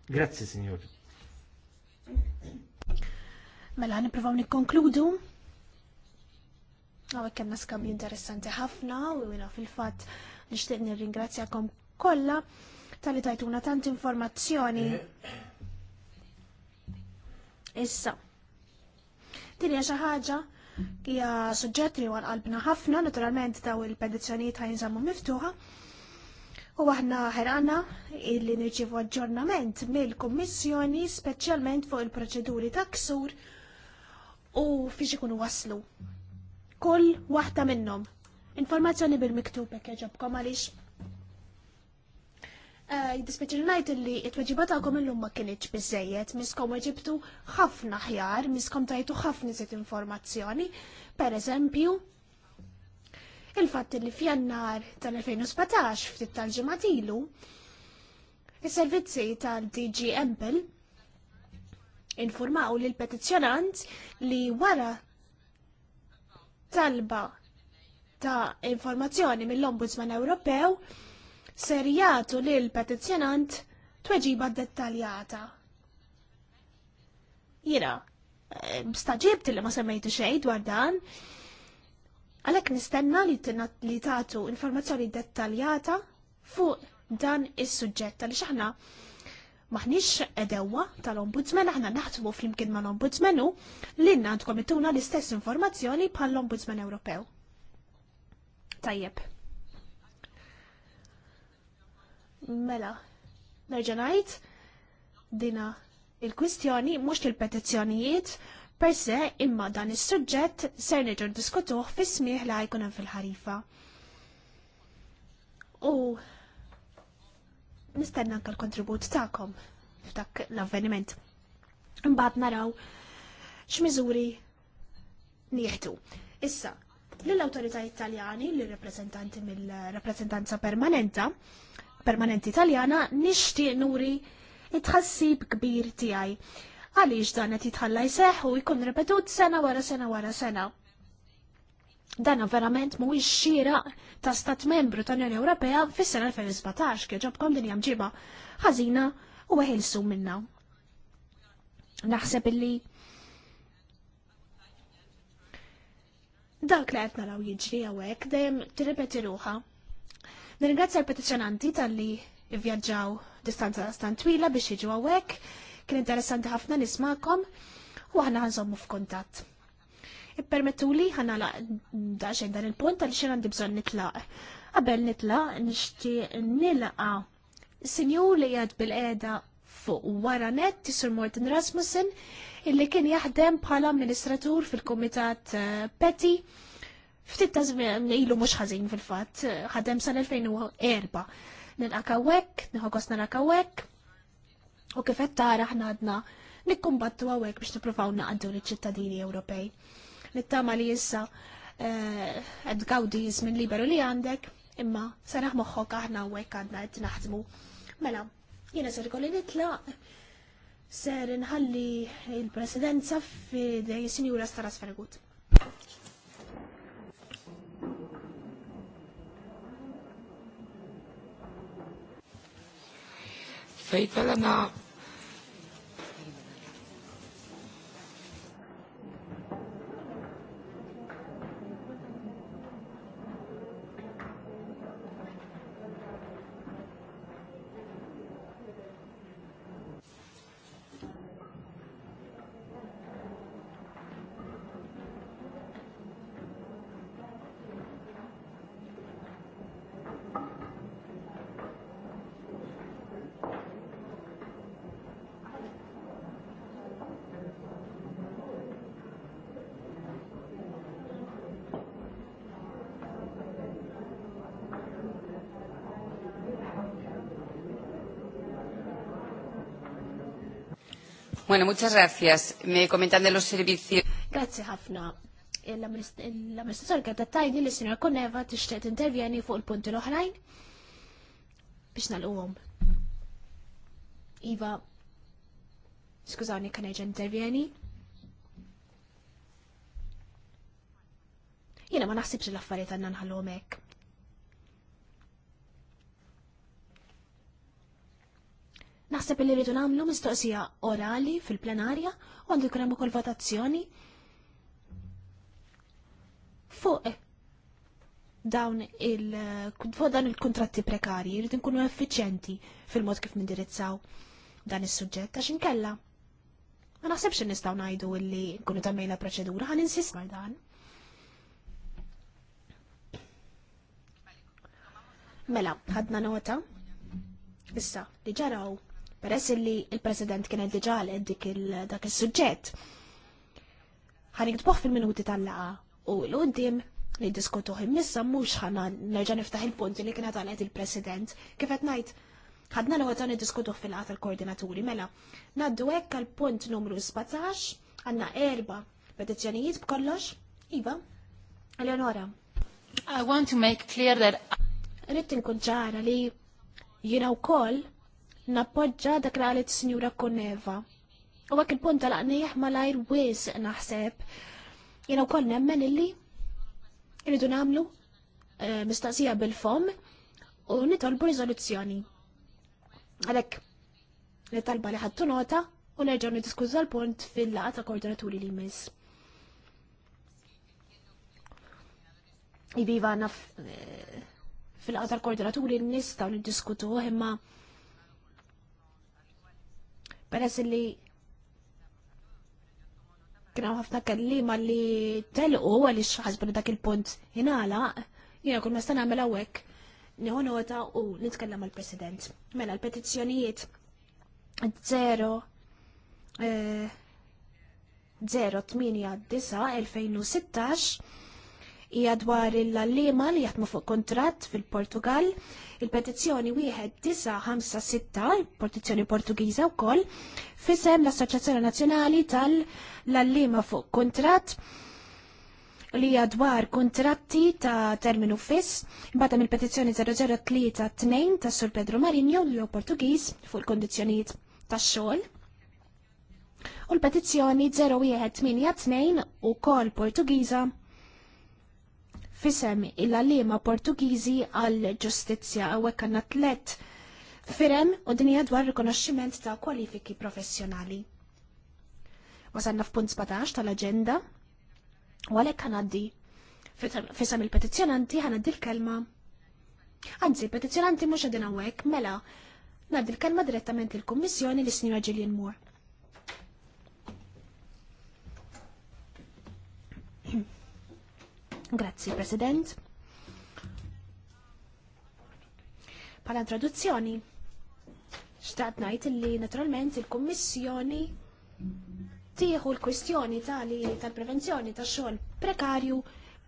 Grazzi, Signor. Mela ħaniprofaw nikkonkludu. Għawek kemna skambju interessanti ħafna u jina fil-fat nishtiq nirringrazzjakom kollha tal-li tajtuna tant informazzjoni. Eh, eh. Issa, Dinja xi ħaġa hija suġġett li huwa qalbna ħafna, naturalment daw il-petizzjonijiet ħajnżammu miftuħa. U aħna ħerqana illi nirċivu aġġornament mill-Kummissjoni speċjalment fuq il-proċeduri ta' ksur u fiex ikunu waslu. Kull waħda minnhom. Informazzjoni bil-miktub jekk jaġobkom għaliex Eh, Jidispeċi najt li it għom l illum ma kienieċ bizzejiet, miskom weġibtu ħafna ħjar, miskom tajtu ħafna zet informazzjoni. Per eżempju, il fat li f'jannar tal-2017 ftit tal-ġematilu, il-servizzi tal-DG Empel informaw li l-petizjonant li wara talba ta' informazzjoni mill-Ombudsman Ewropew ser jagħtu l petizzjonant tweġiba dettaljata. Jira, staġib li ma semmejtu xejn dwar dan, għalhekk nistenna li tagħtu informazzjoni dettaljata fuq dan is-suġġett li x'aħna maħniex edewa tal-ombudsman, aħna naħdmu fl-imkien ma' l-ombudsmanu li għandkom ittuna l-istess informazzjoni bħall-ombudsman Ewropew. Tajjeb. Mela, nerġa' ngħid dina il-kwistjoni mhux il-petizzjonijiet per se imma dan is-suġġett ser nerġgħu diskutuħ fis-smieħ li jkun hemm fil-ħarifa. U nistenna anke l-kontribut tagħkom f'dak l-avveniment. Imbagħad naraw x'miżuri nieħdu. Issa, lill awtorità Italjani l rappreżentanti mill-rappreżentanza permanenta, permanenti Taljana nixtieq nuri it-tħassib kbir tiegħi. Għaliex dan qed jitħalla jseħħ u jkun ripetut sena wara sena wara sena. Dan verament mhuwiex xira ta' stat membru ta' unjoni Ewropea fis-sena 2017 kien ġobkom din hija mġiba ħażina u weħilsu minna. Naħseb illi dak li qed naraw jiġri hawnhekk dejjem tirrepeti ruha. Nirringrazzja l-petizjonanti tal-li vjaġġaw distanza stan twila biex jiġu għawek. Kien interessanti ħafna nismakom u ħana ħanżommu f'kuntatt. Ippermettu li ħana laq daċen dan il-punt għal xena għandi bżon nitlaq. Qabel nitlaq nixti nilqa sinju li jgħad bil-qeda fuq wara net Sir Morten Rasmussen illi kien jaħdem bħala amministratur fil-Kumitat eh, Peti ftit ta' żmien ilu mhux ħażin fil-fatt, ħadem sal-2004. Nilqa' hekk, nħogost nilqa' hekk, u kif qed tara aħna għadna nikkumbattu hawnhekk biex nippruvaw naqdu liċ-ċittadini Ewropej. Nittama li issa qed eh, gawdi minn liberu li għandek, imma saraħ moħħok aħna hawnhekk għandna qed naħdmu. Mela, jiena ser kolli nitlaq ser nħalli il-presidenza f'idej Sinjura Staras Fergut. فإذا لنا Bueno, muchas gracias. Me comentan de los servicios. Grazie ħafna. E L-amministrazzjoni e kien tajni li sinjor Koneva tixtieq intervjeni fuq il-punti l-oħrajn biex nagħlquhom. Iva, skużani kien ejja intervjeni. Jiena ma naħsibx l-affarijiet għandna nħallhom hekk. Naħseb li rridu nagħmlu mistoqsija orali fil-plenarja u għandu jkun hemm ukoll votazzjoni fuq dawn il fuq dan il-kontratti prekarji jrid nkunu effiċjenti fil-mod kif nindirizzaw dan is-suġġett għax inkella. Ma naħsebx nistgħu ngħidu li nkunu tagħmejna proċedura ħan insist mal dan. Mela, ħadna nota. Issa, li ġaraw peress li il-President kien diġa dik dak il-sujġett. Ħanikdbuħ fil-minuti tal-laqa u l għoddim li diskutu missa mux ħana nerġa niftaħ il-punti li kienet għatalet il-president. kif najt, ħadna l għotan diskutu fil-qat tal-koordinaturi, mela, naddu ekk għal-punt numru 17, għanna erba petizjonijiet b'kollox, Iva, Eleonora. I want to make clear that... Rrit nkun li jina u koll nappoġġa dak li għalet Sinjura Koneva. U għak il-punt tal-għanijħ lajr wis naħseb. Jena u koll nemmen illi irridu namlu eh, mistaqsija bil-fom u nitolbu rizoluzzjoni. Għalek, nitalba li ħattu nota u nerġaw nidiskuzza l-punt fil-laqa ta' koordinaturi li jmiss. Iviva għanna eh, fil-laqa ta' koordinaturi nistaw nidiskutu imma Peress li kena ħafna kellima li telqu għalli xaħsbu dak il-punt hinala, jina kull mestan għamela għek, nieħu nota u nitkellem għal president Mela l-petizzjonijiet zero eh, zero 08 2016 hija dwar il-allima li jaħdmu fuq kontrat fil-Portugal. Il-petizzjoni wieħed 1956, petizzjoni Portugiża wkoll, fisem l-Assoċjazzjoni Nazzjonali tal-Allima fuq kontrat li hija dwar kontratti ta' terminu fiss, bata mill petizzjoni 003 ta' Sur Pedro Marinho l Portugiż fuq il-kondizzjonijiet tax xogħol. U l-petizzjoni 0182 u kol Portugiża fisem il-għalima Portugiżi għal ġustizzja għawek għanna atlet firem u dinja dwar rikonoxximent ta' kwalifiki professjonali. Wasanna f'punt 17 tal-agenda u għalek għaddi fisem il-petizjonanti għaddi l-kelma. Anzi, il-petizjonanti mux għadin għawek, mela, għaddi l-kelma direttament il-Kommissjoni l-Sinjora Gillian Moore. Grazzi, President. Pala introduzzjoni, xtaqt ngħid li naturalment il-Kummissjoni tieħu l-kwistjoni tali tal-prevenzjoni tax-xogħol prekarju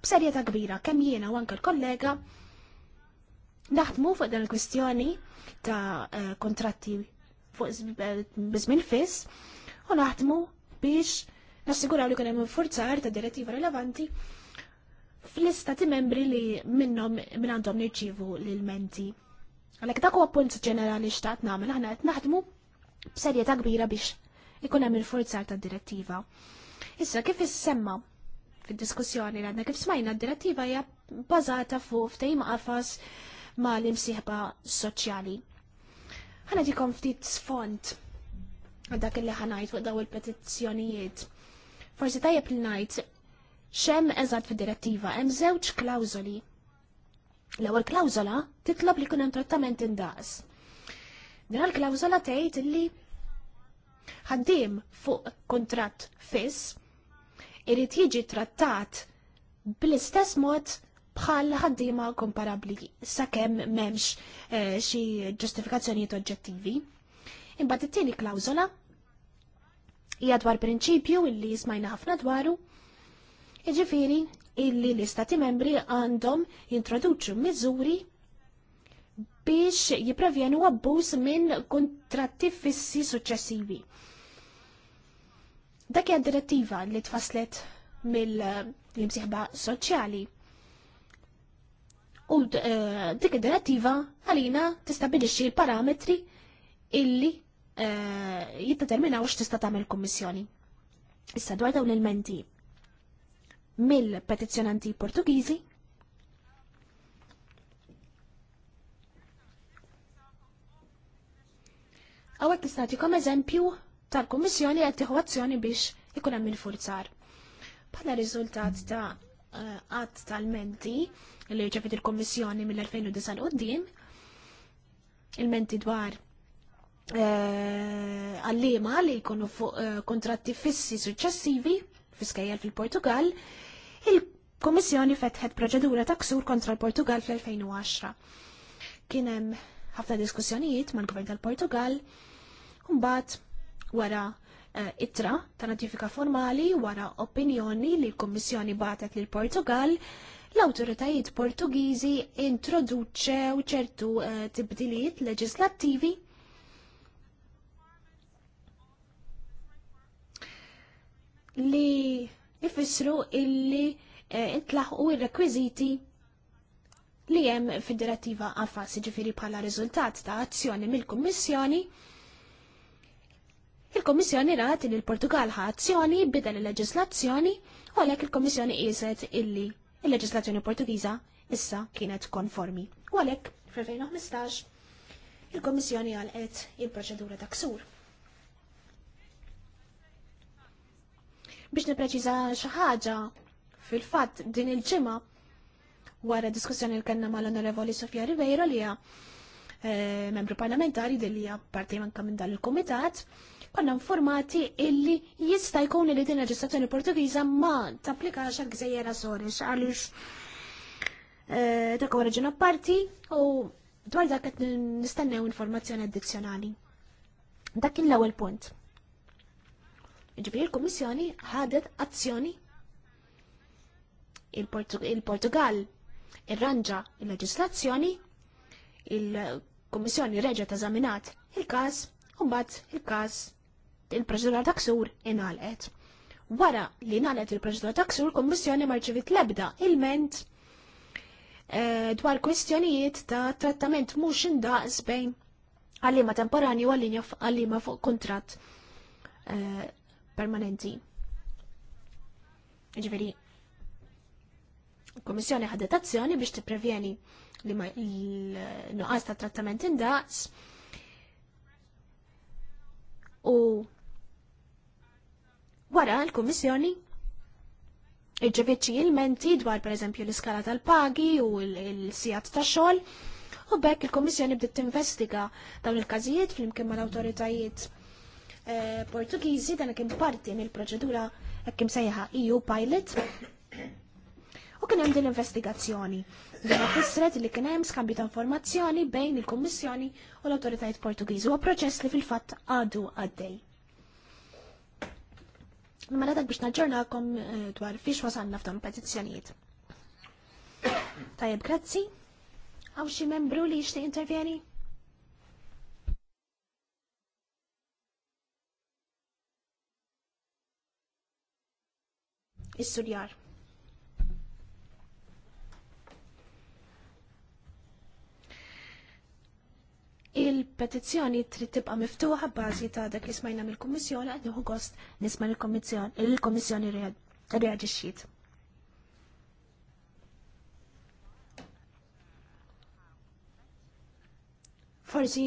b'serjetà kbira kemm jiena u anke l-kollega naħdmu fuq dan il-kwistjoni ta' eh, kontratti fuq bizmin eh, fiss u naħdmu biex nassiguraw li kien hemm forzar ta' direttiva rilevanti fl-istati membri li minnom minn għandhom nirċivu l-menti. Għalek dak huwa punt ġenerali xtaqt nagħmel aħna qed naħdmu b'serjetà kbira biex ikun hemm il-forzar tad-direttiva. Issa kif issemma fid-diskussjoni li għandna kif smajna d-direttiva hija bbażata fuq ftehim qafas ma' l-imsieħba soċjali. Ħana dikom ftit sfond għal dak li ħanajt fuq daw il-petizzjonijiet. Forsi tajjeb li ngħid xem eżat fid-direttiva hemm żewġ klawżoli. L-ewwel klawżola titlob li kun hemm trattament indaqs. Din il-klawżola tgħid li ħaddiem fuq kontratt fiss irid jiġi trattat bl-istess mod bħal ħaddiema komparabbli sakemm m'hemmx eh, xi ġustifikazzjonijiet oġġettivi. Imbagħad it-tieni klawżola hija dwar prinċipju illi smajna ħafna dwaru Iġifiri, illi l-istati membri għandhom jintroduċu miżuri biex jipravjenu abbuż minn kontratti fissi suċċessivi. Dak hija direttiva li tfaslet mill-imsieħba soċjali. U eh, dik id-direttiva għalina tistabilixxi l-parametri illi eh, jiddeterminaw x'tista' tagħmel kummissjoni. Issa dwar dawn il-menti mill-petizzjonanti Portugiżi Għawek kom eżempju tal komissjoni għed tiħu azzjoni biex ikun hemm il furzar Bħala riżultat ta' għadd eh, tal-menti li ġefet il komissjoni mill-2009 qudiem, il-menti dwar eh, għallima li jkunu fuq eh, kontratti fissi suċċessivi fiskajjel fil-Portugal, il-Komissjoni fetħet proċedura ta' ksur kontra l-Portugal fl-2010. Kien hemm ħafna diskussjonijiet mal-Gvern tal-Portugal, mbagħad wara eh, itra ta' notifika formali wara opinjoni li l-Kommissjoni batet lil Portugal l-autoritajiet Portugiżi introduċew ċertu eh, tibdiliet leġislattivi li ifissru illi eh, intlaħqu il rekwiżiti li hemm fid-direttiva għafas siġifiri bħala riżultat ta' azzjoni mill-Kummissjoni il kommissjoni rati li l-Portugal ħa azzjoni bidel il-leġislazzjoni u għalhekk il kommissjoni jizet illi il-leġislazzjoni Portugiża issa kienet konformi. U għalhekk fil 2015 il-Komissjoni għalqet il-proċedura ta' ksur. Biex nipreċiża xi ħaġa fil-fatt din il-ġimgħa wara diskussjoni li kellna mal-Onorevoli Sofia Rivejra li hija eh, membru parlamentari din hija parti manka minn dan il-kumitat, konna informati illi jista' jkun li din leġislazzjoni Portugiża ma tapplikax għal gżejjera Azores għaliex eh, dak origin apparti u dwar dak qed nistennew informazzjoni addizzjonali. Dak kien l-ewwel punt. Ġibri l-Kummissjoni ħadet azzjoni il-Portugal irranġa il-leġislazzjoni, il-Kummissjoni reġa tażaminat il-każ, u mbagħad il-każ il-proċedura ta' ksur Wara li nqalqet il-proċedura ta' ksur, Kummissjoni marċivit lebda il-ment eh, dwar kwestjonijiet ta' trattament mhux inda bejn għallima temporani u għallima fuq kontrat eh, permanenti. Ġveri, komissjoni ħadet azzjoni biex t-prevjeni li ma l-nuqqas ta' trattament indaqs u wara l komissjoni irġeviet il ilmenti dwar pereżempju l-iskala tal-pagi u l-sijat ta' xogħol u bekk il komissjoni bdiet tinvestiga dawn il-każijiet flimkien mal-awtoritajiet Eh, Portugiżi dan kien parti mill-proċedura hekk imsejjaħa EU Pilot. U kien hemm din investigazzjoni. Dan fissret li kien hemm skambju ta' informazzjoni bejn il-Kummissjoni u l-Awtoritajiet Portugiżi u proċess li fil-fatt għadu għaddej. Imma mela dak biex naġġornakom eh, dwar fiex wasalna f'dan petizzjonijiet. Tajjeb, grazzi. Għaw xi membru li jixtieq intervjeni? is-surjar. Il-petizzjoni trid tibqa' miftuħa bbażi ta' dak li smajna mill-Kummissjoni għad nieħu gost nisma' lill-Kummissjoni reaġixxiet. Forsi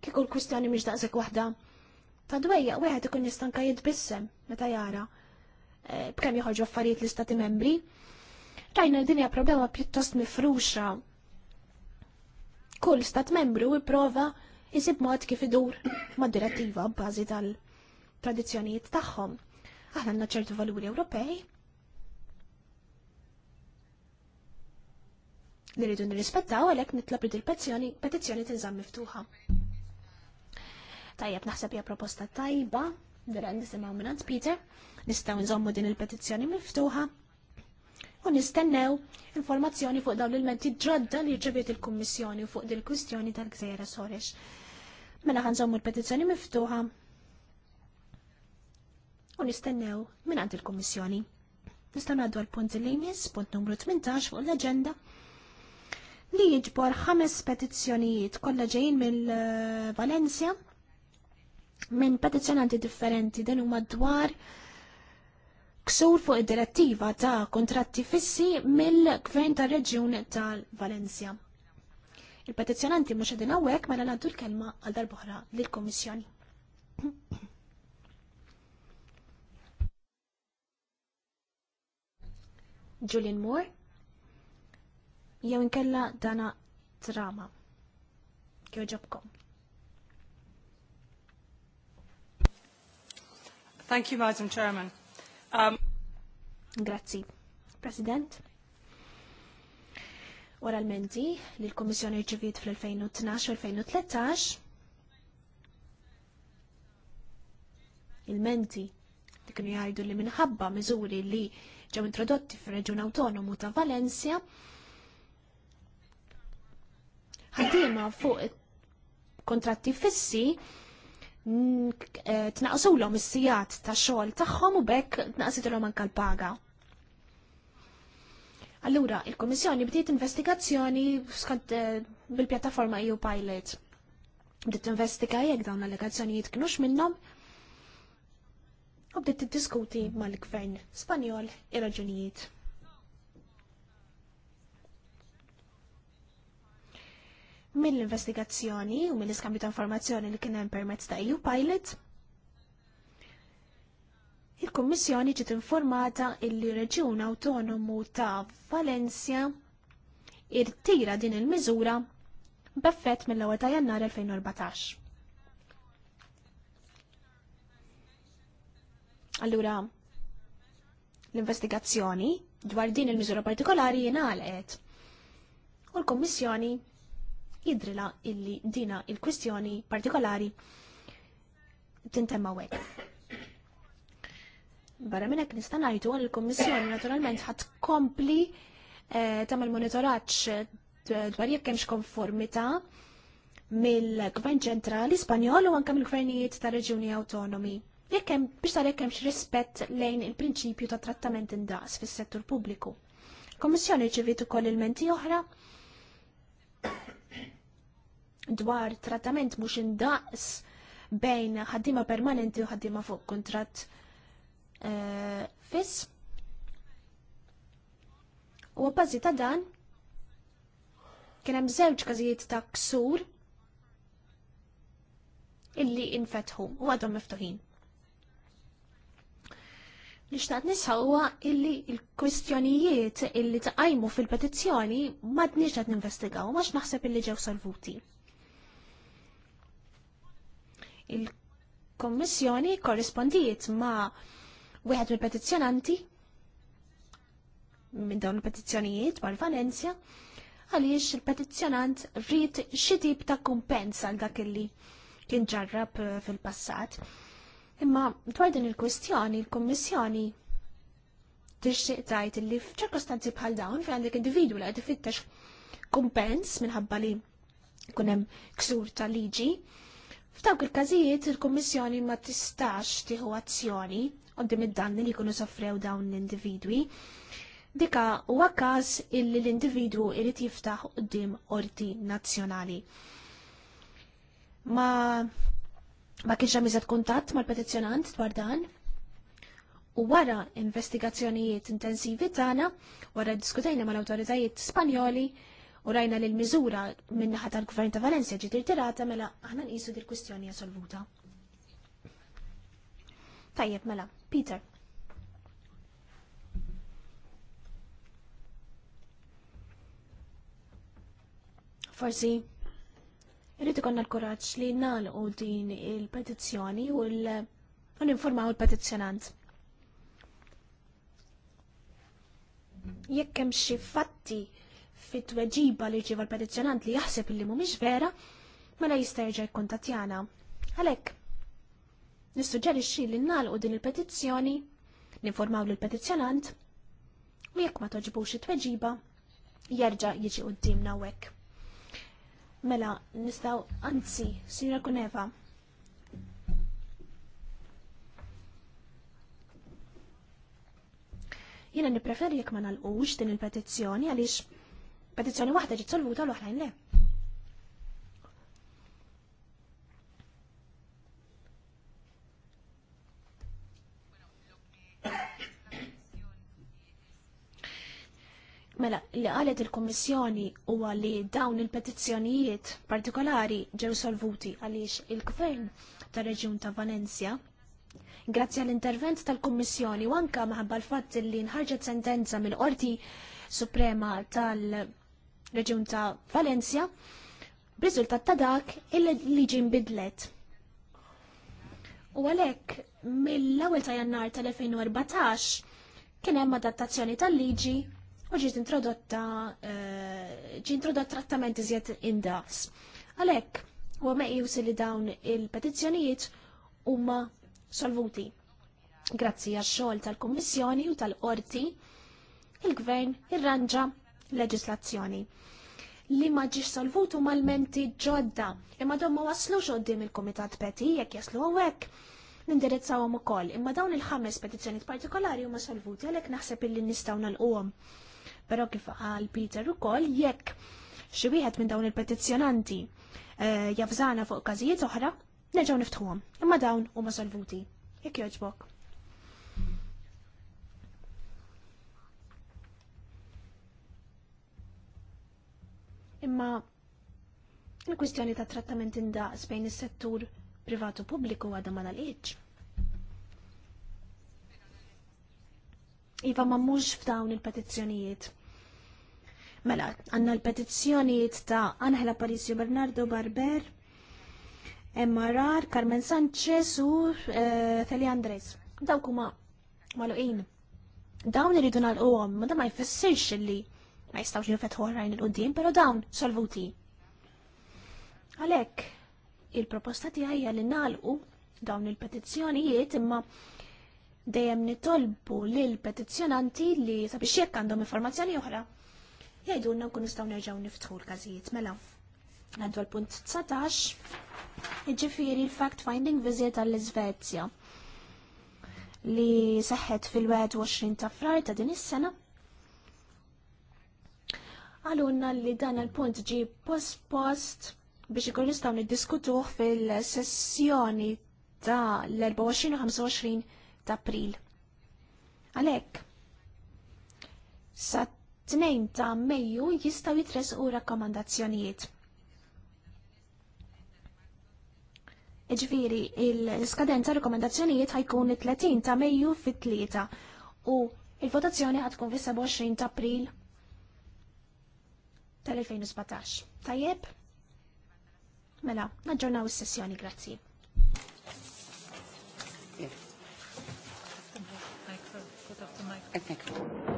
kieku l-kwistjoni mhix daqshekk waħda ta' dwejja wieħed ikun jistanka jitbissem meta jara b'kemm joħorġu affarijiet l-istati membri. Rajna dinja problema pjuttost mifruxa. Kull stat membru jipprova jisib mod kif idur ma' direttiva b'bażi tal-tradizzjonijiet tagħhom. Aħna għandna ċertu valuri Ewropej. Li rridu nirrispettaw għalhekk nitlob li il-petizzjoni petizzjoni tinżamm miftuħa. Tajjeb naħseb hija proposta tajba, vera nisimgħu minn Peter. Nistgħu nżommu din il-petizzjoni miftuħa u nistennew informazzjoni fuq dawn il-menti ġodda li ġebiet il-Kummissjoni fuq din il-kwistjoni tal-Gżejra Sorex. Mela ħanżommu l-petizzjoni miftuħa u nistennew minn għand il-Kummissjoni. Nistgħu ngħaddu għal punt li jmiss, punt numru 18 fuq l-aġenda li jġbor ħames petizzjonijiet kollha ġejjin mill-Valencia minn petizzjonanti differenti din huma dwar ksur fuq id-direttiva ta' kontratti fissi mill-Gvern ta' Reġjun tal-Valencia. Il-petizjonanti mhux qegħdin hawnhekk mela nagħtu l-kelma għal darb'oħra lill-Kummissjoni. Julian Moore jew inkella dana trama. Kjoġobkom. Thank you, Madam Chairman. Um... Grazzi. President? Wara l-mendi li l-Komissjoni ġiviet fl-2012 u 2013, il-menti li kienu jgħidu li minħabba miżuri li ġew introdotti fir-Reġjun Autonomu ta' Valencia ħaddiema fuq kontratti fissi tnaqsulhom is-sijat tax-xogħol tagħhom u bekk tnaqsitilhom anke l-paga. Allura, il-Komissjoni bdiet investigazzjoni skont eh, bil-pjattaforma EU Pilot. Bdiet investiga jekk dawn l-allegazzjonijiet kienux minnhom u bdiet tiddiskuti mal-Gvern Spanjol ir-raġunijiet. mill-investigazzjoni u mill-iskambju ta' informazzjoni li kien hemm permezz ta' EU Pilot, il-Kummissjoni ġiet informata illi Reġjun Awtonomu ta' Valencia irtira din il-miżura b'effett mill-ewwel ta' Jannar 2014. Allura, l-investigazzjoni dwar din il-miżura partikolari jingħalqet u l-Kummissjoni jidrila illi dina il-kwistjoni partikolari tintemma wek. Barra minnek nista' ngħidu il-Kummissjoni naturalment ħadd kompli eh, tagħmel monitoraġġ dwar jekk kemx konformità mill-Gvern ċentrali Spanjol u anke mill-Gvernijiet ta' Reġjuni Awtonomi. Jekk hemm biex tara jekk hemmx rispett lejn il-prinċipju ta' trattament indaqs fis-settur pubbliku. Kommissjoni ċivit ukoll il-menti oħra dwar trattament mhux indaqs bejn ħaddiema permanenti u ħaddiema fuq kuntratt uh, e, fiss. U għabbażi ta' dan, kien hemm żewġ każijiet ta' ksur illi infetħu u għadhom miftuħin. Nixtaqt nisħawa illi il-kwistjonijiet illi taqajmu fil-petizzjoni madniex qed ninvestigaw, max naħseb illi ġew salvuti. Il-Kommissjoni korrespondijiet ma' wieħed mill-petizzjonanti minn dawn il-petizzjonijiet mal-Valencia għaliex il-petizzjonant rrit xi tip ta' kumpens għal dak illi kien ġarrab eh, fil-passat. Imma dwar din il-kwistjoni, il-Kommissjoni tixtieq tgħid li f'ċirkostanzi bħal dawn fejn għandek individwu li qed ifittex kumpens minħabba li kunem hemm ksur ta' liġi, F'dawk il-każijiet il-Kummissjoni ma tistax tieħu azzjoni qoddim id-danni li jkunu sofrew dawn l-individwi. Dika huwa każ illi l-individwu irid jiftaħ qudiem orti nazzjonali. Ma ma kienx hemm iżgħat kuntatt mal-petizzjonant dwar dan, u wara investigazzjonijiet intensivi tagħna wara diskutejna mal-awtoritajiet Spanjoli U rajna li l-miżura minnaħat tal-Gvern ta' Valencia ġiet irtirata mela aħna nqisu dil kwistjoni solvuta. Tajjeb mela, Peter. Forsi, irrid ikonna l-kuraġġ li nagħlqu din il-petizzjoni u l-informaw il-petizzjonant. Jekk hemm xi fatti fit-tweġiba li ġiva l-petizzjonant li jaħseb li mhumiex vera, mela jista' jerġa' Għalek, Għalhekk, nissuġġerixxi li nagħlqu din il-petizzjoni, ninformaw lill petizzjonant u jekk ma toġbux it-tweġiba, jerġa' jiġi qudiemna hekk. Mela, nistgħu anzi, Sinjora Kuneva. Jiena nippreferi jekk ma nalqux din il-petizzjoni għaliex petizzjoni waħda ġiet solvuta l-oħrajn le. Mela, li qalet il-Kommissjoni huwa li dawn il-petizzjonijiet partikolari ġew solvuti għaliex il-Gvern tar-Reġjun ta' Valencia Grazzi għall-intervent tal-Kommissjoni u anka maħabba l-fatt li nħarġet sentenza mill-Qorti Suprema tal- reġjun ta' Valencia, b'riżultat ta' dak il-liġi nbidlet. U għalhekk mill-ewwel ta' Jannar tal-2014 kien hemm adattazzjoni tal-liġi u ġiet introdotta eh, ġi introdott trattamenti iżjed indaqs. Għalhekk huwa meqjus li dawn il-petizzjonijiet huma solvuti. Grazzi għax xogħol tal-Kummissjoni u tal-Qorti, il-Gvern irranġa il leġislazzjoni li ma ġiġ solvutu mal-menti ġodda imma dawn ma waslux għoddim il-Komitat Peti jekk jaslu għawek nindirizzawhom ukoll imma dawn il-ħames petizzjonijiet partikolari huma salvuti għalhekk naħseb illi nistgħu nagħlquhom. Però kif qal Peter ukoll jekk xi wieħed minn dawn il-petizzjonanti eh, jafżana fuq każijiet oħra, nerġgħu niftħuhom, imma dawn huma salvuti. Jekk jogħġbok. Imma il-kwistjoni ta' trattament indaqs bejn is-settur privatu pubbliku għadha ma nalqitx. Iva ma mhux f'dawn il-petizzjonijiet. Mela, għanna l-petizzjonijiet ta' Anħela Parisio Bernardo Barber, Emma Rar, Carmen Sanchez u e, eh, Teli Andres. Dawk huma maluqin. Dawn iridu nagħlquhom, ma da ma jfissirx li ma jistawx jinfetħu ħrajn il-qoddim, pero dawn solvuti. Għalek, il-proposta tiegħi li nalqu dawn il-petizzjonijiet imma dejjem nitolbu l petizzjonanti li sabiex jekk għandhom informazzjoni oħra jgħidulna nkun nistgħu nerġgħu niftħu l-każijiet mela. Għandu l-punt 19, iġifiri l-fact-finding viżiet għall-Iżvezja li seħħet fil-21 ta' frar ta' din is-sena għalunna li dan il-punt ġi post-post biex ikun nid niddiskutuh fil-sessjoni ta' l-24 u 25 ta' April. Għalhekk, sa' tnejn ta' Mejju jistgħu jitresqu rakkomandazzjonijiet. Iġviri, il-skadenza rakkomandazzjonijiet ħajkun 30 ta' Mejju fit-tlieta u il-votazzjoni ħatkun fis-27 ta' April tal-2017. Tajjeb? Mela, naġġornaw is-sessjoni, grazzi. Thank you.